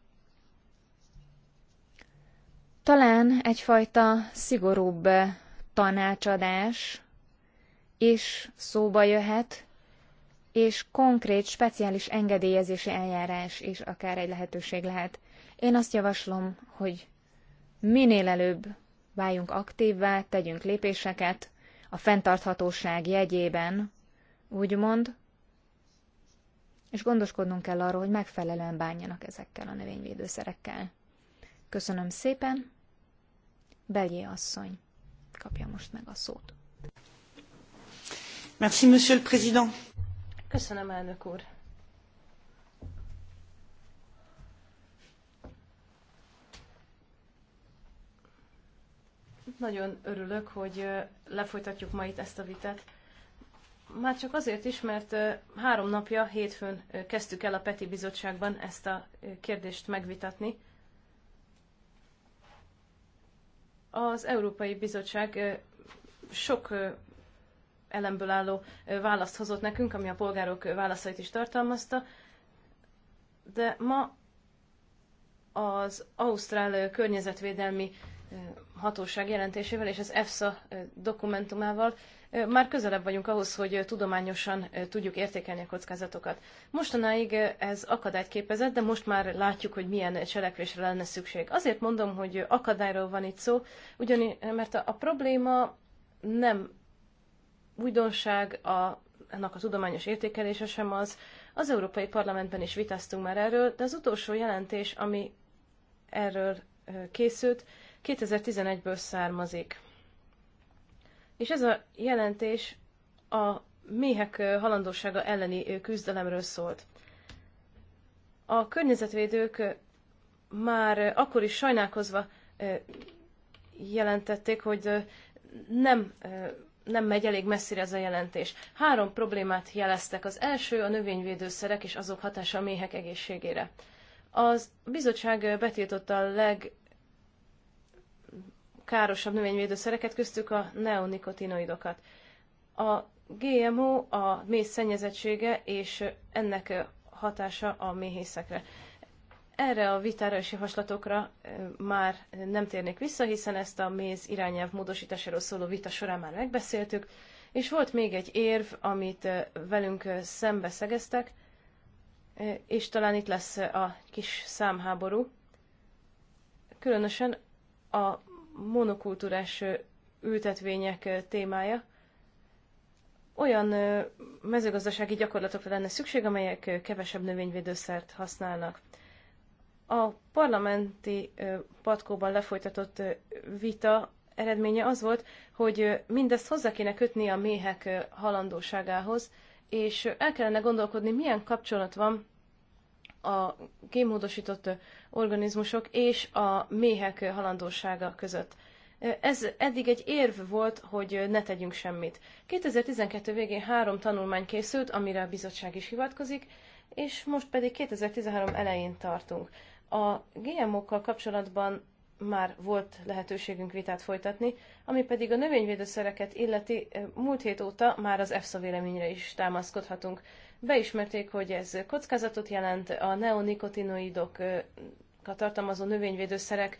Talán egyfajta szigorúbb tanácsadás is szóba jöhet, és konkrét, speciális engedélyezési eljárás is akár egy lehetőség lehet. Én azt javaslom, hogy minél előbb váljunk aktívvá, tegyünk lépéseket a fenntarthatóság jegyében, úgymond, és gondoskodnunk kell arról, hogy megfelelően bánjanak ezekkel a növényvédőszerekkel. Köszönöm szépen. Beljé asszony kapja most meg a szót. Merci, monsieur le président. Köszönöm, elnök úr. Nagyon örülök, hogy lefolytatjuk ma itt ezt a vitát már csak azért is, mert három napja, hétfőn kezdtük el a Peti Bizottságban ezt a kérdést megvitatni. Az Európai Bizottság sok elemből álló választ hozott nekünk, ami a polgárok válaszait is tartalmazta, de ma az Ausztrál Környezetvédelmi hatóság jelentésével és az EFSA dokumentumával már közelebb vagyunk ahhoz, hogy tudományosan tudjuk értékelni a kockázatokat. Mostanáig ez akadályt képezett, de most már látjuk, hogy milyen cselekvésre lenne szükség. Azért mondom, hogy akadályról van itt szó, ugyanis, mert a, a probléma nem újdonság, a, ennek a tudományos értékelése sem az. Az Európai Parlamentben is vitáztunk már erről, de az utolsó jelentés, ami erről készült, 2011-ből származik. És ez a jelentés a méhek halandósága elleni küzdelemről szólt. A környezetvédők már akkor is sajnálkozva jelentették, hogy nem, nem megy elég messzire ez a jelentés. Három problémát jeleztek. Az első a növényvédőszerek és azok hatása a méhek egészségére. Az bizottság betiltotta a leg károsabb növényvédőszereket, köztük a neonikotinoidokat. A GMO a méz szennyezettsége és ennek hatása a méhészekre. Erre a vitára és javaslatokra már nem térnék vissza, hiszen ezt a méz irányelv módosításáról szóló vita során már megbeszéltük, és volt még egy érv, amit velünk szembe szegeztek, és talán itt lesz a kis számháború. Különösen a monokultúrás ültetvények témája, olyan mezőgazdasági gyakorlatokra lenne szükség, amelyek kevesebb növényvédőszert használnak. A parlamenti patkóban lefolytatott vita eredménye az volt, hogy mindezt hozzá kéne kötni a méhek halandóságához, és el kellene gondolkodni, milyen kapcsolat van a gémódosított organizmusok és a méhek halandósága között. Ez eddig egy érv volt, hogy ne tegyünk semmit. 2012 végén három tanulmány készült, amire a bizottság is hivatkozik, és most pedig 2013 elején tartunk. A GMO-kkal kapcsolatban már volt lehetőségünk vitát folytatni, ami pedig a növényvédőszereket illeti múlt hét óta már az EFSA véleményre is támaszkodhatunk. Beismerték, hogy ez kockázatot jelent, a a tartalmazó növényvédőszerek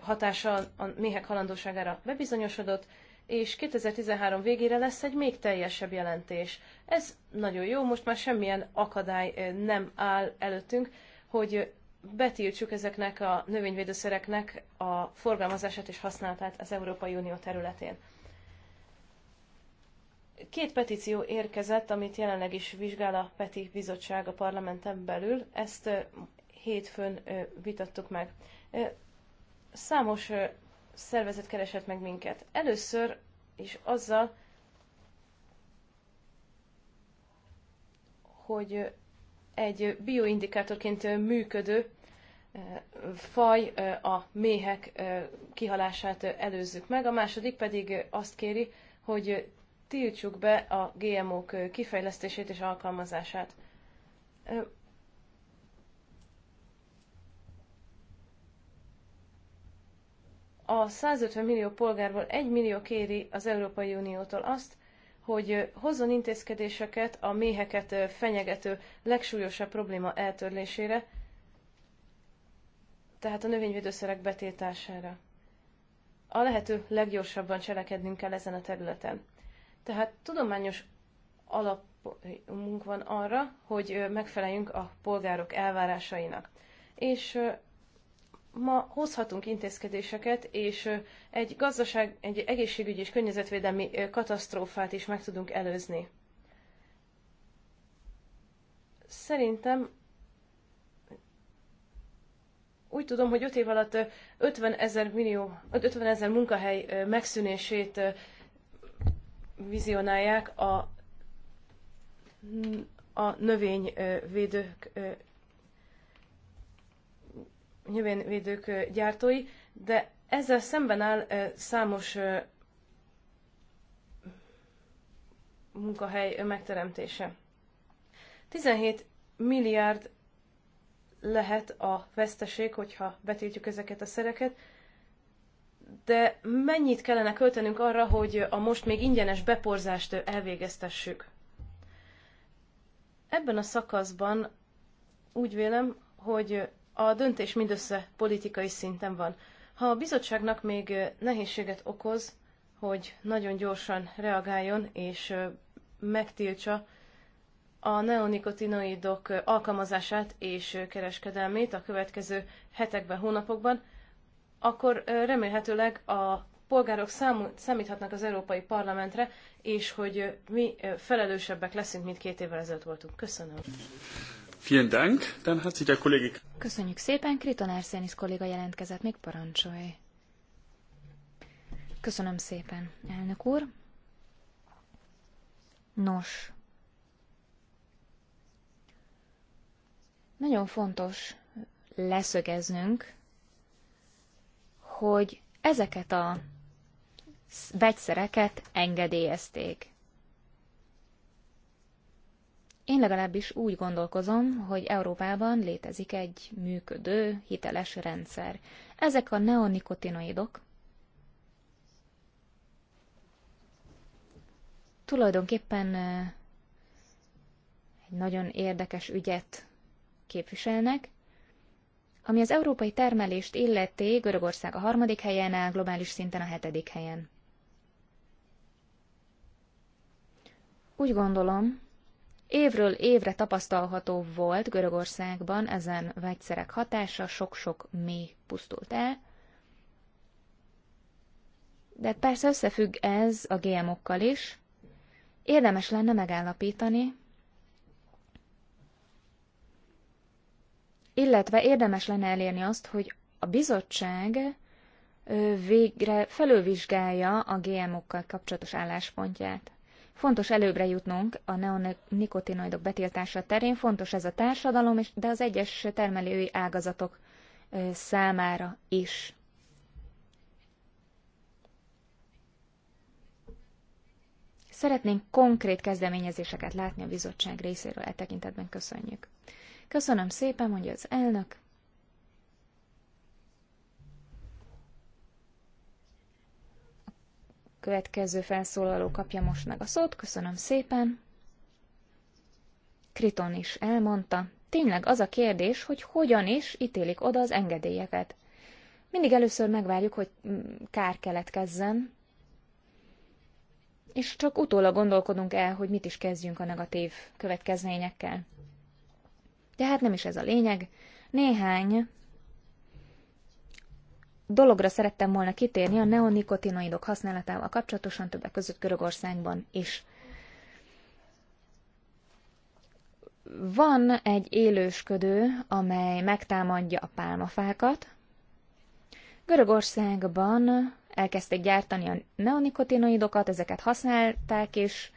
hatása a méhek halandóságára bebizonyosodott, és 2013 végére lesz egy még teljesebb jelentés. Ez nagyon jó, most már semmilyen akadály nem áll előttünk, hogy betiltsuk ezeknek a növényvédőszereknek a forgalmazását és használatát az Európai Unió területén. Két petíció érkezett, amit jelenleg is vizsgál a Peti Bizottság a parlamenten belül. Ezt hétfőn vitattuk meg. Számos szervezet keresett meg minket. Először is azzal, hogy egy bioindikátorként működő faj a méhek kihalását előzzük meg, a második pedig azt kéri, hogy tiltsuk be a GMO-k kifejlesztését és alkalmazását. A 150 millió polgárból 1 millió kéri az Európai Uniótól azt, hogy hozzon intézkedéseket a méheket fenyegető legsúlyosabb probléma eltörlésére, tehát a növényvédőszerek betiltására. A lehető leggyorsabban cselekednünk kell ezen a területen. Tehát tudományos alapunk van arra, hogy megfeleljünk a polgárok elvárásainak. És ma hozhatunk intézkedéseket, és egy gazdaság, egy egészségügyi és környezetvédelmi katasztrófát is meg tudunk előzni. Szerintem úgy tudom, hogy 5 év alatt 50 ezer millió, 50 ezer munkahely megszűnését vizionálják a, a növényvédők növényvédők gyártói, de ezzel szemben áll számos munkahely megteremtése. 17 milliárd lehet a veszteség, hogyha betiltjuk ezeket a szereket, de mennyit kellene költenünk arra, hogy a most még ingyenes beporzást elvégeztessük? Ebben a szakaszban úgy vélem, hogy a döntés mindössze politikai szinten van. Ha a bizottságnak még nehézséget okoz, hogy nagyon gyorsan reagáljon és megtiltsa a neonikotinoidok alkalmazását és kereskedelmét a következő hetekben, hónapokban, akkor remélhetőleg a polgárok számú, számíthatnak az Európai Parlamentre, és hogy mi felelősebbek leszünk, mint két évvel ezelőtt voltunk. Köszönöm. Vielen Dank, dann hat sich der Kollege... Köszönjük szépen, Kriton Arsenis kolléga jelentkezett, még parancsolj. Köszönöm szépen, elnök úr. Nos. Nagyon fontos leszögeznünk, hogy ezeket a vegyszereket engedélyezték. Én legalábbis úgy gondolkozom, hogy Európában létezik egy működő, hiteles rendszer. Ezek a neonikotinoidok tulajdonképpen egy nagyon érdekes ügyet képviselnek, ami az európai termelést illeti, Görögország a harmadik helyen áll, globális szinten a hetedik helyen. Úgy gondolom, évről évre tapasztalható volt Görögországban ezen vegyszerek hatása, sok-sok mi pusztult el, de persze összefügg ez a GMO-kkal is. Érdemes lenne megállapítani, illetve érdemes lenne elérni azt, hogy a bizottság végre felülvizsgálja a GMO-kkal kapcsolatos álláspontját. Fontos előbbre jutnunk a neonikotinoidok betiltása terén, fontos ez a társadalom, de az egyes termelői ágazatok számára is. Szeretnénk konkrét kezdeményezéseket látni a bizottság részéről e tekintetben. Köszönjük. Köszönöm szépen, mondja az elnök. következő felszólaló kapja most meg a szót, köszönöm szépen. Kriton is elmondta. Tényleg az a kérdés, hogy hogyan is ítélik oda az engedélyeket. Mindig először megvárjuk, hogy mm, kár keletkezzen, és csak utólag gondolkodunk el, hogy mit is kezdjünk a negatív következményekkel. De hát nem is ez a lényeg. Néhány dologra szerettem volna kitérni a neonikotinoidok használatával kapcsolatosan többek között Görögországban is. Van egy élősködő, amely megtámadja a pálmafákat. Görögországban elkezdték gyártani a neonikotinoidokat, ezeket használták is,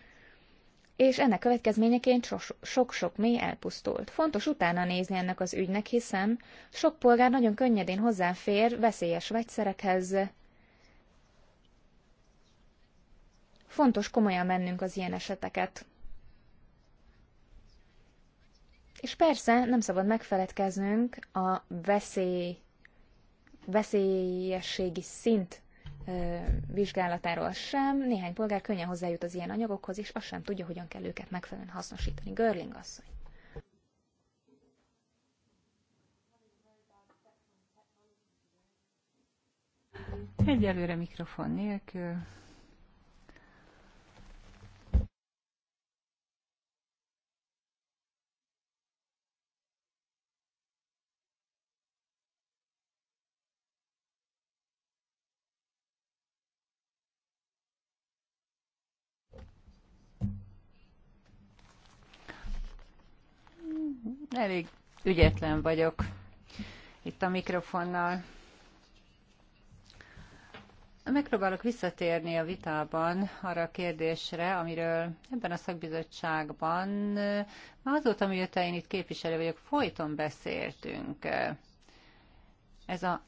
és ennek következményeként sok-sok mély elpusztult. Fontos utána nézni ennek az ügynek, hiszen sok polgár nagyon könnyedén hozzáfér veszélyes vegyszerekhez. Fontos komolyan mennünk az ilyen eseteket. És persze nem szabad megfeledkeznünk a veszély, veszélyességi szint vizsgálatáról sem. Néhány polgár könnyen hozzájut az ilyen anyagokhoz, és azt sem tudja, hogyan kell őket megfelelően hasznosítani. Görling asszony. Egyelőre mikrofon nélkül. Elég ügyetlen vagyok itt a mikrofonnal. Megpróbálok visszatérni a vitában arra a kérdésre, amiről ebben a szakbizottságban már azóta, mióta én itt képviselő vagyok, folyton beszéltünk. Ez a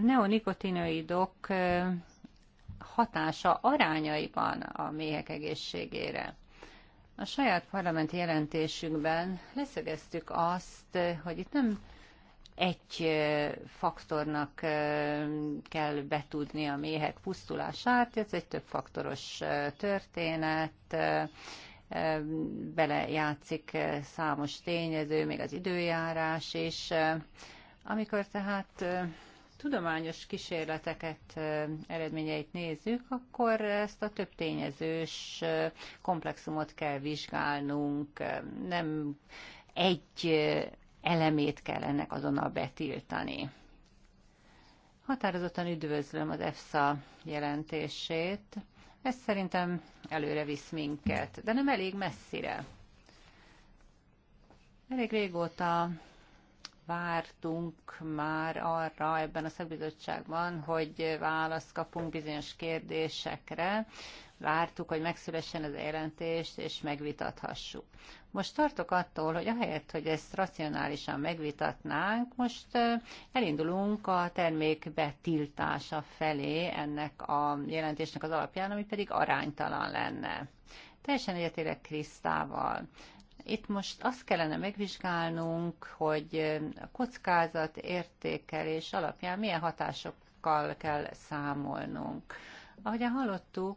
neonikotinoidok eh, hatása arányaiban a méhek egészségére. A saját parlamenti jelentésünkben leszögeztük azt, hogy itt nem egy faktornak kell betudni a méhek pusztulását, ez egy több faktoros történet, belejátszik számos tényező, még az időjárás is. Amikor tehát tudományos kísérleteket, eredményeit nézzük, akkor ezt a több tényezős komplexumot kell vizsgálnunk, nem egy elemét kell ennek azonnal betiltani. Határozottan üdvözlöm az EFSA jelentését. Ez szerintem előre visz minket, de nem elég messzire. Elég régóta vártunk már arra ebben a szakbizottságban, hogy választ kapunk bizonyos kérdésekre. Vártuk, hogy megszülessen az jelentést, és megvitathassuk. Most tartok attól, hogy ahelyett, hogy ezt racionálisan megvitatnánk, most elindulunk a termék betiltása felé ennek a jelentésnek az alapján, ami pedig aránytalan lenne. Teljesen egyetérek Krisztával. Itt most azt kellene megvizsgálnunk, hogy a kockázat értékelés alapján milyen hatásokkal kell számolnunk. Ahogy hallottuk,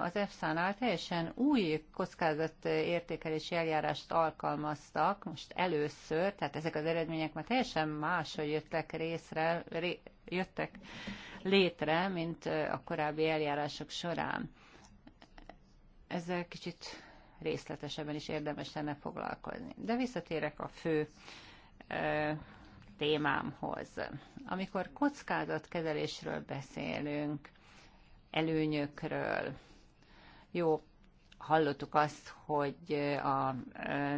az EFSA-nál teljesen új kockázatértékelési eljárást alkalmaztak, most először, tehát ezek az eredmények már teljesen máshogy jöttek részre, ré, jöttek létre, mint a korábbi eljárások során. Ezzel kicsit részletesebben is érdemes lenne foglalkozni. De visszatérek a fő témámhoz. Amikor kockázatkezelésről beszélünk, előnyökről, jó, hallottuk azt, hogy a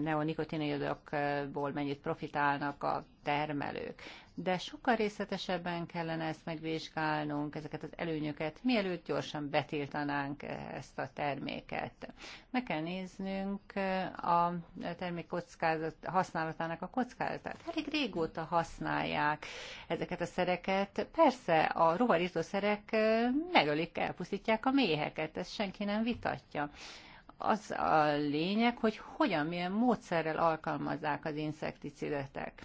neonikotinoidokból mennyit profitálnak a termelők de sokkal részletesebben kellene ezt megvizsgálnunk, ezeket az előnyöket, mielőtt gyorsan betiltanánk ezt a terméket. Meg kell néznünk a termék kockázat, használatának a kockázatát. Elég régóta használják ezeket a szereket. Persze a szerek megölik, elpusztítják a méheket, ezt senki nem vitatja az a lényeg, hogy hogyan, milyen módszerrel alkalmazzák az inszekticidetek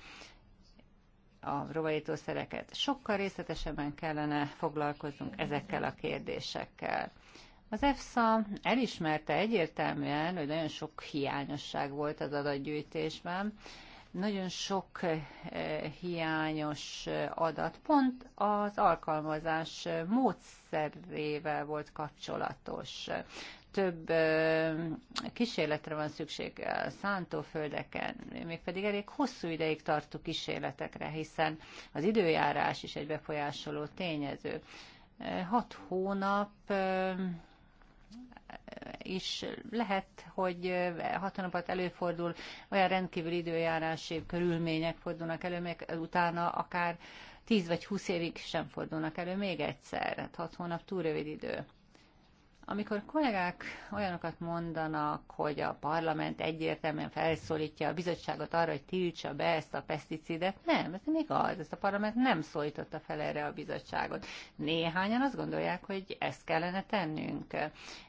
a rovarítószereket. Sokkal részletesebben kellene foglalkoznunk ezekkel a kérdésekkel. Az EFSA elismerte egyértelműen, hogy nagyon sok hiányosság volt az adatgyűjtésben, nagyon sok eh, hiányos adat pont az alkalmazás módszerével volt kapcsolatos több kísérletre van szükség a szántóföldeken, mégpedig elég hosszú ideig tartó kísérletekre, hiszen az időjárás is egy befolyásoló tényező. Hat hónap is lehet, hogy hat hónapot előfordul, olyan rendkívül időjárási körülmények fordulnak elő, még utána akár 10 vagy 20 évig sem fordulnak elő még egyszer. Hát 6 hónap túl rövid idő. Amikor kollégák olyanokat mondanak, hogy a parlament egyértelműen felszólítja a bizottságot arra, hogy tiltsa be ezt a peszticidet, nem, ez még az, ezt a parlament nem szólította fel erre a bizottságot. Néhányan azt gondolják, hogy ezt kellene tennünk.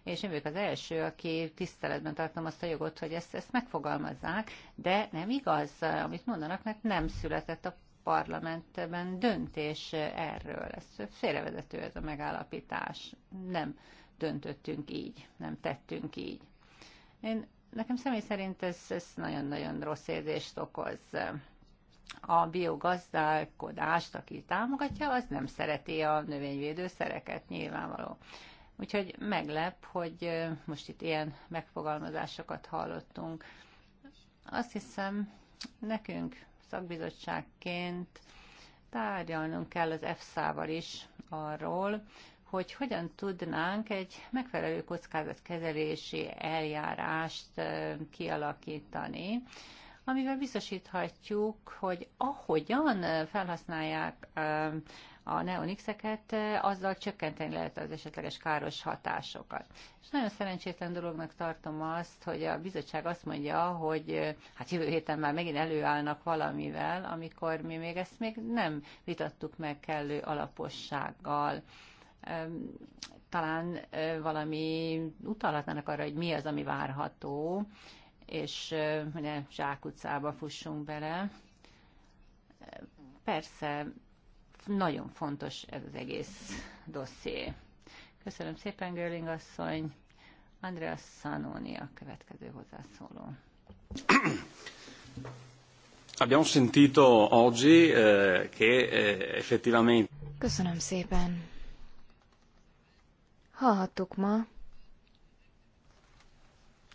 És én vagyok az első, aki tiszteletben tartom azt a jogot, hogy ezt, ezt megfogalmazzák, de nem igaz, amit mondanak, mert nem született a parlamentben döntés erről. Ez félrevezető ez a megállapítás. Nem döntöttünk így, nem tettünk így. Én, nekem személy szerint ez, ez nagyon-nagyon rossz érzést okoz. A biogazdálkodást, aki támogatja, az nem szereti a növényvédőszereket, nyilvánvaló. Úgyhogy meglep, hogy most itt ilyen megfogalmazásokat hallottunk. Azt hiszem, nekünk szakbizottságként tárgyalnunk kell az EFSA-val is arról, hogy hogyan tudnánk egy megfelelő kockázatkezelési eljárást kialakítani, amivel biztosíthatjuk, hogy ahogyan felhasználják a neonixeket, azzal csökkenteni lehet az esetleges káros hatásokat. És nagyon szerencsétlen dolognak tartom azt, hogy a bizottság azt mondja, hogy hát jövő héten már megint előállnak valamivel, amikor mi még ezt még nem vitattuk meg kellő alapossággal talán valami utalhatnának arra, hogy mi az, ami várható, és ne zsákutcába fussunk bele. Persze, nagyon fontos ez az egész dosszié. Köszönöm szépen, Görling asszony. Andreas Sanoni a következő hozzászóló. Abbiamo sentito oggi eh, che eh, effettivamente... Köszönöm szépen. Hallhattuk ma,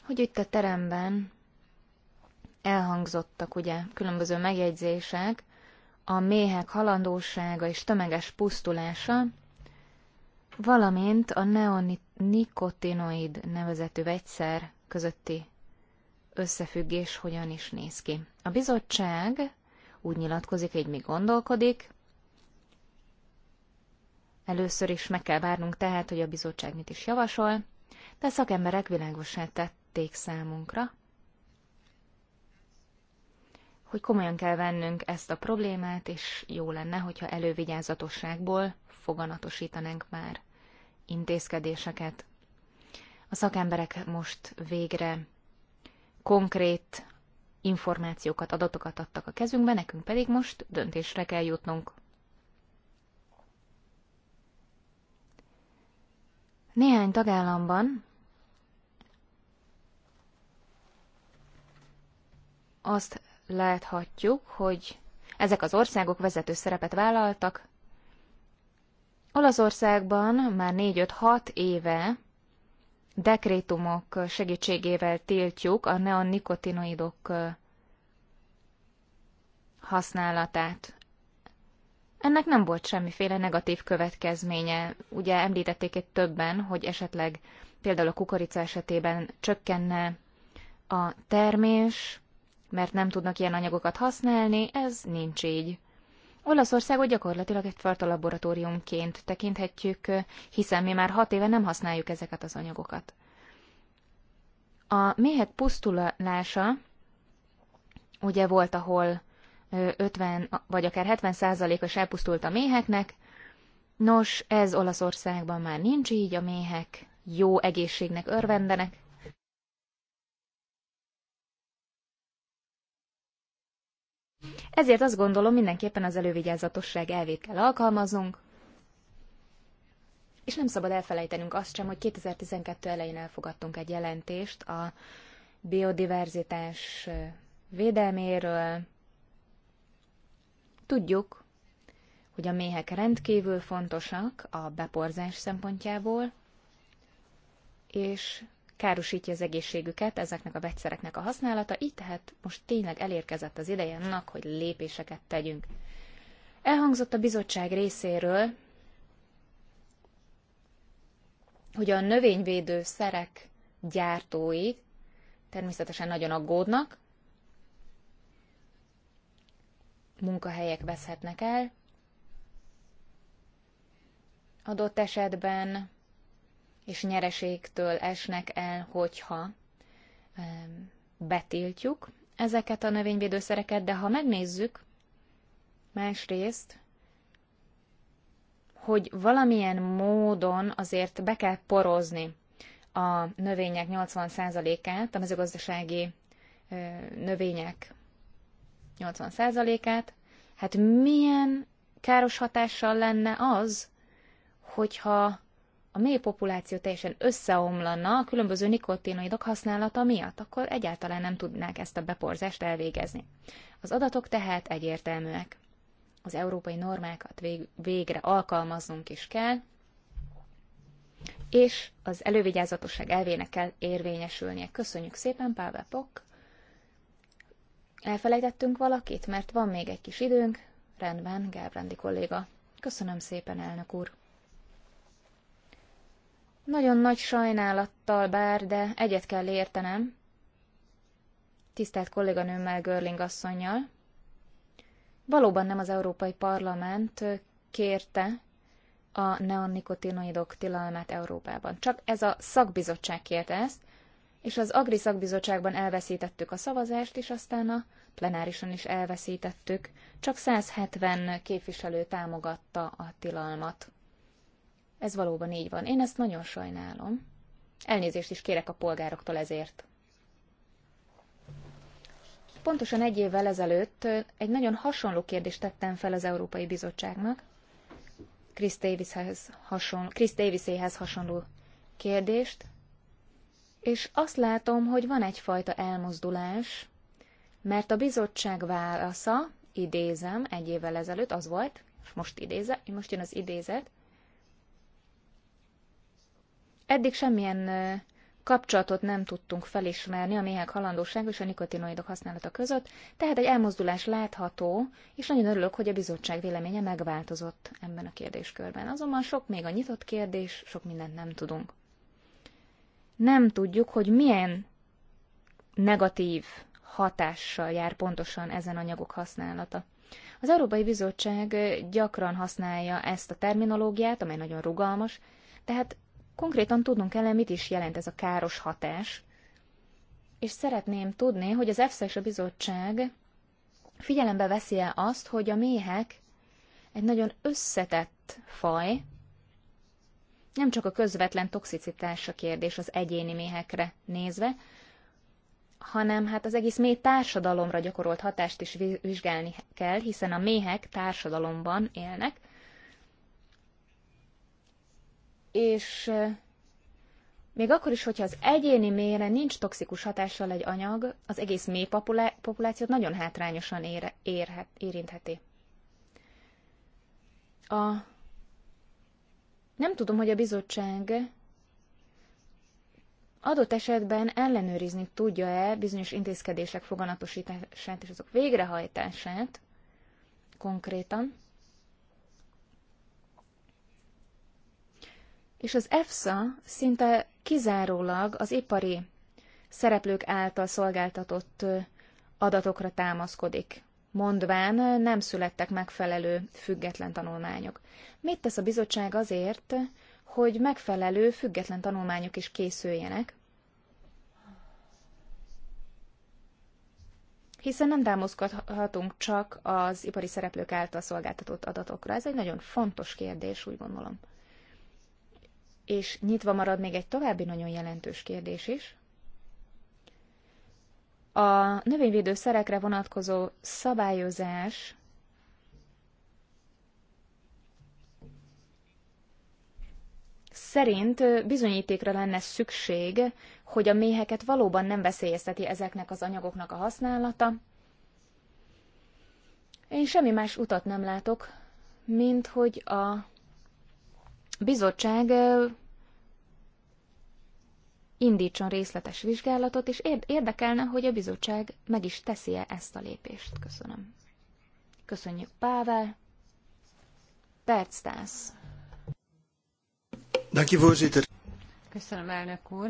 hogy itt a teremben elhangzottak ugye különböző megjegyzések, a méhek halandósága és tömeges pusztulása, valamint a neonikotinoid nevezetű vegyszer közötti összefüggés hogyan is néz ki. A bizottság úgy nyilatkozik, hogy még gondolkodik, Először is meg kell várnunk tehát, hogy a bizottság mit is javasol, de szakemberek világosan tették számunkra, hogy komolyan kell vennünk ezt a problémát, és jó lenne, hogyha elővigyázatosságból foganatosítanánk már intézkedéseket. A szakemberek most végre konkrét információkat, adatokat adtak a kezünkbe, nekünk pedig most döntésre kell jutnunk. Néhány tagállamban azt láthatjuk, hogy ezek az országok vezető szerepet vállaltak. Olaszországban már 4-5-6 éve dekrétumok segítségével tiltjuk a neonikotinoidok használatát. Ennek nem volt semmiféle negatív következménye. Ugye említették itt többen, hogy esetleg például a kukorica esetében csökkenne a termés, mert nem tudnak ilyen anyagokat használni, ez nincs így. Olaszországot gyakorlatilag farta laboratóriumként tekinthetjük, hiszen mi már hat éve nem használjuk ezeket az anyagokat. A méhek pusztulása, ugye volt, ahol 50 vagy akár 70 százalékos elpusztult a méheknek. Nos, ez Olaszországban már nincs így, a méhek jó egészségnek örvendenek. Ezért azt gondolom, mindenképpen az elővigyázatosság elvét kell alkalmaznunk, és nem szabad elfelejtenünk azt sem, hogy 2012 elején elfogadtunk egy jelentést a biodiverzitás védelméről, Tudjuk, hogy a méhek rendkívül fontosak a beporzás szempontjából, és károsítja az egészségüket ezeknek a vegyszereknek a használata, így tehát most tényleg elérkezett az ideje annak, hogy lépéseket tegyünk. Elhangzott a bizottság részéről, hogy a növényvédő szerek gyártói természetesen nagyon aggódnak, munkahelyek veszhetnek el. Adott esetben és nyereségtől esnek el, hogyha betiltjuk ezeket a növényvédőszereket, de ha megnézzük másrészt, hogy valamilyen módon azért be kell porozni a növények 80%-át, a mezőgazdasági növények 80%-át, hát milyen káros hatással lenne az, hogyha a mély populáció teljesen összeomlana a különböző nikotinoidok használata miatt, akkor egyáltalán nem tudnák ezt a beporzást elvégezni. Az adatok tehát egyértelműek. Az európai normákat vég, végre alkalmaznunk is kell, és az elővigyázatosság elvének kell érvényesülnie. Köszönjük szépen, Pavel Pok! Elfelejtettünk valakit, mert van még egy kis időnk. Rendben, Gábrandi kolléga. Köszönöm szépen, elnök úr. Nagyon nagy sajnálattal bár, de egyet kell értenem. Tisztelt kolléganőmmel, Görling asszonynal. Valóban nem az Európai Parlament kérte a neonikotinoidok tilalmát Európában. Csak ez a szakbizottság kérte ezt, és az Agri szakbizottságban elveszítettük a szavazást, és aztán a plenárison is elveszítettük. Csak 170 képviselő támogatta a tilalmat. Ez valóban így van. Én ezt nagyon sajnálom. Elnézést is kérek a polgároktól ezért. Pontosan egy évvel ezelőtt egy nagyon hasonló kérdést tettem fel az Európai Bizottságnak, Chris Davishez hasonló, Chris Daviséhez hasonló kérdést, és azt látom, hogy van egyfajta elmozdulás, mert a bizottság válasza, idézem, egy évvel ezelőtt az volt, most idézem, most jön az idézet, eddig semmilyen kapcsolatot nem tudtunk felismerni a méhek halandóság és a nikotinoidok használata között, tehát egy elmozdulás látható, és nagyon örülök, hogy a bizottság véleménye megváltozott ebben a kérdéskörben. Azonban sok még a nyitott kérdés, sok mindent nem tudunk nem tudjuk, hogy milyen negatív hatással jár pontosan ezen anyagok használata. Az Európai Bizottság gyakran használja ezt a terminológiát, amely nagyon rugalmas, tehát konkrétan tudnunk kellene, mit is jelent ez a káros hatás, és szeretném tudni, hogy az EFSA és a bizottság figyelembe veszi-e azt, hogy a méhek egy nagyon összetett faj, nem csak a közvetlen toxicitás a kérdés az egyéni méhekre nézve, hanem hát az egész méh társadalomra gyakorolt hatást is vizsgálni kell, hiszen a méhek társadalomban élnek, és még akkor is, hogyha az egyéni mélyre nincs toxikus hatással egy anyag, az egész mély populációt nagyon hátrányosan ére, érhet, érintheti. A nem tudom, hogy a bizottság adott esetben ellenőrizni tudja-e bizonyos intézkedések foganatosítását és azok végrehajtását konkrétan. És az EFSA szinte kizárólag az ipari szereplők által szolgáltatott adatokra támaszkodik mondván nem születtek megfelelő független tanulmányok. Mit tesz a bizottság azért, hogy megfelelő független tanulmányok is készüljenek, hiszen nem támaszkodhatunk csak az ipari szereplők által szolgáltatott adatokra. Ez egy nagyon fontos kérdés, úgy gondolom. És nyitva marad még egy további nagyon jelentős kérdés is. A növényvédőszerekre vonatkozó szabályozás szerint bizonyítékra lenne szükség, hogy a méheket valóban nem veszélyezteti ezeknek az anyagoknak a használata. Én semmi más utat nem látok, mint hogy a bizottság indítson részletes vizsgálatot, és érdekelne, hogy a bizottság meg is teszi-e ezt a lépést. Köszönöm. Köszönjük Pável. Perc tász. Köszönöm, elnök úr.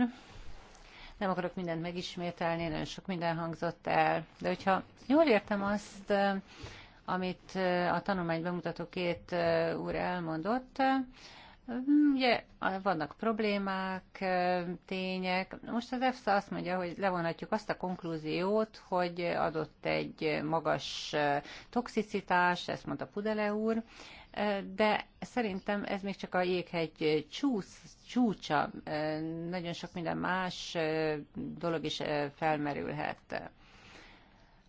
Nem akarok mindent megismételni, nagyon sok minden hangzott el. De hogyha jól értem azt, amit eh, a tanulmány bemutató két eh, úr elmondott, Ugye vannak problémák, tények. Most az EFSA azt mondja, hogy levonhatjuk azt a konklúziót, hogy adott egy magas toxicitás, ezt mondta Pudele úr, de szerintem ez még csak a jéghegy csúsz, csúcsa, nagyon sok minden más dolog is felmerülhet.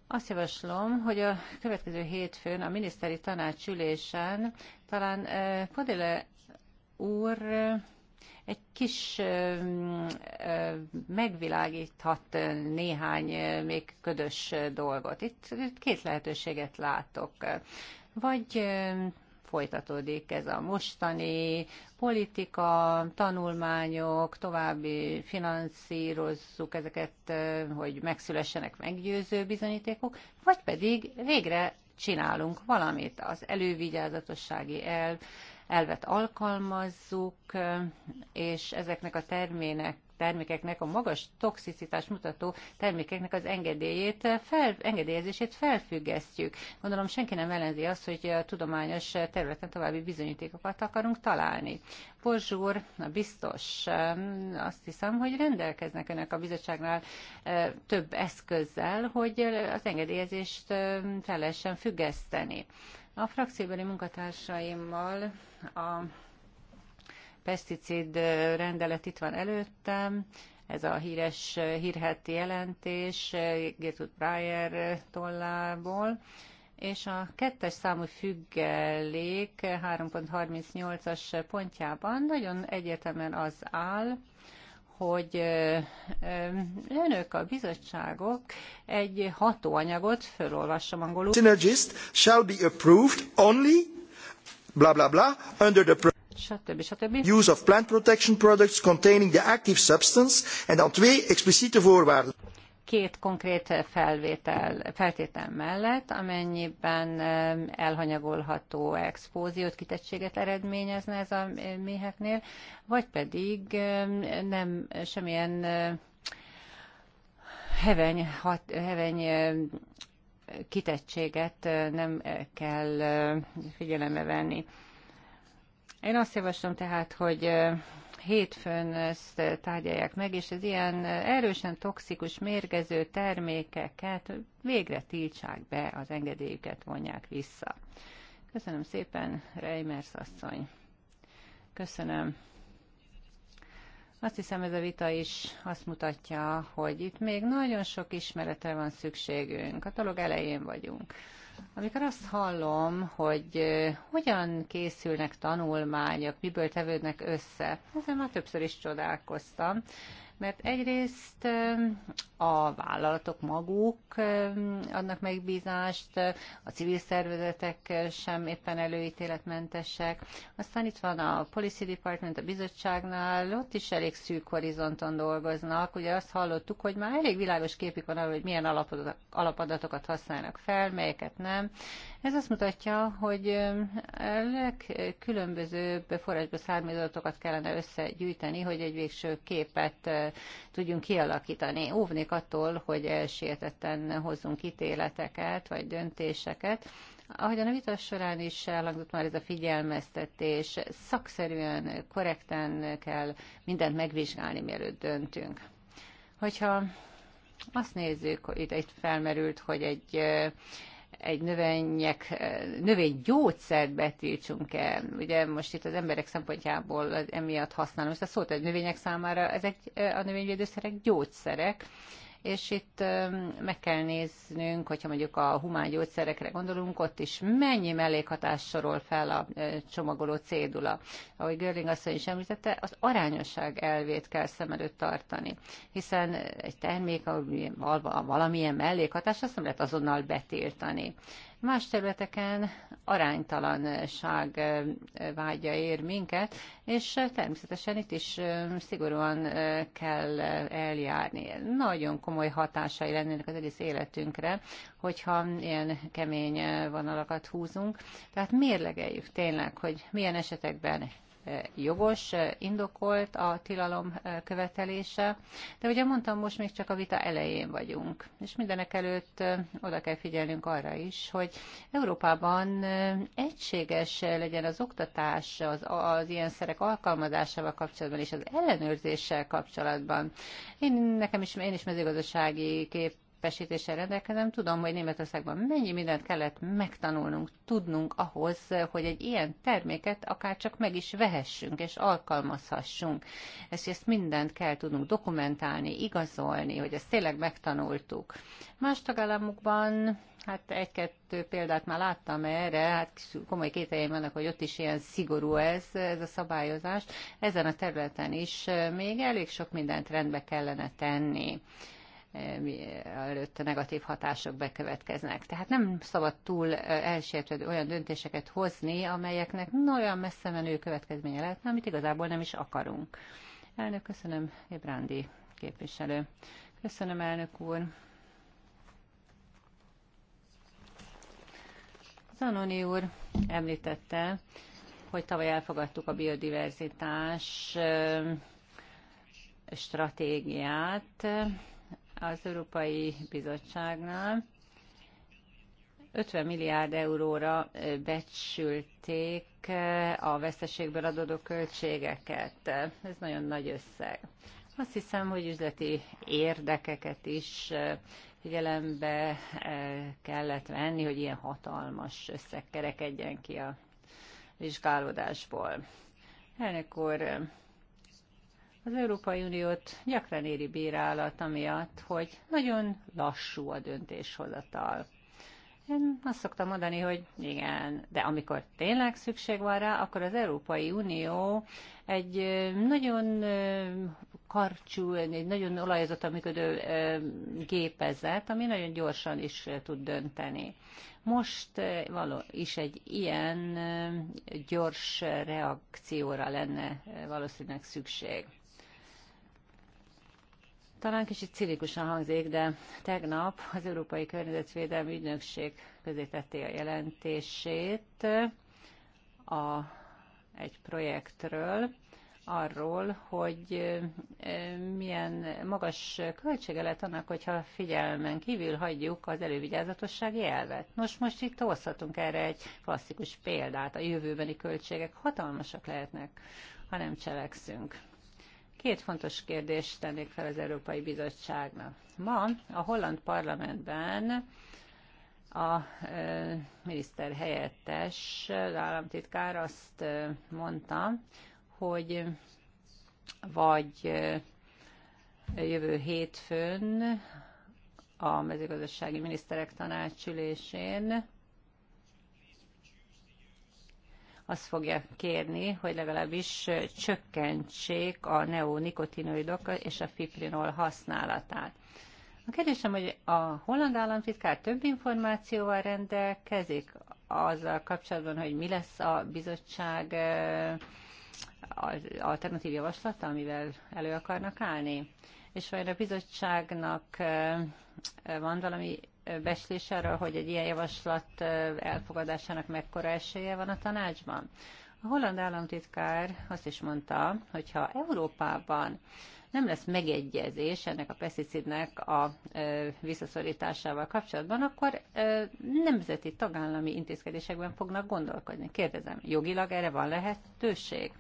Azt javaslom, hogy a következő hétfőn a miniszteri tanács ülésen talán Podile úr egy kis megvilágíthat néhány még ködös dolgot. Itt két lehetőséget látok. Vagy folytatódik ez a mostani politika, tanulmányok, további finanszírozzuk ezeket, hogy megszülessenek meggyőző bizonyítékok, vagy pedig végre csinálunk valamit. Az elővigyázatossági elv, elvet alkalmazzuk, és ezeknek a termének termékeknek a magas toxicitás mutató termékeknek az engedélyét, fel, engedélyezését felfüggesztjük. Gondolom senki nem ellenzi azt, hogy a tudományos területen további bizonyítékokat akarunk találni. Borzsúr, na biztos, azt hiszem, hogy rendelkeznek önök a bizottságnál több eszközzel, hogy az engedélyezést fel lehessen függeszteni. A frakcióbeli munkatársaimmal a peszticid rendelet itt van előttem, ez a híres, hírheti jelentés Gertrude Breyer tollából, és a kettes számú függelék 3.38-as pontjában nagyon egyértelműen az áll, hogy önök a bizottságok egy hatóanyagot, fölolvasom angolul. Synergist shall be approved only bla bla bla under the stb. stb. use of plant protection products containing the active substance and on twee expliciete voorwaarden két konkrét felvétel, feltétel mellett, amennyiben elhanyagolható expóziót, kitettséget eredményezne ez a méheknél, vagy pedig nem semmilyen heveny, hat, heveny kitettséget nem kell figyelembe venni. Én azt javaslom tehát, hogy hétfőn ezt tárgyalják meg, és az ilyen erősen toxikus, mérgező termékeket végre tiltsák be, az engedélyüket vonják vissza. Köszönöm szépen, Reimers asszony. Köszönöm. Azt hiszem ez a vita is azt mutatja, hogy itt még nagyon sok ismeretre van szükségünk. A dolog elején vagyunk. Amikor azt hallom, hogy hogyan készülnek tanulmányok, miből tevődnek össze, ezen már többször is csodálkoztam mert egyrészt a vállalatok maguk adnak megbízást, a civil szervezetek sem éppen előítéletmentesek. Aztán itt van a Policy Department a bizottságnál, ott is elég szűk horizonton dolgoznak. Ugye azt hallottuk, hogy már elég világos képük van arról, hogy milyen alapadatokat használnak fel, melyeket nem. Ez azt mutatja, hogy legkülönbözőbb forrásból származatokat kellene összegyűjteni, hogy egy végső képet tudjunk kialakítani. Óvnék attól, hogy elsértetten hozzunk ítéleteket vagy döntéseket, Ahogyan a vita során is elhangzott már ez a figyelmeztetés, szakszerűen, korrekten kell mindent megvizsgálni, mielőtt döntünk. Hogyha azt nézzük, itt, itt felmerült, hogy egy egy növények, növénygyógyszert betiltsunk el. Ugye most itt az emberek szempontjából emiatt használom ezt a szót, hogy növények számára ezek eh, a növényvédőszerek gyógyszerek, és itt meg kell néznünk, hogyha mondjuk a humán gyógyszerekre gondolunk, ott is mennyi mellékhatást sorol fel a csomagoló cédula. Ahogy Görling asszony is említette, az arányosság elvét kell szem előtt tartani, hiszen egy termék, valamilyen mellékhatás, azt nem lehet azonnal betiltani. Más területeken aránytalanság vágya ér minket, és természetesen itt is szigorúan kell eljárni. Nagyon komoly hatásai lennének az egész életünkre, hogyha ilyen kemény vonalakat húzunk. Tehát mérlegeljük tényleg, hogy milyen esetekben jogos, indokolt a tilalom eh, követelése, de ugye mondtam, most még csak a vita elején vagyunk, és mindenek előtt eh, oda kell figyelnünk arra is, hogy Európában eh, egységes legyen az oktatás, az, az ilyen szerek alkalmazásával kapcsolatban és az ellenőrzéssel kapcsolatban. Én nekem is, én is mezőgazdasági kép képesítéssel rendelkezem, tudom, hogy Németországban mennyi mindent kellett megtanulnunk, tudnunk ahhoz, hogy egy ilyen terméket akár csak meg is vehessünk és alkalmazhassunk. Ezt, ezt mindent kell tudnunk dokumentálni, igazolni, hogy ezt tényleg megtanultuk. Más tagállamokban Hát egy-kettő példát már láttam erre, hát komoly kételjeim vannak, hogy ott is ilyen szigorú ez, ez a szabályozás. Ezen a területen is eh, még elég sok mindent rendbe kellene tenni. E, előtt a negatív hatások bekövetkeznek. Tehát nem szabad túl e, elsértve olyan döntéseket hozni, amelyeknek olyan messze menő következménye lehetne, amit igazából nem is akarunk. Elnök, köszönöm, Ébrándi képviselő. Köszönöm, elnök úr. Zanoni úr említette, hogy tavaly elfogadtuk a biodiverzitás stratégiát, az Európai Bizottságnál. 50 milliárd euróra becsülték a veszteségből adódó költségeket. Ez nagyon nagy összeg. Azt hiszem, hogy üzleti érdekeket is figyelembe kellett venni, hogy ilyen hatalmas összeg kerekedjen ki a vizsgálódásból. Elnök úr, az Európai Uniót gyakran éri bírálat amiatt, hogy nagyon lassú a döntéshozatal. Én azt szoktam mondani, hogy igen, de amikor tényleg szükség van rá, akkor az Európai Unió egy nagyon karcsú, egy nagyon olajozott, működő gépezet, ami nagyon gyorsan is tud dönteni. Most való is egy ilyen gyors reakcióra lenne valószínűleg szükség. Talán kicsit cinikusan hangzik, de tegnap az Európai Környezetvédelmi Ügynökség közé tette a jelentését a, egy projektről, arról, hogy milyen magas költsége lett annak, hogyha figyelmen kívül hagyjuk az elővigyázatossági elvet. Nos, most itt hozhatunk erre egy klasszikus példát. A jövőbeni költségek hatalmasak lehetnek, ha nem cselekszünk. Két fontos kérdést tennék fel az Európai Bizottságnak. Ma a holland parlamentben a miniszter helyettes, az államtitkár azt mondta, hogy vagy jövő hétfőn a mezőgazdasági miniszterek tanácsülésén azt fogja kérni, hogy legalábbis csökkentsék a neonikotinoidok és a fiprinol használatát. A kérdésem, hogy a holland államtitkár több információval rendelkezik azzal kapcsolatban, hogy mi lesz a bizottság alternatív javaslata, amivel elő akarnak állni? És vajon a bizottságnak van valami beszélés arról, hogy egy ilyen javaslat elfogadásának mekkora esélye van a tanácsban? A holland államtitkár azt is mondta, hogy ha Európában nem lesz megegyezés ennek a peszticidnek a visszaszorításával kapcsolatban, akkor nemzeti tagállami intézkedésekben fognak gondolkodni. Kérdezem, jogilag erre van lehetőség?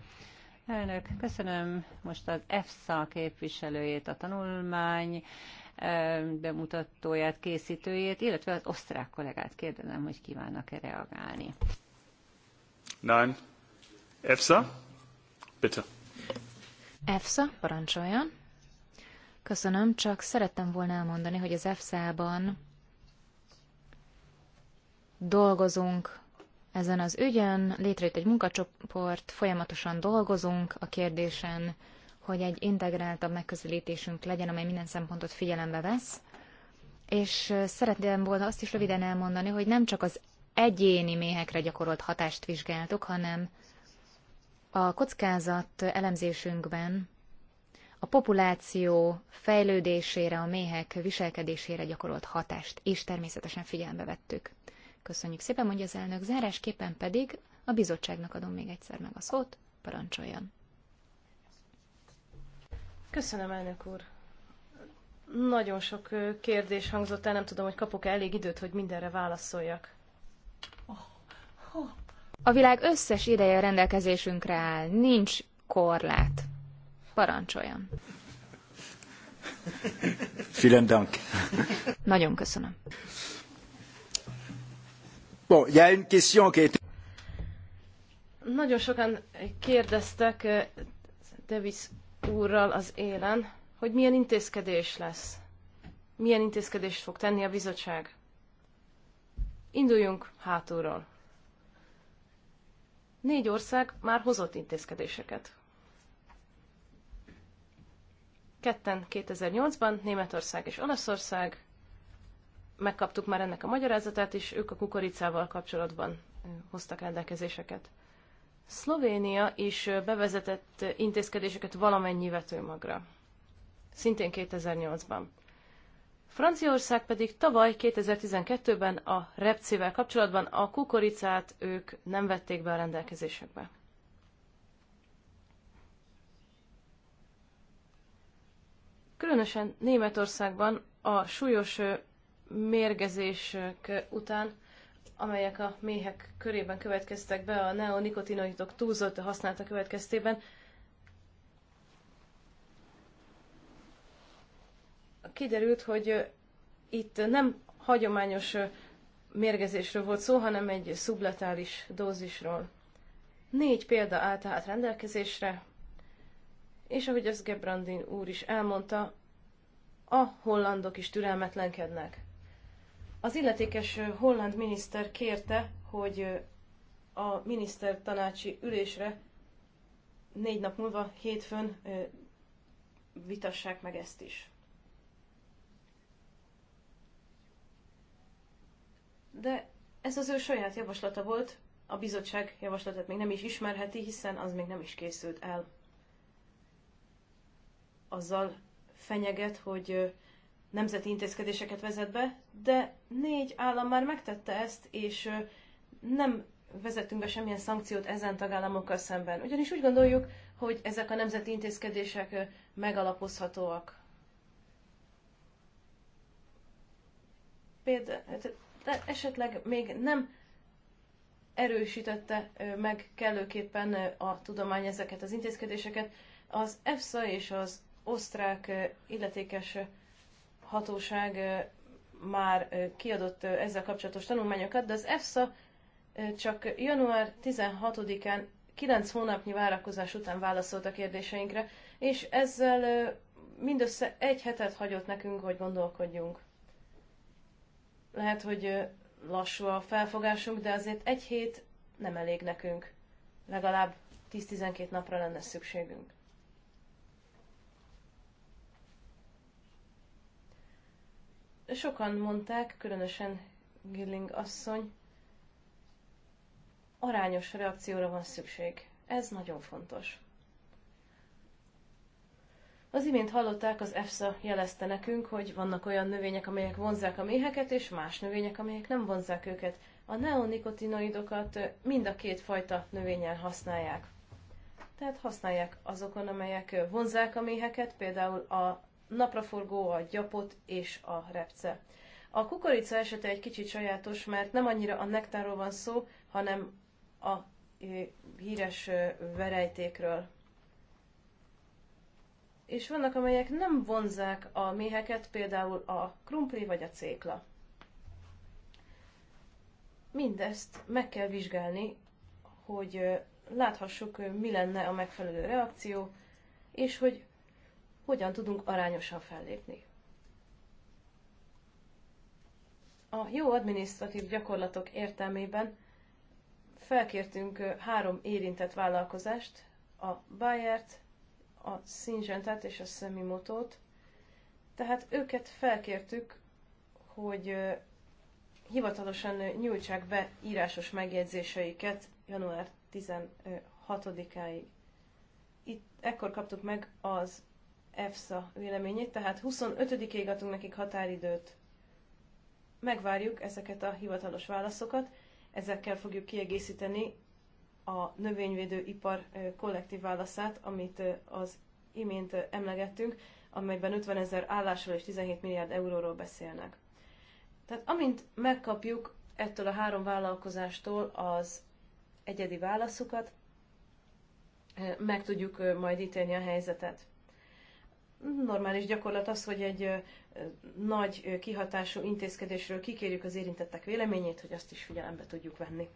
Elnök, köszönöm most az EFSA képviselőjét a tanulmány bemutatóját, készítőjét, illetve az osztrák kollégát kérdezem, hogy kívánnak-e reagálni. Nein. EFSA, bitte. EFSA, parancsoljon. Köszönöm, csak szerettem volna elmondani, hogy az EFSA-ban dolgozunk ezen az ügyen, létrejött egy munkacsoport, folyamatosan dolgozunk a kérdésen, hogy egy integráltabb megközelítésünk legyen, amely minden szempontot figyelembe vesz. És szeretném volna azt is röviden elmondani, hogy nem csak az egyéni méhekre gyakorolt hatást vizsgáltuk, hanem a kockázat elemzésünkben a populáció fejlődésére, a méhek viselkedésére gyakorolt hatást is természetesen figyelembe vettük. Köszönjük szépen, mondja az elnök. Zárásképpen pedig a bizottságnak adom még egyszer meg a szót, parancsoljon. Köszönöm, elnök úr. Nagyon sok kérdés hangzott el, nem tudom, hogy kapok-e elég időt, hogy mindenre válaszoljak. A világ összes ideje rendelkezésünkre áll, nincs korlát. Parancsoljon. Vielen Dank. Nagyon köszönöm. Bon, y a une question qui est... Nagyon sokan kérdeztek Davis úrral az élen, hogy milyen intézkedés lesz. Milyen intézkedést fog tenni a bizottság. Induljunk hátulról. Négy ország már hozott intézkedéseket. Ketten 2008-ban Németország és Olaszország, megkaptuk már ennek a magyarázatát, is, ők a kukoricával kapcsolatban hoztak rendelkezéseket. Szlovénia is bevezetett intézkedéseket valamennyi vetőmagra. Szintén 2008-ban. Franciaország pedig tavaly 2012-ben a repcével kapcsolatban a kukoricát ők nem vették be a rendelkezésekbe. Különösen Németországban a súlyos mérgezések után amelyek a méhek körében következtek be a neonikotinoidok túlzott használata következtében. Kiderült, hogy itt nem hagyományos mérgezésről volt szó, hanem egy szubletális dózisról. Négy példa állt tehát rendelkezésre, és ahogy az Gebrandin úr is elmondta, a hollandok is türelmetlenkednek. Az illetékes holland miniszter kérte, hogy a minisztertanácsi ülésre négy nap múlva, hétfőn vitassák meg ezt is. De ez az ő saját javaslata volt, a bizottság javaslatát még nem is ismerheti, hiszen az még nem is készült el. Azzal fenyeget, hogy nemzeti intézkedéseket vezet be, de négy állam már megtette ezt, és nem vezettünk be semmilyen szankciót ezen tagállamokkal szemben. Ugyanis úgy gondoljuk, hogy ezek a nemzeti intézkedések megalapozhatóak. Például, hát, de esetleg még nem erősítette meg kellőképpen a tudomány ezeket az intézkedéseket. Az EFSA és az osztrák illetékes hatóság már kiadott ezzel kapcsolatos tanulmányokat, de az EFSA csak január 16-án 9 hónapnyi várakozás után válaszolt a kérdéseinkre, és ezzel mindössze egy hetet hagyott nekünk, hogy gondolkodjunk. Lehet, hogy lassú a felfogásunk, de azért egy hét nem elég nekünk. Legalább 10-12 napra lenne szükségünk. sokan mondták, különösen Gilling asszony, arányos reakcióra van szükség. Ez nagyon fontos. Az imént hallották, az EFSA jelezte nekünk, hogy vannak olyan növények, amelyek vonzák a méheket, és más növények, amelyek nem vonzák őket. A neonikotinoidokat mind a két fajta növényen használják. Tehát használják azokon, amelyek vonzák a méheket, például a napraforgó, a gyapot és a repce. A kukorica esete egy kicsit sajátos, mert nem annyira a nektáról van szó, hanem a e, híres e, verejtékről. És vannak, amelyek nem vonzák a méheket, például a krumpli vagy a cékla. Mindezt meg kell vizsgálni, hogy e, láthassuk, mi lenne a megfelelő reakció, és hogy hogyan tudunk arányosan fellépni. A jó adminisztratív gyakorlatok értelmében felkértünk három érintett vállalkozást, a Bayert, a Syngentet és a Semimotót. Tehát őket felkértük, hogy hivatalosan nyújtsák be írásos megjegyzéseiket január 16-áig. Itt ekkor kaptuk meg az EFSA véleményét, tehát 25-ig adunk nekik határidőt. Megvárjuk ezeket a hivatalos válaszokat, ezekkel fogjuk kiegészíteni a növényvédőipar kollektív válaszát, amit az imént emlegettünk, amelyben 50 ezer állásról és 17 milliárd euróról beszélnek. Tehát amint megkapjuk ettől a három vállalkozástól az egyedi válaszokat, meg tudjuk majd ítélni a helyzetet normális gyakorlat az, hogy egy nagy kihatású intézkedésről kikérjük az érintettek véleményét, hogy azt is figyelembe tudjuk venni.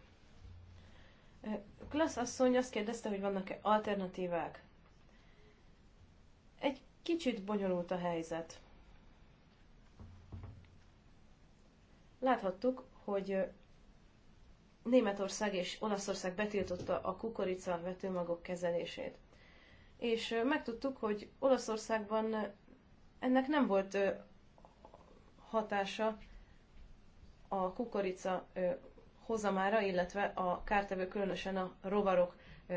Klassz asszony azt kérdezte, hogy vannak-e alternatívák. Egy kicsit bonyolult a helyzet. Láthattuk, hogy Németország és Olaszország betiltotta a kukorica vetőmagok kezelését és megtudtuk, hogy Olaszországban ennek nem volt hatása a kukorica hozamára, illetve a kártevő különösen a rovarok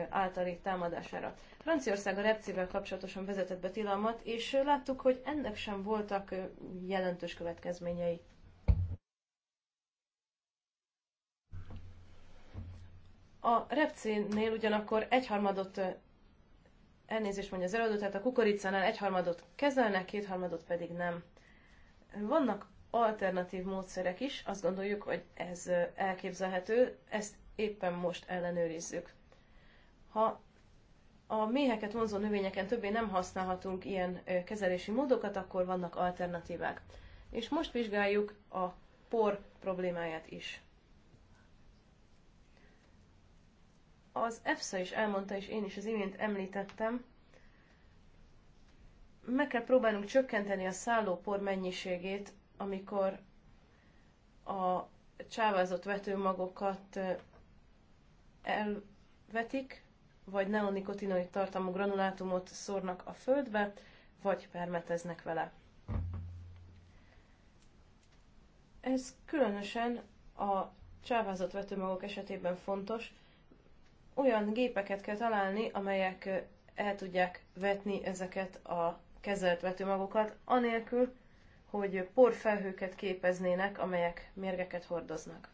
általi támadására. Franciaország a repcivel kapcsolatosan vezetett be tilalmat, és láttuk, hogy ennek sem voltak jelentős következményei. A repcénél ugyanakkor egyharmadot elnézést mondja az előadó, tehát a kukoricánál egyharmadot kezelnek, kétharmadot pedig nem. Vannak alternatív módszerek is, azt gondoljuk, hogy ez elképzelhető, ezt éppen most ellenőrizzük. Ha a méheket vonzó növényeken többé nem használhatunk ilyen kezelési módokat, akkor vannak alternatívák. És most vizsgáljuk a por problémáját is. az EFSA is elmondta, és én is az imént említettem, meg kell próbálnunk csökkenteni a szállópor mennyiségét, amikor a csávázott vetőmagokat elvetik, vagy neonikotinoid tartalmú granulátumot szórnak a földbe, vagy permeteznek vele. Ez különösen a csávázott vetőmagok esetében fontos, olyan gépeket kell találni, amelyek el tudják vetni ezeket a kezelt vetőmagokat, anélkül, hogy porfelhőket képeznének, amelyek mérgeket hordoznak.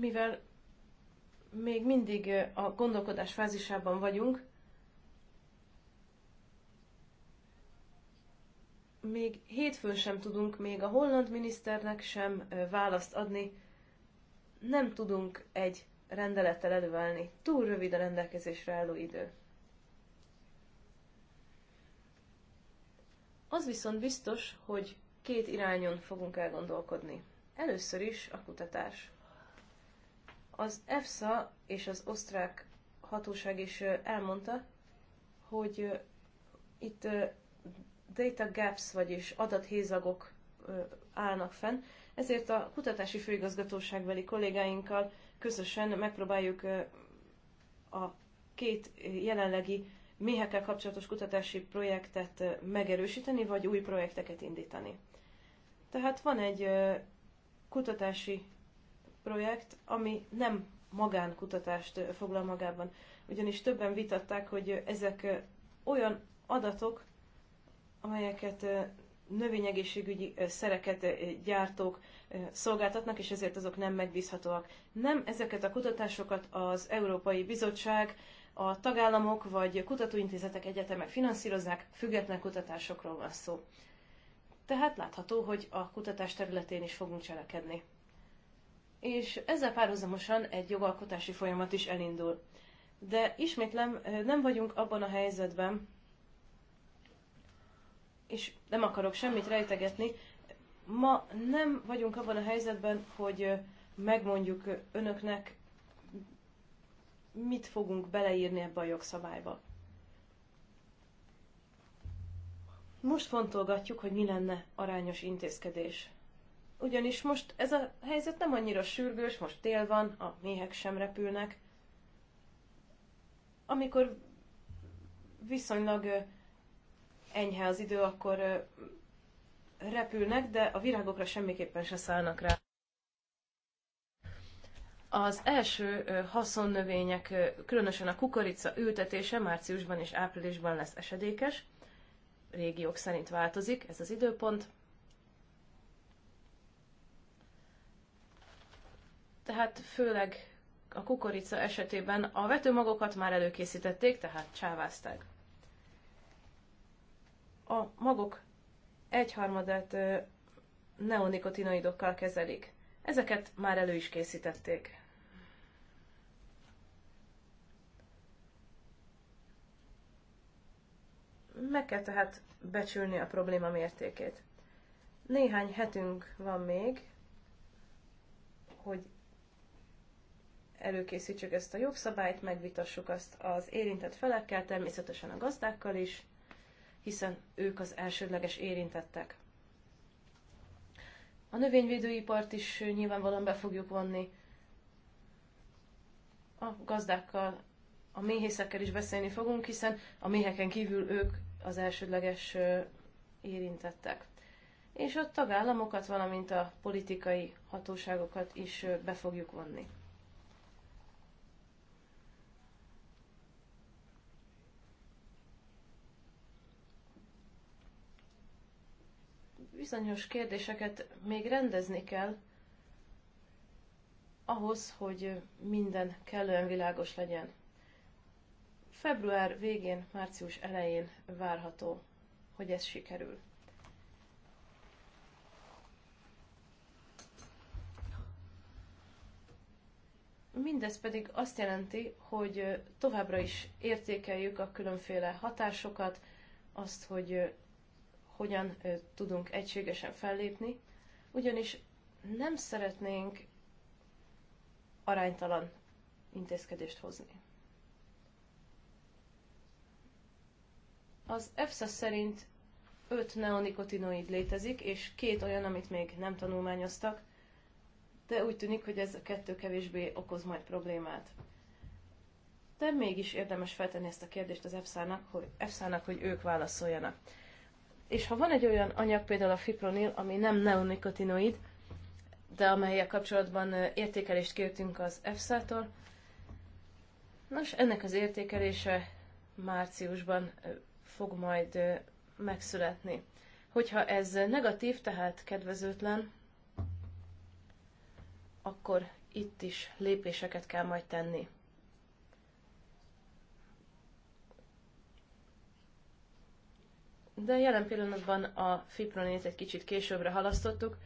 Mivel még mindig a gondolkodás fázisában vagyunk, még hétfőn sem tudunk még a holland miniszternek sem választ adni. Nem tudunk egy rendelettel előállni. Túl rövid a rendelkezésre álló idő. Az viszont biztos, hogy két irányon fogunk elgondolkodni. Először is a kutatás. Az EFSA és az osztrák hatóság is elmondta, hogy itt data gaps, vagyis adathézagok állnak fenn, ezért a kutatási főigazgatóságbeli kollégáinkkal közösen megpróbáljuk a két jelenlegi méhekkel kapcsolatos kutatási projektet megerősíteni, vagy új projekteket indítani. Tehát van egy kutatási projekt, ami nem magánkutatást foglal magában. Ugyanis többen vitatták, hogy ezek olyan adatok, amelyeket növényegészségügyi szereket gyártók szolgáltatnak, és ezért azok nem megbízhatóak. Nem ezeket a kutatásokat az Európai Bizottság, a tagállamok vagy kutatóintézetek, egyetemek finanszírozzák, független kutatásokról van szó. Tehát látható, hogy a kutatás területén is fogunk cselekedni. És ezzel párhuzamosan egy jogalkotási folyamat is elindul. De ismétlem, nem vagyunk abban a helyzetben, és nem akarok semmit rejtegetni, ma nem vagyunk abban a helyzetben, hogy megmondjuk önöknek, mit fogunk beleírni ebbe a jogszabályba. Most fontolgatjuk, hogy mi lenne arányos intézkedés. Ugyanis most ez a helyzet nem annyira sürgős, most tél van, a méhek sem repülnek. Amikor viszonylag enyhe az idő, akkor repülnek, de a virágokra semmiképpen se szállnak rá. Az első haszonnövények, különösen a kukorica ültetése márciusban és áprilisban lesz esedékes. Régiók szerint változik ez az időpont. Tehát főleg a kukorica esetében a vetőmagokat már előkészítették, tehát csávázták a magok egyharmadát neonikotinoidokkal kezelik. Ezeket már elő is készítették. Meg kell tehát becsülni a probléma mértékét. Néhány hetünk van még, hogy előkészítsük ezt a jogszabályt, megvitassuk azt az érintett felekkel, természetesen a gazdákkal is, hiszen ők az elsődleges érintettek. A növényvédőipart is nyilvánvalóan be fogjuk vonni. A gazdákkal, a méhészekkel is beszélni fogunk, hiszen a méheken kívül ők az elsődleges érintettek. És a tagállamokat, valamint a politikai hatóságokat is be fogjuk vonni. bizonyos kérdéseket még rendezni kell, ahhoz, hogy minden kellően világos legyen. Február végén, március elején várható, hogy ez sikerül. Mindez pedig azt jelenti, hogy továbbra is értékeljük a különféle hatásokat, azt, hogy hogyan tudunk egységesen fellépni, ugyanis nem szeretnénk aránytalan intézkedést hozni. Az EFSA szerint 5 neonikotinoid létezik, és két olyan, amit még nem tanulmányoztak, de úgy tűnik, hogy ez a kettő kevésbé okoz majd problémát. De mégis érdemes feltenni ezt a kérdést az EFSA-nak, hogy, EFSA-nak, hogy ők válaszoljanak. És ha van egy olyan anyag, például a fipronil, ami nem neonikotinoid, de amelyek kapcsolatban értékelést kértünk az EFSA-tól, nos, ennek az értékelése márciusban fog majd megszületni. Hogyha ez negatív, tehát kedvezőtlen, akkor itt is lépéseket kell majd tenni. de jelen pillanatban a fipronét egy kicsit későbbre halasztottuk,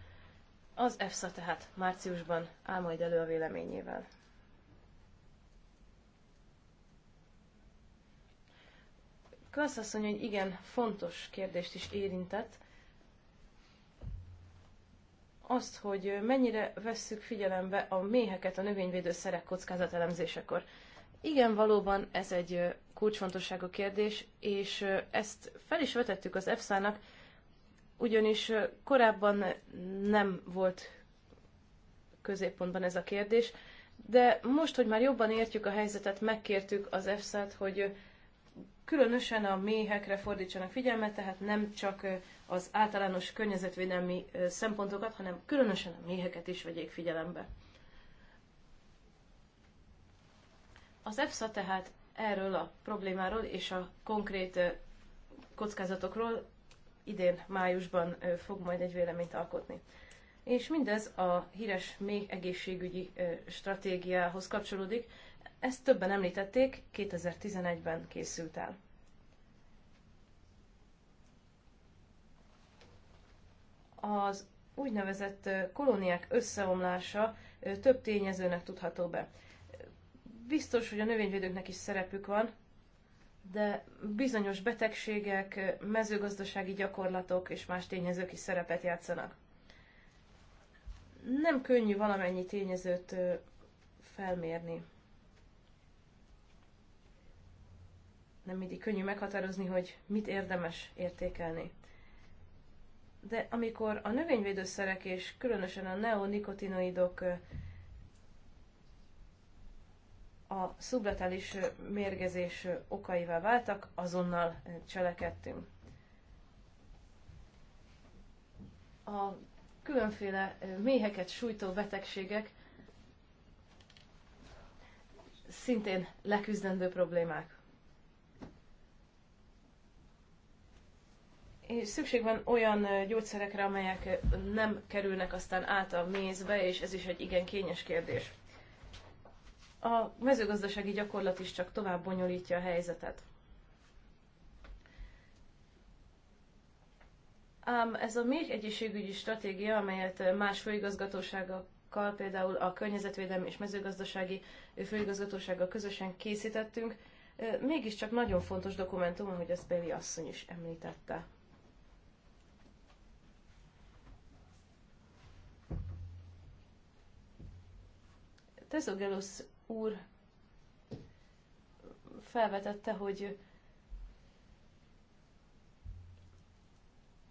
az EFSA tehát márciusban áll majd elő a véleményével. Klassz asszony hogy igen fontos kérdést is érintett, azt, hogy mennyire vesszük figyelembe a méheket a növényvédőszerek kockázatelemzésekor. Igen, valóban ez egy kulcsfontosságú kérdés, és ezt fel is vetettük az EFSA-nak, ugyanis korábban nem volt középpontban ez a kérdés, de most, hogy már jobban értjük a helyzetet, megkértük az EFSA-t, hogy különösen a méhekre fordítsanak figyelmet, tehát nem csak az általános környezetvédelmi szempontokat, hanem különösen a méheket is vegyék figyelembe. Az EFSA tehát erről a problémáról és a konkrét kockázatokról idén májusban fog majd egy véleményt alkotni. És mindez a híres még egészségügyi stratégiához kapcsolódik. Ezt többen említették, 2011-ben készült el. Az úgynevezett kolóniák összeomlása több tényezőnek tudható be. Biztos, hogy a növényvédőknek is szerepük van, de bizonyos betegségek, mezőgazdasági gyakorlatok és más tényezők is szerepet játszanak. Nem könnyű valamennyi tényezőt felmérni. Nem mindig könnyű meghatározni, hogy mit érdemes értékelni. De amikor a növényvédőszerek és különösen a neonikotinoidok a szubletális mérgezés okaivá váltak, azonnal cselekedtünk. A különféle méheket sújtó betegségek szintén leküzdendő problémák. És szükség van olyan gyógyszerekre, amelyek nem kerülnek aztán át a mézbe, és ez is egy igen kényes kérdés a mezőgazdasági gyakorlat is csak tovább bonyolítja a helyzetet. Ám ez a még egészségügyi stratégia, amelyet más főigazgatóságokkal, például a környezetvédelmi és mezőgazdasági főigazgatósággal közösen készítettünk, mégiscsak nagyon fontos dokumentum, ahogy ezt Béli asszony is említette. Tezogelusz úr felvetette, hogy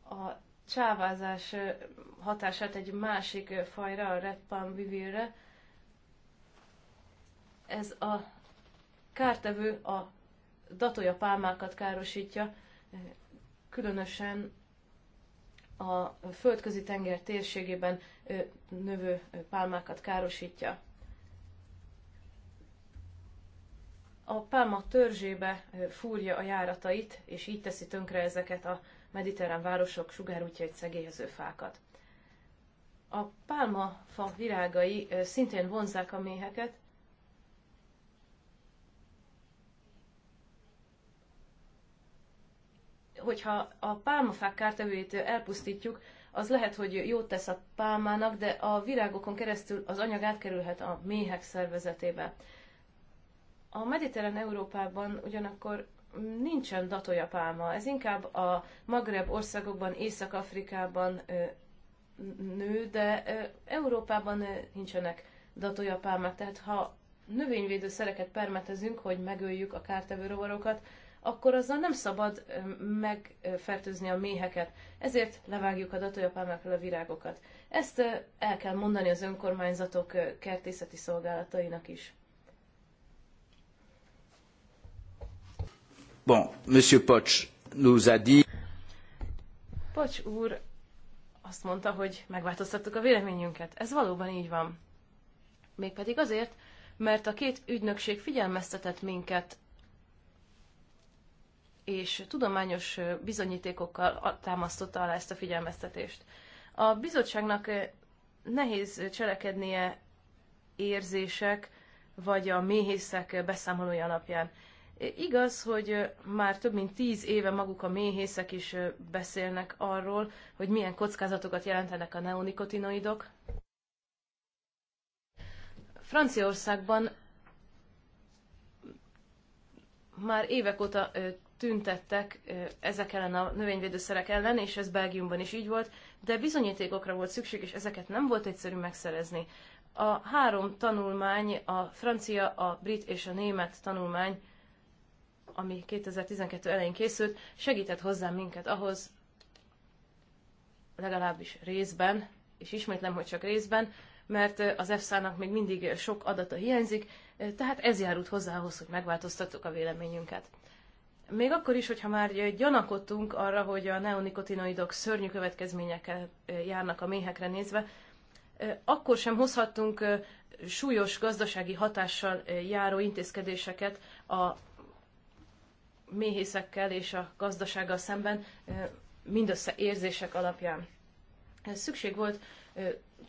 a csávázás hatását egy másik fajra, a Red Palm Vivilre, ez a kártevő a datoja pálmákat károsítja, különösen a földközi tenger térségében növő pálmákat károsítja. a pálma törzsébe fúrja a járatait, és így teszi tönkre ezeket a mediterrán városok sugárútjait szegélyező fákat. A pálmafa virágai szintén vonzák a méheket, hogyha a pálmafák kártevőjét elpusztítjuk, az lehet, hogy jót tesz a pálmának, de a virágokon keresztül az anyag átkerülhet a méhek szervezetébe. A mediterrán Európában ugyanakkor nincsen datoja pálma, ez inkább a Magreb országokban, Észak-Afrikában nő, de Európában nincsenek datoja pálmák, tehát ha szereket permetezünk, hogy megöljük a kártevő rovarokat, akkor azzal nem szabad megfertőzni a méheket, ezért levágjuk a datolyapálmákról a virágokat. Ezt el kell mondani az önkormányzatok kertészeti szolgálatainak is. Bon, Monsieur Pocs nous a dit... Pocs úr azt mondta, hogy megváltoztattuk a véleményünket. Ez valóban így van. Mégpedig azért, mert a két ügynökség figyelmeztetett minket, és tudományos bizonyítékokkal támasztotta alá ezt a figyelmeztetést. A bizottságnak nehéz cselekednie érzések vagy a méhészek beszámolója alapján. Igaz, hogy már több mint tíz éve maguk a méhészek is beszélnek arról, hogy milyen kockázatokat jelentenek a neonikotinoidok. Franciaországban már évek óta tüntettek ezek ellen a növényvédőszerek ellen, és ez Belgiumban is így volt, de bizonyítékokra volt szükség, és ezeket nem volt egyszerű megszerezni. A három tanulmány, a francia, a brit és a német tanulmány ami 2012 elején készült, segített hozzá minket ahhoz, legalábbis részben, és ismétlem, hogy csak részben, mert eh, az EFSA-nak még mindig sok adata hiányzik, eh, tehát ez járult hozzá ahhoz, hogy megváltoztattuk a véleményünket. Még akkor is, hogyha már eh, gyanakodtunk arra, hogy a neonikotinoidok szörnyű következményekkel járnak a méhekre nézve, akkor sem hozhattunk súlyos gazdasági hatással járó intézkedéseket a méhészekkel és a gazdasággal szemben mindössze érzések alapján. Ez szükség volt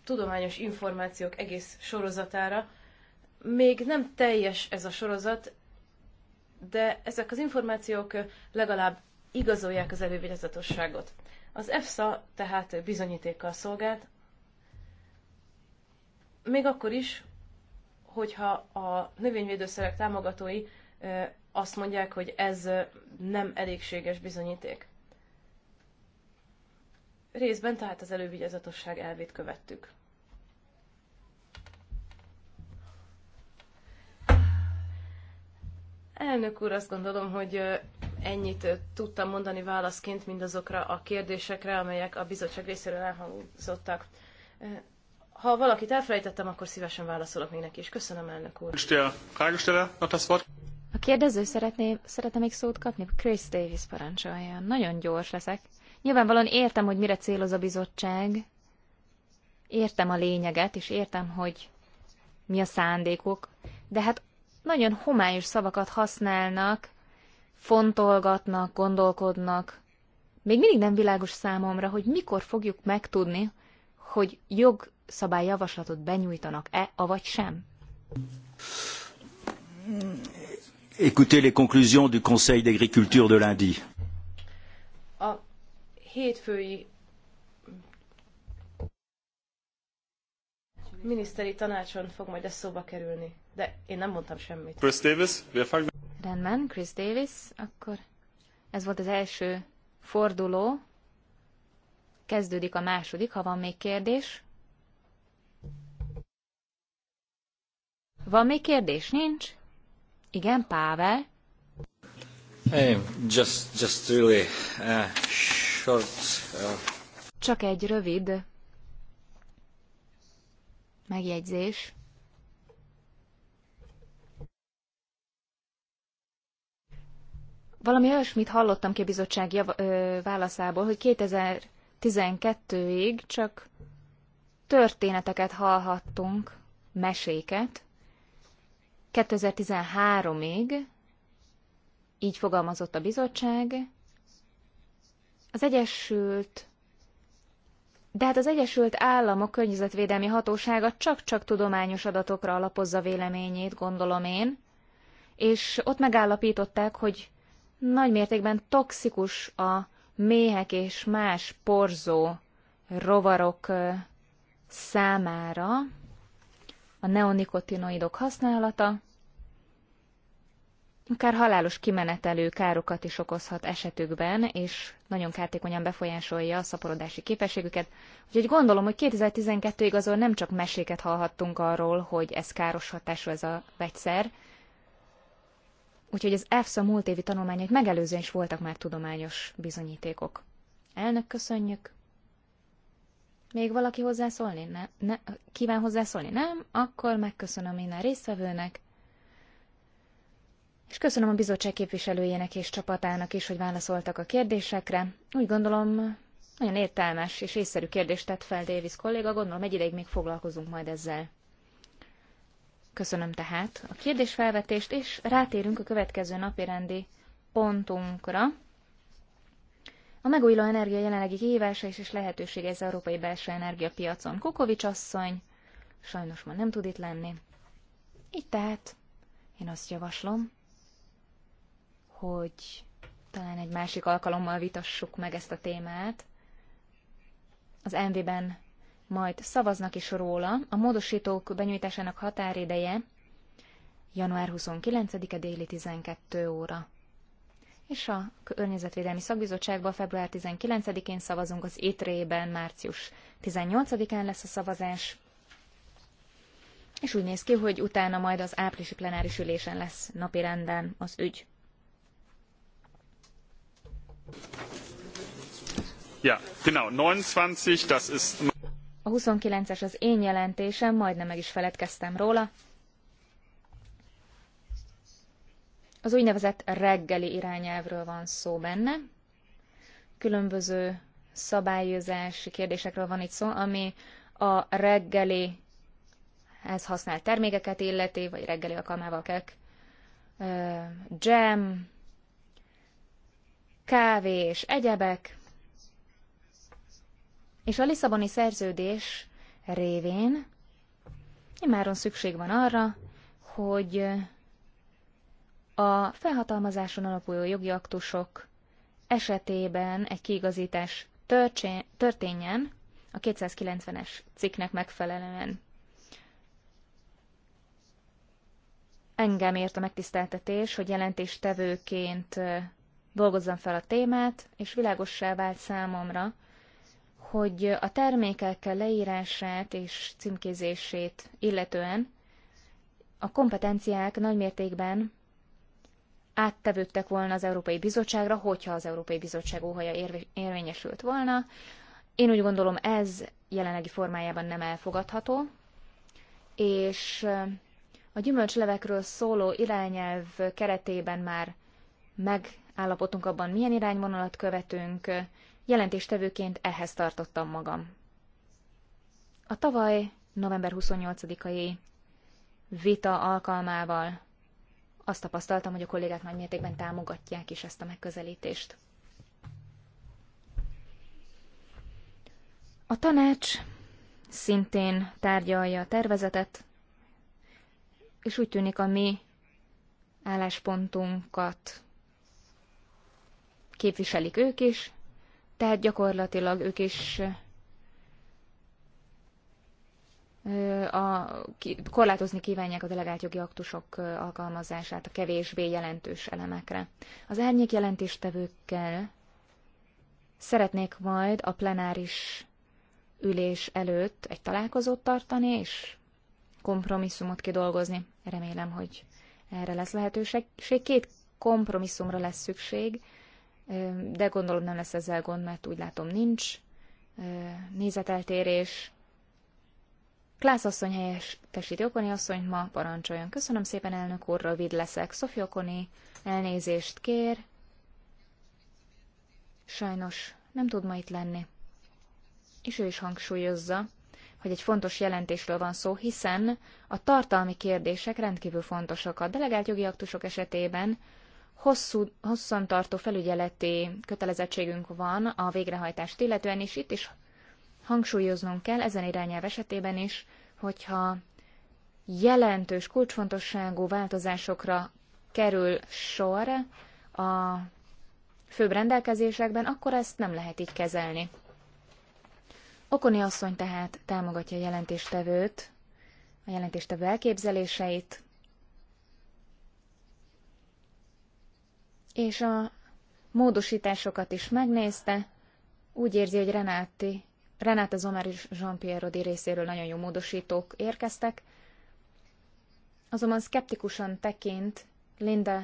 tudományos információk egész sorozatára. Még nem teljes ez a sorozat, de ezek az információk legalább igazolják az elővigyázatosságot. Az EFSA tehát bizonyítékkal szolgált, még akkor is, hogyha a növényvédőszerek támogatói azt mondják, hogy ez nem elégséges bizonyíték. Részben tehát az elővigyázatosság elvét követtük. Elnök úr, azt gondolom, hogy ennyit tudtam mondani válaszként mindazokra a kérdésekre, amelyek a bizottság részéről elhangzottak. Ha valakit elfelejtettem, akkor szívesen válaszolok még neki is. Köszönöm, elnök úr. A kérdező szeretné, szeretne még szót kapni? Chris Davis parancsolja, Nagyon gyors leszek. Nyilvánvalóan értem, hogy mire céloz a bizottság. Értem a lényeget, és értem, hogy mi a szándékuk. De hát nagyon homályos szavakat használnak, fontolgatnak, gondolkodnak. Még mindig nem világos számomra, hogy mikor fogjuk megtudni, hogy jogszabályjavaslatot benyújtanak-e, avagy sem écouter les conclusions du Conseil d'agriculture de lundi. A hétfői miniszteri tanácson fog majd szóba kerülni, de én nem mondtam semmit. Chris Davis, Rendben, Chris Davis, akkor ez volt az első forduló. Kezdődik a második, ha van még kérdés. Van még kérdés? Nincs? Igen, Pável? Hey, just, just really, uh, short, uh... Csak egy rövid megjegyzés. Valami olyasmit hallottam ki a bizottság válaszából, hogy 2012-ig csak történeteket hallhattunk, meséket, 2013-ig, így fogalmazott a bizottság, az Egyesült de hát az Egyesült Államok Környezetvédelmi Hatósága csak-csak tudományos adatokra alapozza véleményét, gondolom én, és ott megállapították, hogy nagy mértékben toxikus a méhek és más porzó rovarok számára a neonikotinoidok használata, akár halálos kimenetelő károkat is okozhat esetükben, és nagyon kártékonyan befolyásolja a szaporodási képességüket. Úgyhogy gondolom, hogy 2012-ig azon nem csak meséket hallhattunk arról, hogy ez káros hatású ez a vegyszer, úgyhogy az EFSA múlt évi tanulmányait megelőzően is voltak már tudományos bizonyítékok. Elnök, köszönjük! Még valaki hozzászólni? Ne, ne, kíván hozzászólni? Nem? Akkor megköszönöm minden résztvevőnek, és köszönöm a bizottság képviselőjének és csapatának is, hogy válaszoltak a kérdésekre. Úgy gondolom, nagyon értelmes és észszerű kérdést tett fel Davis kolléga, gondolom egy ideig még foglalkozunk majd ezzel. Köszönöm tehát a kérdésfelvetést, és rátérünk a következő napi rendi pontunkra. A megújuló energia jelenlegi kihívása és is lehetősége az európai belső energiapiacon. Kukovics asszony sajnos már nem tud itt lenni. Így tehát én azt javaslom, hogy talán egy másik alkalommal vitassuk meg ezt a témát. Az MV-ben majd szavaznak is róla. A módosítók benyújtásának határideje január 29-e déli 12 óra és a Környezetvédelmi Szakbizottságban február 19-én szavazunk, az étrében, március 18-án lesz a szavazás, és úgy néz ki, hogy utána majd az áprilisi plenáris ülésen lesz napirenden az ügy. Ja, genau, 29, das ist... A 29-es az én jelentésem, majdnem meg is feledkeztem róla. Az úgynevezett reggeli irányelvről van szó benne. Különböző szabályozási kérdésekről van itt szó, ami a reggeli ez használt termékeket illeti, vagy reggeli alkalmával kek, jam, kávé és egyebek. És a Lisszaboni szerződés révén imáron szükség van arra, hogy a felhatalmazáson alapuló jogi aktusok esetében egy kiigazítás történjen a 290-es cikknek megfelelően. Engem ért a megtiszteltetés, hogy jelentéstevőként dolgozzam fel a témát, és világossá vált számomra, hogy a termékek leírását és címkézését illetően a kompetenciák nagymértékben áttevődtek volna az Európai Bizottságra, hogyha az Európai Bizottság óhaja érvényesült volna. Én úgy gondolom, ez jelenlegi formájában nem elfogadható, és a gyümölcslevekről szóló irányelv keretében már megállapodtunk abban, milyen irányvonalat követünk, jelentéstevőként ehhez tartottam magam. A tavaly november 28-ai vita alkalmával azt tapasztaltam, hogy a kollégák mértékben támogatják is ezt a megközelítést. A tanács szintén tárgyalja a tervezetet, és úgy tűnik a mi álláspontunkat képviselik ők is, tehát gyakorlatilag ők is a, ki, korlátozni kívánják a delegált jogi aktusok alkalmazását a kevésbé jelentős elemekre. Az árnyék jelentéstevőkkel szeretnék majd a plenáris ülés előtt egy találkozót tartani, és kompromisszumot kidolgozni. Remélem, hogy erre lesz lehetőség. Két kompromisszumra lesz szükség, de gondolom nem lesz ezzel gond, mert úgy látom nincs nézeteltérés, Klász asszony helyettesíti Okoni asszonyt ma, parancsoljon. Köszönöm szépen, elnök úr, rövid leszek. Szofi Okoni elnézést kér. Sajnos nem tud ma itt lenni. És ő is hangsúlyozza, hogy egy fontos jelentésről van szó, hiszen a tartalmi kérdések rendkívül fontosak. A delegált jogi aktusok esetében hosszú, hosszantartó felügyeleti kötelezettségünk van a végrehajtást illetően, és itt is hangsúlyoznunk kell ezen irányelv esetében is, hogyha jelentős kulcsfontosságú változásokra kerül sor a főbb rendelkezésekben, akkor ezt nem lehet így kezelni. Okoni asszony tehát támogatja a jelentéstevőt, a jelentéstevő elképzeléseit, és a módosításokat is megnézte, úgy érzi, hogy Renáti Renáta Zomer és Jean-Pierre Rodi részéről nagyon jó módosítók érkeztek, azonban szkeptikusan tekint Linda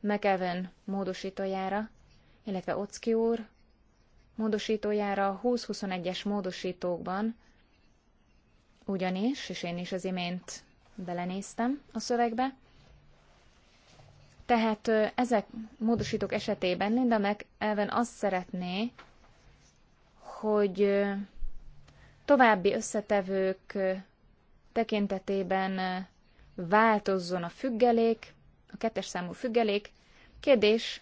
McEwen módosítójára, illetve Ocki úr módosítójára 20-21-es módosítókban, ugyanis, és én is az imént belenéztem a szövegbe, tehát ezek módosítók esetében Linda McEwen azt szeretné, hogy további összetevők tekintetében változzon a függelék, a kettes számú függelék. Kérdés,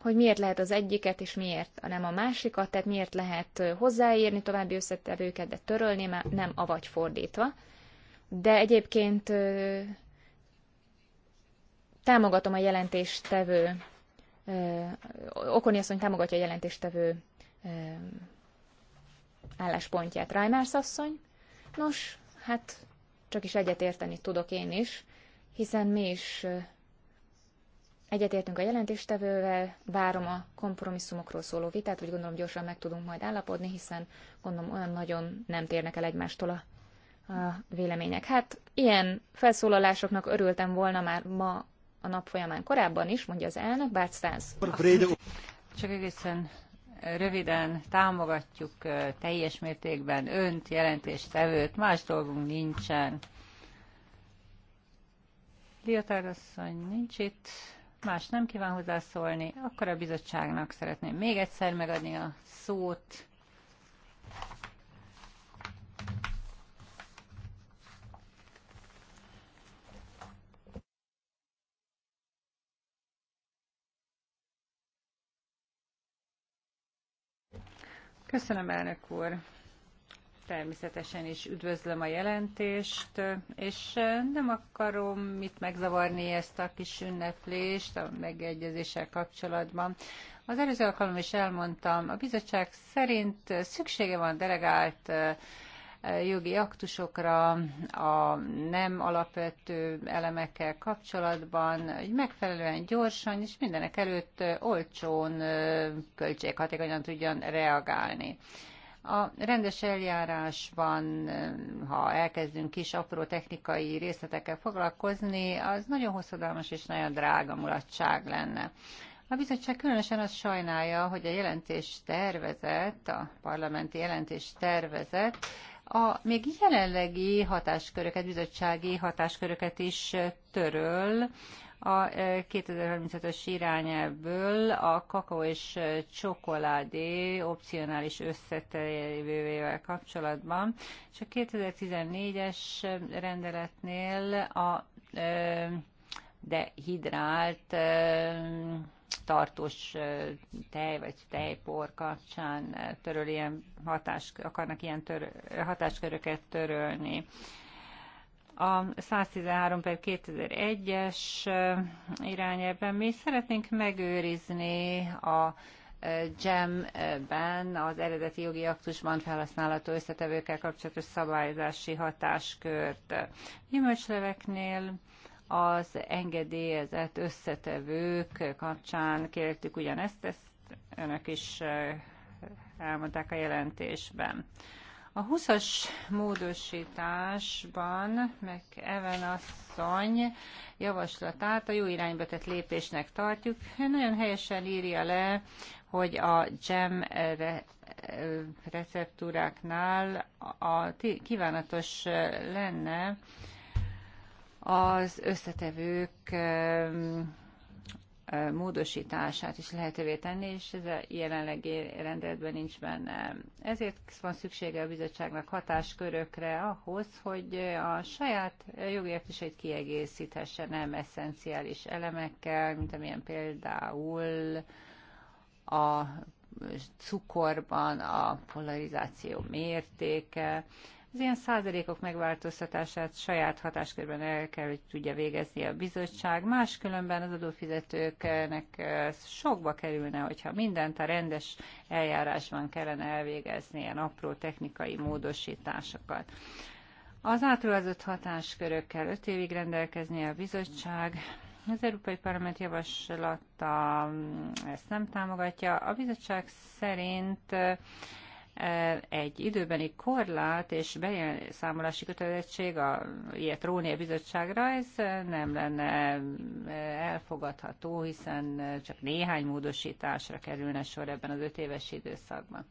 hogy miért lehet az egyiket, és miért nem a másikat, tehát miért lehet hozzáírni további összetevőket, de törölni nem, avagy fordítva. De egyébként támogatom a jelentéstevő, Okoni hogy támogatja a jelentéstevő álláspontját. Reimers asszony? Nos, hát csak is egyetérteni tudok én is, hiszen mi is egyetértünk a jelentéstevővel, várom a kompromisszumokról szóló vitát, úgy gondolom gyorsan meg tudunk majd állapodni, hiszen gondolom olyan nagyon nem térnek el egymástól a, a vélemények. Hát ilyen felszólalásoknak örültem volna már ma a nap folyamán korábban is, mondja az elnök, bár száz. Csak egészen röviden támogatjuk teljes mértékben önt, jelentéstevőt, más dolgunk nincsen. Liotard asszony nincs itt, más nem kíván hozzászólni, akkor a bizottságnak szeretném még egyszer megadni a szót. Köszönöm, elnök úr. Természetesen is üdvözlöm a jelentést, és nem akarom mit megzavarni ezt a kis ünneplést a megegyezéssel kapcsolatban. Az előző alkalom is elmondtam, a bizottság szerint szüksége van delegált jogi aktusokra, a nem alapvető elemekkel kapcsolatban, hogy megfelelően gyorsan és mindenek előtt olcsón, költséghatékonyan tudjon reagálni. A rendes eljárásban, ha elkezdünk kis apró technikai részletekkel foglalkozni, az nagyon hosszadalmas és nagyon drága mulatság lenne. A bizottság különösen azt sajnálja, hogy a jelentés tervezet, a parlamenti jelentés tervezet a még jelenlegi hatásköröket, bizottsági hatásköröket is töröl a 2035-ös e, irányelvből a kakaó és csokoládé opcionális összetevővel kapcsolatban, és a 2014-es rendeletnél a e, dehidrált e, tartós tej vagy tejpor kapcsán töröl ilyen hatás, akarnak ilyen tör, hatásköröket törölni. A 113 per 2001-es irányelben mi szeretnénk megőrizni a GEM-ben az eredeti jogi aktusban felhasználható összetevőkkel kapcsolatos szabályozási hatáskört. Gyümölcsleveknél az engedélyezett összetevők kapcsán kértük ugyanezt, ezt önök is eh, elmondták a jelentésben. A 20-as módosításban meg Even asszony javaslatát a jó irányba tett lépésnek tartjuk. Nagyon helyesen írja le, hogy a GEM receptúráknál a kívánatos lenne az összetevők módosítását is lehetővé tenni, és ez a jelenlegi rendeletben nincs benne. Ezért van szüksége a bizottságnak hatáskörökre ahhoz, hogy a saját jogértéseit kiegészíthesse nem eszenciális elemekkel, mint amilyen például a cukorban a polarizáció mértéke, az ilyen százalékok megváltoztatását saját hatáskörben el kell, hogy tudja végezni a bizottság. Máskülönben az adófizetőknek eh, sokba kerülne, hogyha mindent a rendes eljárásban kellene elvégezni, ilyen apró technikai módosításokat. Az átruházott hatáskörökkel öt évig rendelkeznie a bizottság, az Európai Parlament javaslata mm, ezt nem támogatja. A bizottság szerint eh, egy időbeni korlát és beszámolási kötelezettség a ilyet Rónia Bizottságra, ez nem lenne eh, elfogadható, hiszen eh, csak néhány módosításra kerülne sor ebben az öt éves időszakban.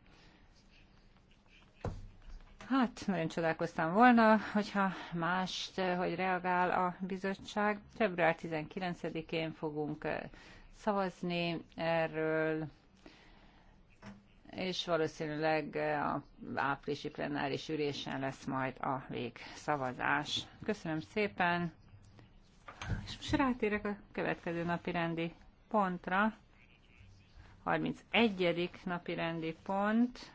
Hát, nagyon csodálkoztam volna, hogyha mást, eh, hogy reagál a bizottság. Február 19-én fogunk szavazni erről és valószínűleg a áprilisi plenáris ülésen lesz majd a végszavazás. Köszönöm szépen, és most rátérek a következő napi rendi pontra. 31. napi rendi pont.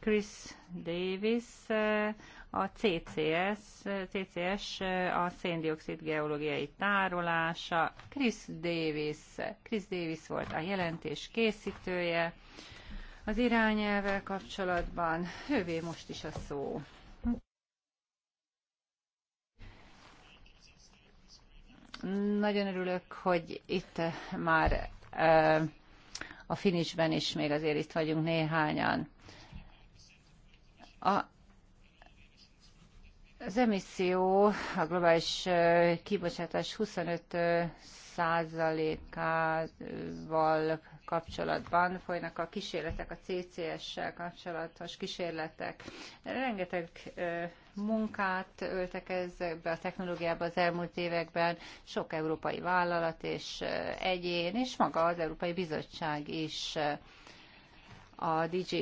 Chris Davis, a CCS, CCS a széndiokszid geológiai tárolása. Chris Davis, Chris Davis volt a jelentés készítője az irányelvel kapcsolatban. Ővé most is a szó. Nagyon örülök, hogy itt már a finisben is még azért itt vagyunk néhányan. A az emisszió, a globális kibocsátás 25 százalékával kapcsolatban folynak a kísérletek, a CCS-sel kapcsolatos kísérletek. Rengeteg munkát öltek ezekbe a technológiába az elmúlt években, sok európai vállalat és egyén, és maga az Európai Bizottság is a DG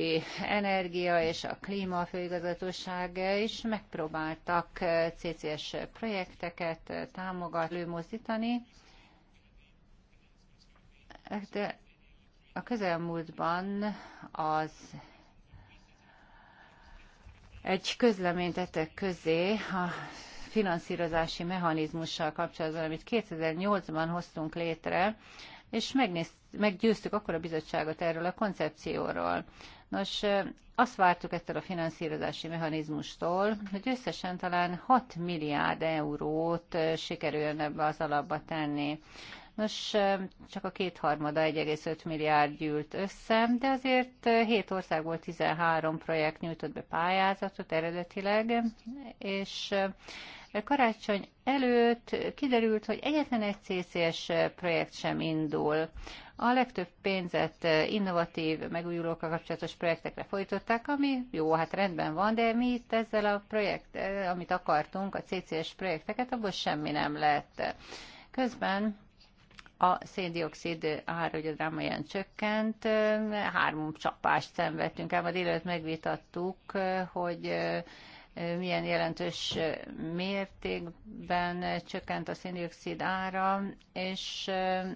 Energia és a Klíma főigazgatóság is megpróbáltak CCS projekteket támogatni, mozdítani, a közelmúltban az egy közleményt tettek közé a finanszírozási mechanizmussal kapcsolatban, amit 2008-ban hoztunk létre, és megnéztük, meggyőztük akkor a bizottságot erről a koncepcióról. Nos, azt vártuk ettől a finanszírozási mechanizmustól, hogy összesen talán 6 milliárd eurót sikerülne ebbe az alapba tenni. Nos, csak a kétharmada 1,5 milliárd gyűlt össze, de azért 7 országból 13 projekt nyújtott be pályázatot eredetileg, és karácsony előtt kiderült, hogy egyetlen egy CCS projekt sem indul. A legtöbb pénzet innovatív, megújulókkal kapcsolatos projektekre folytották, ami jó, hát rendben van, de mi itt ezzel a projekt, amit akartunk, a CCS projekteket, abból semmi nem lett. Közben a széndiokszid áragyadáma ilyen csökkent. Három csapást szenvedtünk el, ma délőtt megvitattuk, hogy milyen jelentős mértékben csökkent a széndiokszid ára, és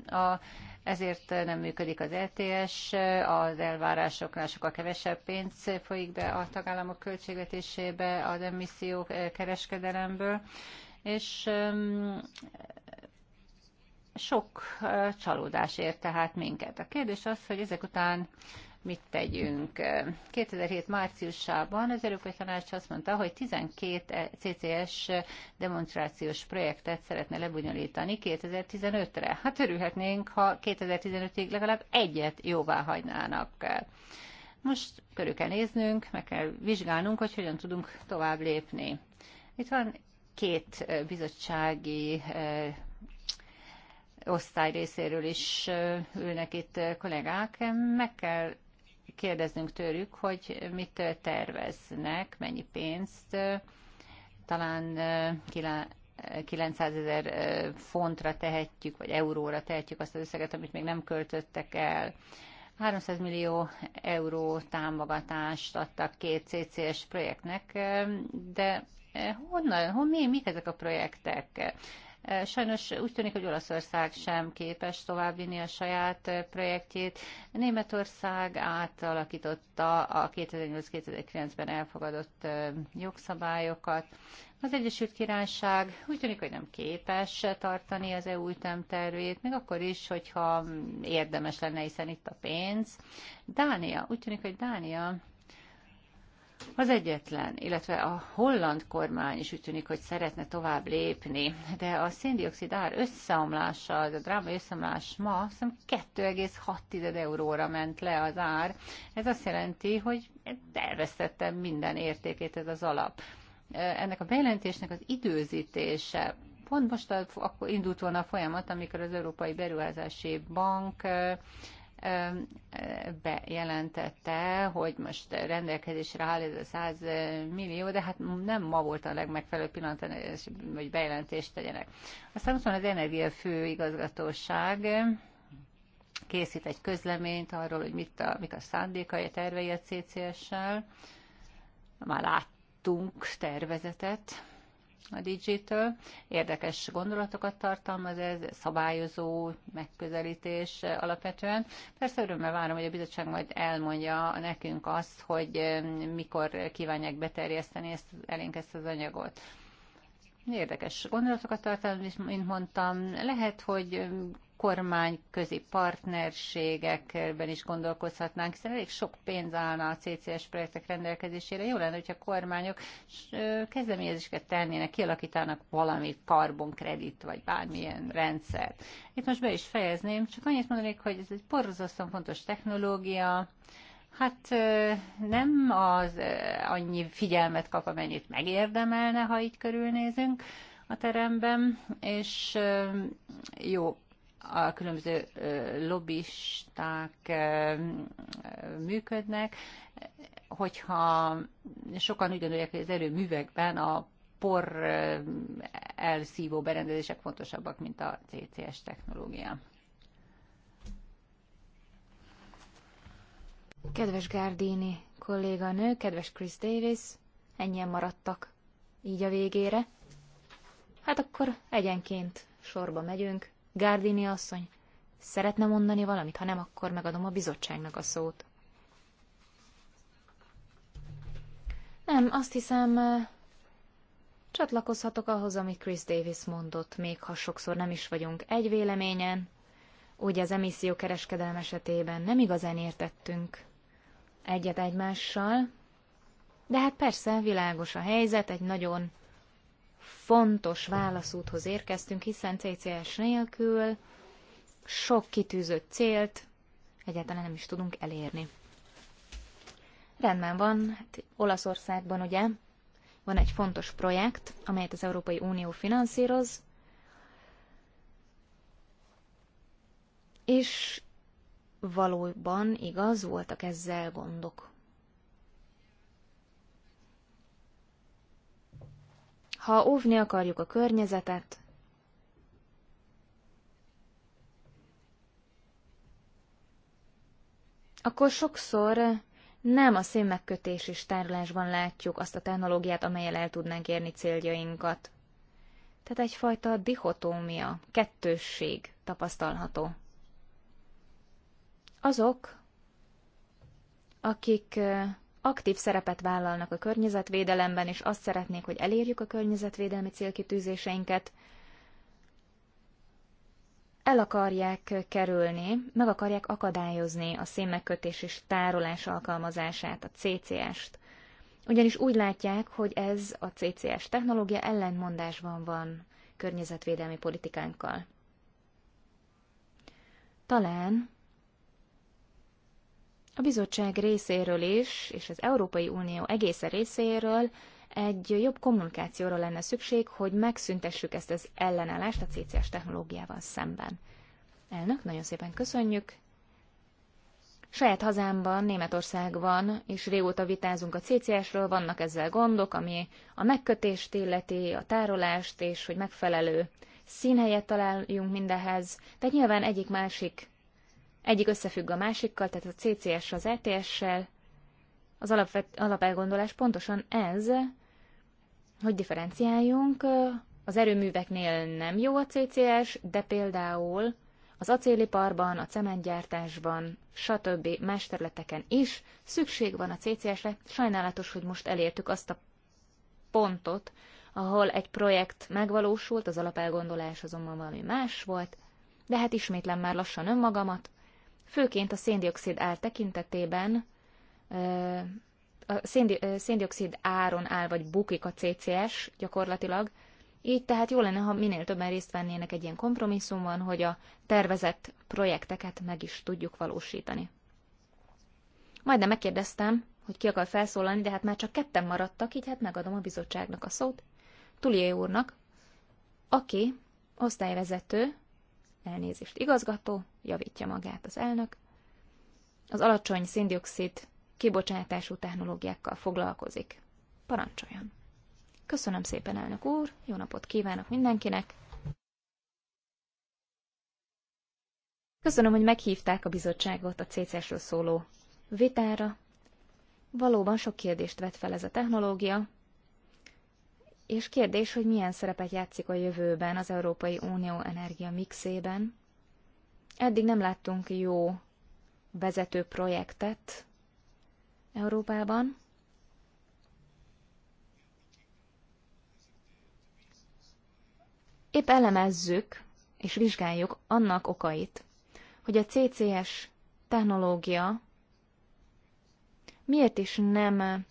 a, ezért nem működik az ETS, az elvárásoknál sokkal kevesebb pénz folyik be a tagállamok költségvetésébe az emissziók kereskedelemből, és sok csalódás ért tehát minket. A kérdés az, hogy ezek után mit tegyünk. 2007 márciusában az Európai Tanács azt mondta, hogy 12 eh, CCS demonstrációs projektet szeretne lebonyolítani 2015-re. Hát örülhetnénk, ha 2015-ig legalább egyet jóvá hagynának. Most körül kell néznünk, meg kell vizsgálnunk, hogy hogyan tudunk tovább lépni. Itt van két bizottsági osztály részéről is ülnek itt kollégák, meg kell kérdeznünk tőlük, hogy mit terveznek, mennyi pénzt, talán 900 ezer fontra tehetjük, vagy euróra tehetjük azt az összeget, amit még nem költöttek el. 300 millió euró támogatást adtak két CCS projektnek, de honnan, hon, mi, mik ezek a projektek? Eh, sajnos úgy tűnik, hogy Olaszország sem képes továbbvinni a saját eh, projektjét. Németország átalakította a 2008-2009-ben elfogadott eh, jogszabályokat. Az Egyesült Királyság úgy tűnik, hogy nem képes tartani az EU ütemtervét, még akkor is, hogyha érdemes lenne, hiszen itt a pénz. Dánia, úgy tűnik, hogy Dánia az egyetlen, illetve a holland kormány is úgy tűnik, hogy szeretne tovább lépni, de a széndiokszid ár összeomlása, az a dráma összeomlás ma, hiszem 2,6 euróra ment le az ár. Ez azt jelenti, hogy elvesztette minden értékét ez az alap. Ennek a bejelentésnek az időzítése pont most akkor indult volna a folyamat, amikor az Európai Beruházási Bank bejelentette, hogy most rendelkezésre áll ez a 100 millió, de hát nem ma volt a legmegfelelőbb pillanat, hogy bejelentést tegyenek. Aztán Samsung az Energia Főigazgatóság, készít egy közleményt arról, hogy mit a, mik a szándékai, a tervei a CCS-sel. Már láttunk tervezetet, a dj től Érdekes gondolatokat tartalmaz ez, szabályozó megközelítés alapvetően. Persze örömmel várom, hogy a bizottság majd elmondja nekünk azt, hogy mikor kívánják beterjeszteni ezt, elénk ezt az anyagot. Érdekes gondolatokat tartalmaz, mint mondtam. Lehet, hogy kormányközi partnerségekben is gondolkozhatnánk, hiszen elég sok pénz állna a CCS projektek rendelkezésére. Jó lenne, hogyha a kormányok kezdeményezéseket tennének, kialakítanak valami karbonkredit, vagy bármilyen rendszert. Itt most be is fejezném, csak annyit mondanék, hogy ez egy borzasztóan fontos technológia, Hát nem az annyi figyelmet kap, amennyit megérdemelne, ha így körülnézünk a teremben, és jó a különböző lobbisták működnek, hogyha sokan úgy gondolják, hogy az erőművekben a por elszívó berendezések fontosabbak, mint a CCS technológia. Kedves Gárdini kolléganő, kedves Chris Davis, ennyien maradtak így a végére. Hát akkor egyenként sorba megyünk. Gárdini asszony, szeretne mondani valamit, ha nem, akkor megadom a bizottságnak a szót. Nem, azt hiszem, csatlakozhatok ahhoz, amit Chris Davis mondott, még ha sokszor nem is vagyunk egy véleményen, úgy az kereskedelm esetében nem igazán értettünk egyet egymással, de hát persze világos a helyzet, egy nagyon fontos válaszúthoz érkeztünk, hiszen CCS nélkül sok kitűzött célt egyáltalán nem is tudunk elérni. Rendben van, hát Olaszországban ugye van egy fontos projekt, amelyet az Európai Unió finanszíroz, és valóban igaz, voltak ezzel gondok. Ha óvni akarjuk a környezetet, akkor sokszor nem a szénmegkötés és tárolásban látjuk azt a technológiát, amelyel el tudnánk érni céljainkat. Tehát egyfajta dihotómia, kettősség tapasztalható. Azok, akik aktív szerepet vállalnak a környezetvédelemben, és azt szeretnék, hogy elérjük a környezetvédelmi célkitűzéseinket, el akarják kerülni, meg akarják akadályozni a szénmegkötés és tárolás alkalmazását, a CCS-t. Ugyanis úgy látják, hogy ez a CCS technológia ellentmondásban van környezetvédelmi politikánkkal. Talán a bizottság részéről is, és az Európai Unió egész részéről egy jobb kommunikációra lenne szükség, hogy megszüntessük ezt az ellenállást a CCS technológiával szemben. Elnök, nagyon szépen köszönjük. Saját hazámban, Németországban és régóta vitázunk a CCS-ről, vannak ezzel gondok, ami a megkötést illeti, a tárolást, és hogy megfelelő színhelyet találjunk mindehez. Tehát nyilván egyik másik egyik összefügg a másikkal, tehát a CCS az ETS-sel. Az alapvet, alapelgondolás pontosan ez, hogy differenciáljunk. Az erőműveknél nem jó a CCS, de például az acéliparban, a cementgyártásban, stb. más területeken is szükség van a CCS-re. Sajnálatos, hogy most elértük azt a pontot, ahol egy projekt megvalósult, az alapelgondolás azonban valami más volt, de hát ismétlem már lassan önmagamat, főként a széndiokszid ár tekintetében a széndiokszid áron áll vagy bukik a CCS gyakorlatilag, így tehát jó lenne, ha minél többen részt vennének egy ilyen kompromisszumban, hogy a tervezett projekteket meg is tudjuk valósítani. Majdnem megkérdeztem, hogy ki akar felszólalni, de hát már csak ketten maradtak, így hát megadom a bizottságnak a szót. Tulié úrnak, aki osztályvezető elnézést igazgató, javítja magát az elnök, az alacsony széndiokszid kibocsátású technológiákkal foglalkozik. Parancsoljon! Köszönöm szépen, elnök úr, jó napot kívánok mindenkinek! Köszönöm, hogy meghívták a bizottságot a CCS-ről szóló vitára. Valóban sok kérdést vet fel ez a technológia, és kérdés, hogy milyen szerepet játszik a jövőben az Európai Unió energia mixében. Eddig nem láttunk jó vezető projektet Európában. Épp elemezzük és vizsgáljuk annak okait, hogy a CCS technológia miért is nem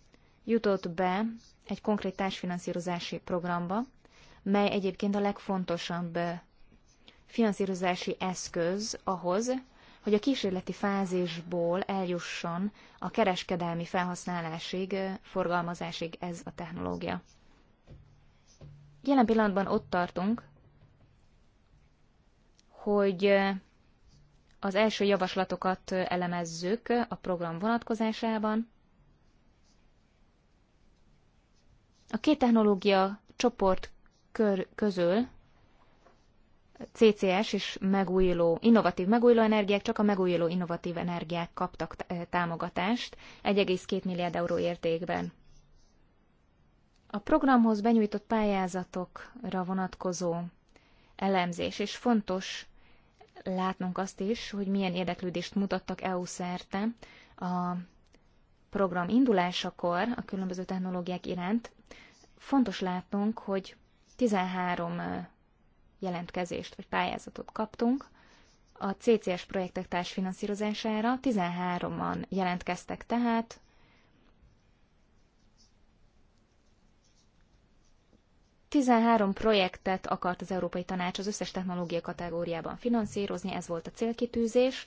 jutott be egy konkrét társfinanszírozási programba, mely egyébként a legfontosabb finanszírozási eszköz ahhoz, hogy a kísérleti fázisból eljusson a kereskedelmi felhasználásig, forgalmazásig ez a technológia. Jelen pillanatban ott tartunk, hogy az első javaslatokat elemezzük a program vonatkozásában, A két technológia csoport kör közül CCS és megújuló, innovatív megújuló energiák, csak a megújuló innovatív energiák kaptak támogatást 1,2 milliárd euró értékben. A programhoz benyújtott pályázatokra vonatkozó elemzés, és fontos látnunk azt is, hogy milyen érdeklődést mutattak EU szerte a program indulásakor a különböző technológiák iránt fontos látnunk, hogy 13 jelentkezést vagy pályázatot kaptunk a CCS projektek társfinanszírozására, 13-an jelentkeztek tehát, Tizenhárom projektet akart az Európai Tanács az összes technológia kategóriában finanszírozni, ez volt a célkitűzés,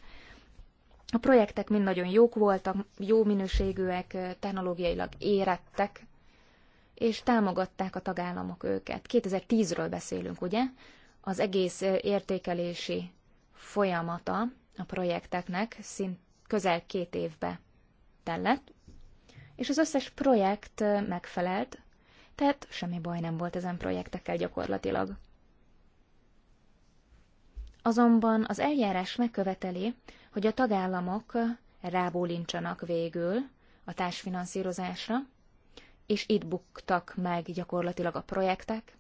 a projektek mind nagyon jók voltak, jó minőségűek, technológiailag érettek, és támogatták a tagállamok őket. 2010-ről beszélünk, ugye? Az egész értékelési folyamata a projekteknek szint közel két évbe tellett, és az összes projekt megfelelt, tehát semmi baj nem volt ezen projektekkel gyakorlatilag. Azonban az eljárás megköveteli, hogy a tagállamok rábólincsanak végül a társfinanszírozásra, és itt buktak meg gyakorlatilag a projektek,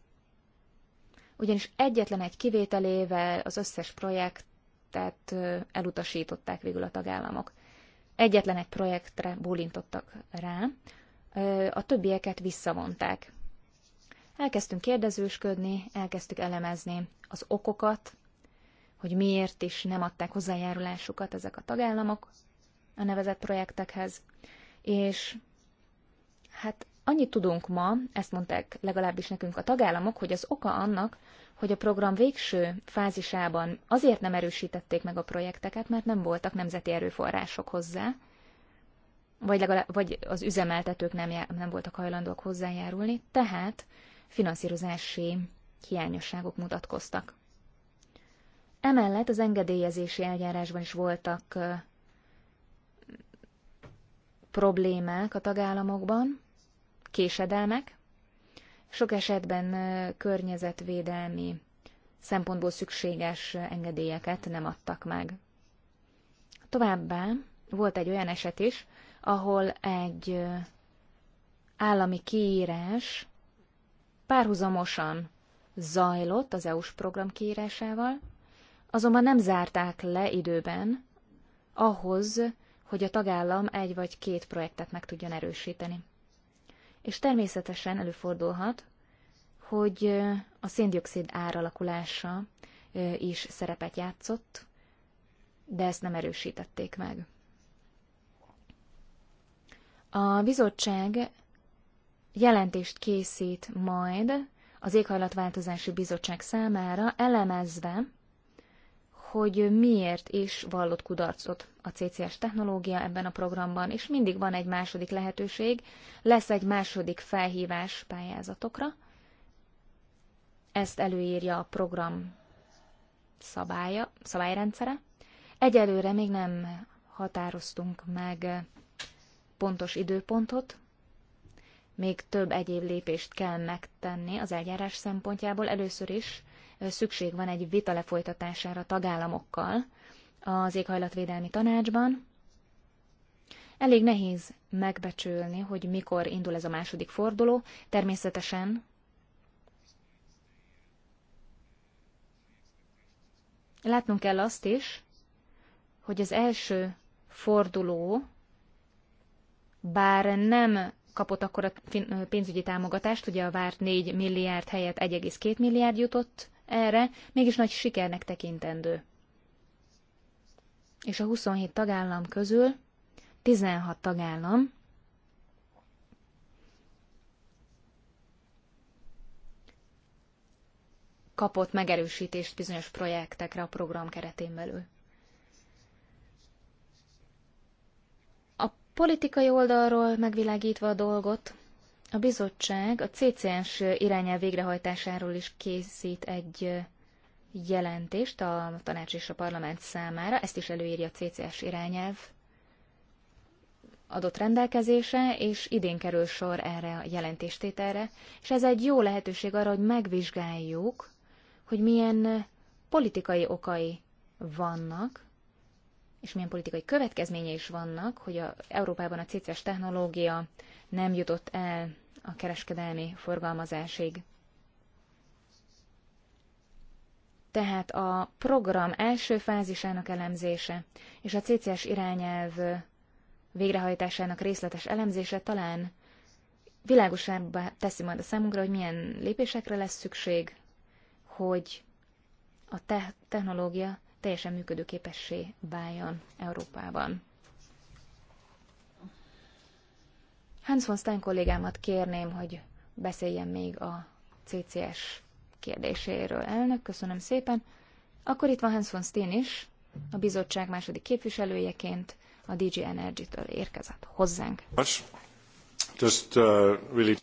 ugyanis egyetlen egy kivételével az összes projektet elutasították végül a tagállamok. Egyetlen egy projektre bólintottak rá, a többieket visszavonták. Elkezdtünk kérdezősködni, elkezdtük elemezni az okokat, hogy miért is nem adták hozzájárulásukat ezek a tagállamok a nevezett projektekhez, és hát annyit tudunk ma, ezt mondták legalábbis nekünk a tagállamok, hogy az oka annak, hogy a program végső fázisában azért nem erősítették meg a projekteket, mert nem voltak nemzeti erőforrások hozzá, vagy, legalább, vagy az üzemeltetők nem, nem voltak hajlandóak hozzájárulni, tehát finanszírozási hiányosságok mutatkoztak. Emellett az engedélyezési eljárásban is voltak problémák a tagállamokban, késedelmek, sok esetben környezetvédelmi szempontból szükséges engedélyeket nem adtak meg. Továbbá volt egy olyan eset is, ahol egy állami kiírás párhuzamosan zajlott az EU-s program kiírásával, azonban nem zárták le időben ahhoz, hogy a tagállam egy vagy két projektet meg tudjon erősíteni. És természetesen előfordulhat, hogy a széndiokszid áralakulása is szerepet játszott, de ezt nem erősítették meg. A bizottság jelentést készít majd az éghajlatváltozási bizottság számára, elemezve hogy miért is vallott kudarcot a CCS technológia ebben a programban, és mindig van egy második lehetőség, lesz egy második felhívás pályázatokra. Ezt előírja a program szabálya, szabályrendszere. Egyelőre még nem határoztunk meg pontos időpontot, még több egyéb lépést kell megtenni az eljárás szempontjából. Először is szükség van egy vita lefolytatására tagállamokkal az éghajlatvédelmi tanácsban. Elég nehéz megbecsülni, hogy mikor indul ez a második forduló. Természetesen látnunk kell azt is, hogy az első forduló bár nem kapott akkor a pénzügyi támogatást, ugye a várt 4 milliárd helyett 1,2 milliárd jutott erre, mégis nagy sikernek tekintendő. És a 27 tagállam közül 16 tagállam kapott megerősítést bizonyos projektekre a program keretén belül. politikai oldalról megvilágítva a dolgot, a bizottság a CCE-s irányel végrehajtásáról is készít egy jelentést a tanács és a parlament számára, ezt is előírja a CCS irányelv adott rendelkezése, és idén kerül sor erre a jelentéstételre, és ez egy jó lehetőség arra, hogy megvizsgáljuk, hogy milyen politikai okai vannak, és milyen politikai következménye is vannak, hogy a, Európában a CCS technológia nem jutott el a kereskedelmi forgalmazásig. Tehát a program első fázisának elemzése és a CCS irányelv végrehajtásának részletes elemzése talán világosabbá teszi majd a számunkra, hogy milyen lépésekre lesz szükség, hogy a te- technológia teljesen működőképessé váljon Európában. Hans von Stein kollégámat kérném, hogy beszéljen még a CCS kérdéséről. Elnök, köszönöm szépen. Akkor itt van Hans von Stein is, a bizottság második képviselőjeként a DG Energy-től érkezett hozzánk. Just, uh, really...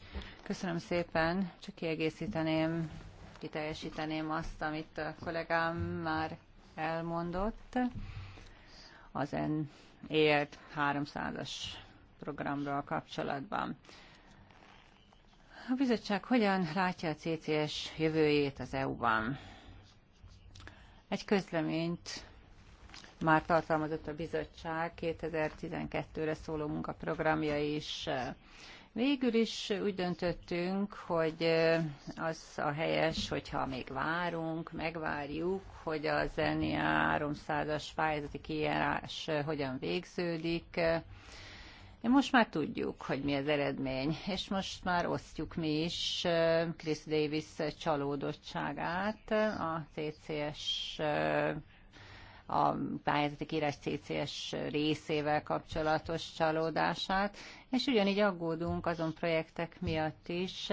Köszönöm szépen, csak kiegészíteném, kiteljesíteném azt, amit a kollégám már elmondott. Az ért e 300-as programról kapcsolatban. A bizottság hogyan látja a CCS jövőjét az EU-ban? Egy közleményt már tartalmazott a bizottság 2012-re szóló munkaprogramja is. Végül is úgy döntöttünk, hogy az a helyes, hogyha még várunk, megvárjuk, hogy az NIA 300-as pályázati kijárás hogyan végződik, most már tudjuk, hogy mi az eredmény, és most már osztjuk mi is Chris Davis csalódottságát a CCS a pályázati kírás CCS részével kapcsolatos csalódását, és ugyanígy aggódunk azon projektek miatt is,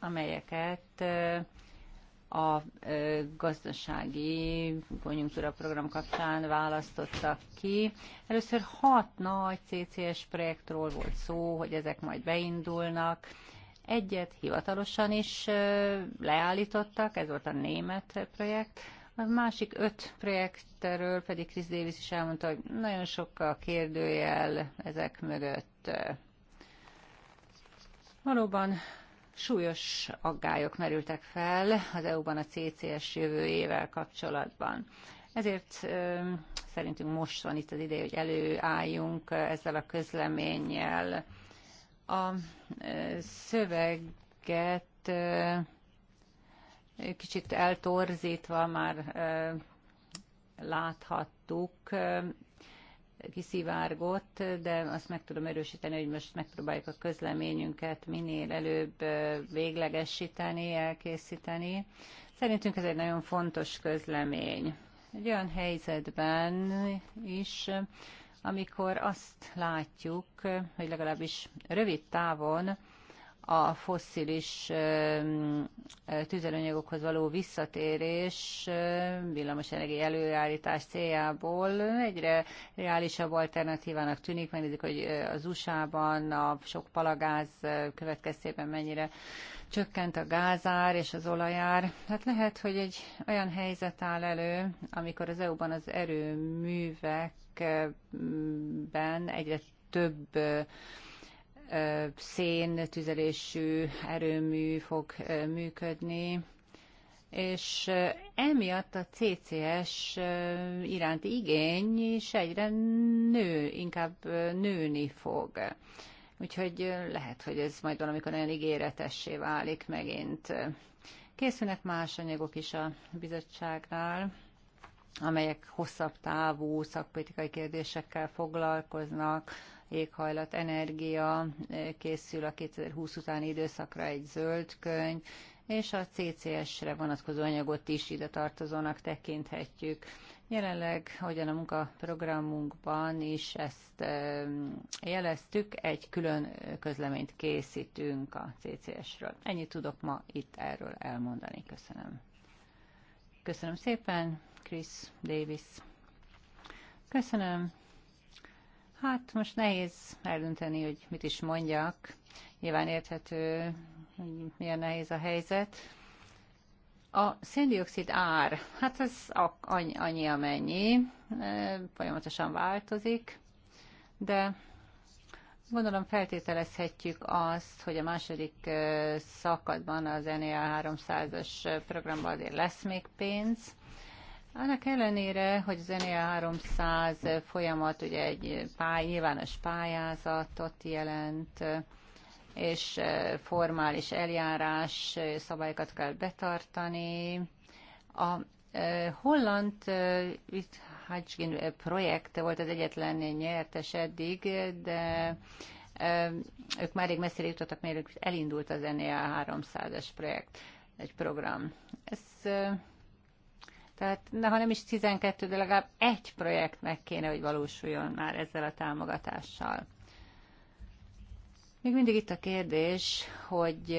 amelyeket a gazdasági konjunktúra program kapcsán választottak ki. Először hat nagy CCS projektről volt szó, hogy ezek majd beindulnak. Egyet hivatalosan is leállítottak, ez volt a német projekt. A másik öt projektről pedig Chris Davis is elmondta, hogy nagyon sok a kérdőjel ezek mögött. Valóban súlyos aggályok merültek fel az EU-ban a CCS jövőjével kapcsolatban. Ezért szerintünk most van itt az ideje, hogy előálljunk ezzel a közleménnyel. A szöveget kicsit eltorzítva már láthattuk, kiszivárgott, de azt meg tudom erősíteni, hogy most megpróbáljuk a közleményünket minél előbb véglegesíteni, elkészíteni. Szerintünk ez egy nagyon fontos közlemény. Egy olyan helyzetben is, amikor azt látjuk, hogy legalábbis rövid távon a fosszilis tüzelőanyagokhoz való visszatérés villamosenergia előállítás céljából egyre reálisabb alternatívának tűnik. Megnézzük, hogy az USA-ban a sok palagáz következtében mennyire csökkent a gázár és az olajár. Hát lehet, hogy egy olyan helyzet áll elő, amikor az EU-ban az erőművekben egyre több szén tüzelésű erőmű fog működni, és emiatt a CCS iránti igény is egyre nő, inkább nőni fog. Úgyhogy lehet, hogy ez majd valamikor olyan ígéretessé válik megint. Készülnek más anyagok is a bizottságnál, amelyek hosszabb távú szakpolitikai kérdésekkel foglalkoznak, éghajlat, energia, eh, készül a 2020 utáni időszakra egy zöld könyv, és a CCS-re vonatkozó anyagot is ide tartozónak tekinthetjük. Jelenleg, ahogyan a munkaprogramunkban is ezt eh, jeleztük, egy külön közleményt készítünk a CCS-ről. Ennyit tudok ma itt erről elmondani. Köszönöm. Köszönöm szépen, Chris Davis. Köszönöm. Hát most nehéz eldönteni, hogy mit is mondjak. Nyilván érthető, hogy milyen nehéz a helyzet. A széndiokszid ár, hát ez annyi, amennyi, e, folyamatosan változik, de Gondolom feltételezhetjük azt, hogy a második e, szakadban az NEA 300-as programban azért lesz még pénz, annak ellenére, hogy az NEA 300 folyamat ugye egy pály, nyilvános pályázatot jelent, és eh, formális eljárás szabályokat kell betartani. A eh, holland eh, itt projekt volt az egyetlen nyertes eddig, de ők már rég messzire jutottak, mert elindult az NEA 300-as projekt, egy program. Ez tehát ne, ha nem is 12, de legalább egy projektnek kéne, hogy valósuljon már ezzel a támogatással. Még mindig itt a kérdés, hogy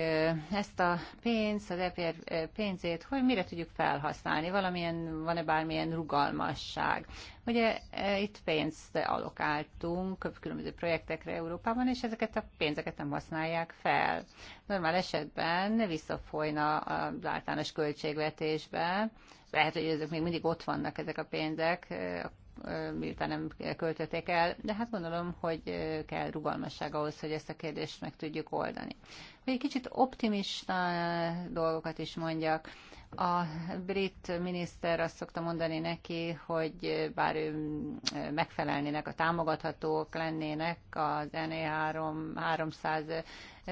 ezt a pénzt, az EPR pénzét, hogy mire tudjuk felhasználni? Valamilyen, van-e bármilyen rugalmasság? Ugye itt pénzt alokáltunk különböző projektekre Európában, és ezeket a pénzeket nem használják fel. Normál esetben visszafolyna az általános költségvetésbe, lehet, hogy ezek még mindig ott vannak ezek a pénzek, a miután nem költötték el, de hát gondolom, hogy kell rugalmasság ahhoz, hogy ezt a kérdést meg tudjuk oldani. Hogy egy kicsit optimista dolgokat is mondjak, a brit miniszter azt szokta mondani neki, hogy bár ő megfelelnének, a támogathatók lennének az NE300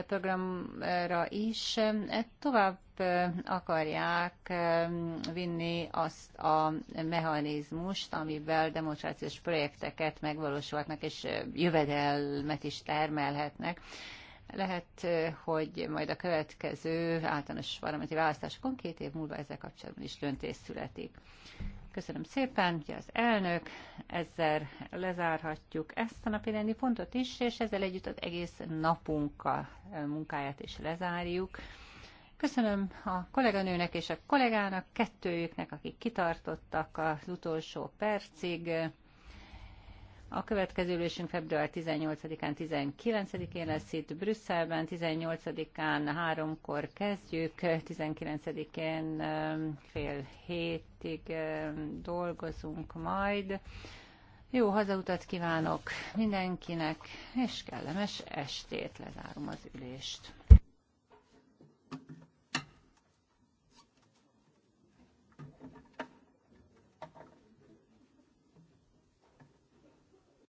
programra is, e, tovább akarják vinni azt a mechanizmust, amivel demonstrációs projekteket megvalósulhatnak és jövedelmet is termelhetnek lehet, hogy majd a következő általános parlamenti választásokon két év múlva ezzel kapcsolatban is döntés születik. Köszönöm szépen, ki az elnök, ezzel lezárhatjuk ezt a napi rendi pontot is, és ezzel együtt az egész a munkáját is lezárjuk. Köszönöm a kolléganőnek és a kollégának, kettőjüknek, akik kitartottak az utolsó percig. A következő ülésünk február 18-án, 19-én lesz itt Brüsszelben, 18-án háromkor kezdjük, 19-én um, fél hétig um, dolgozunk majd. Jó hazautat kívánok mindenkinek, és kellemes estét lezárom az ülést.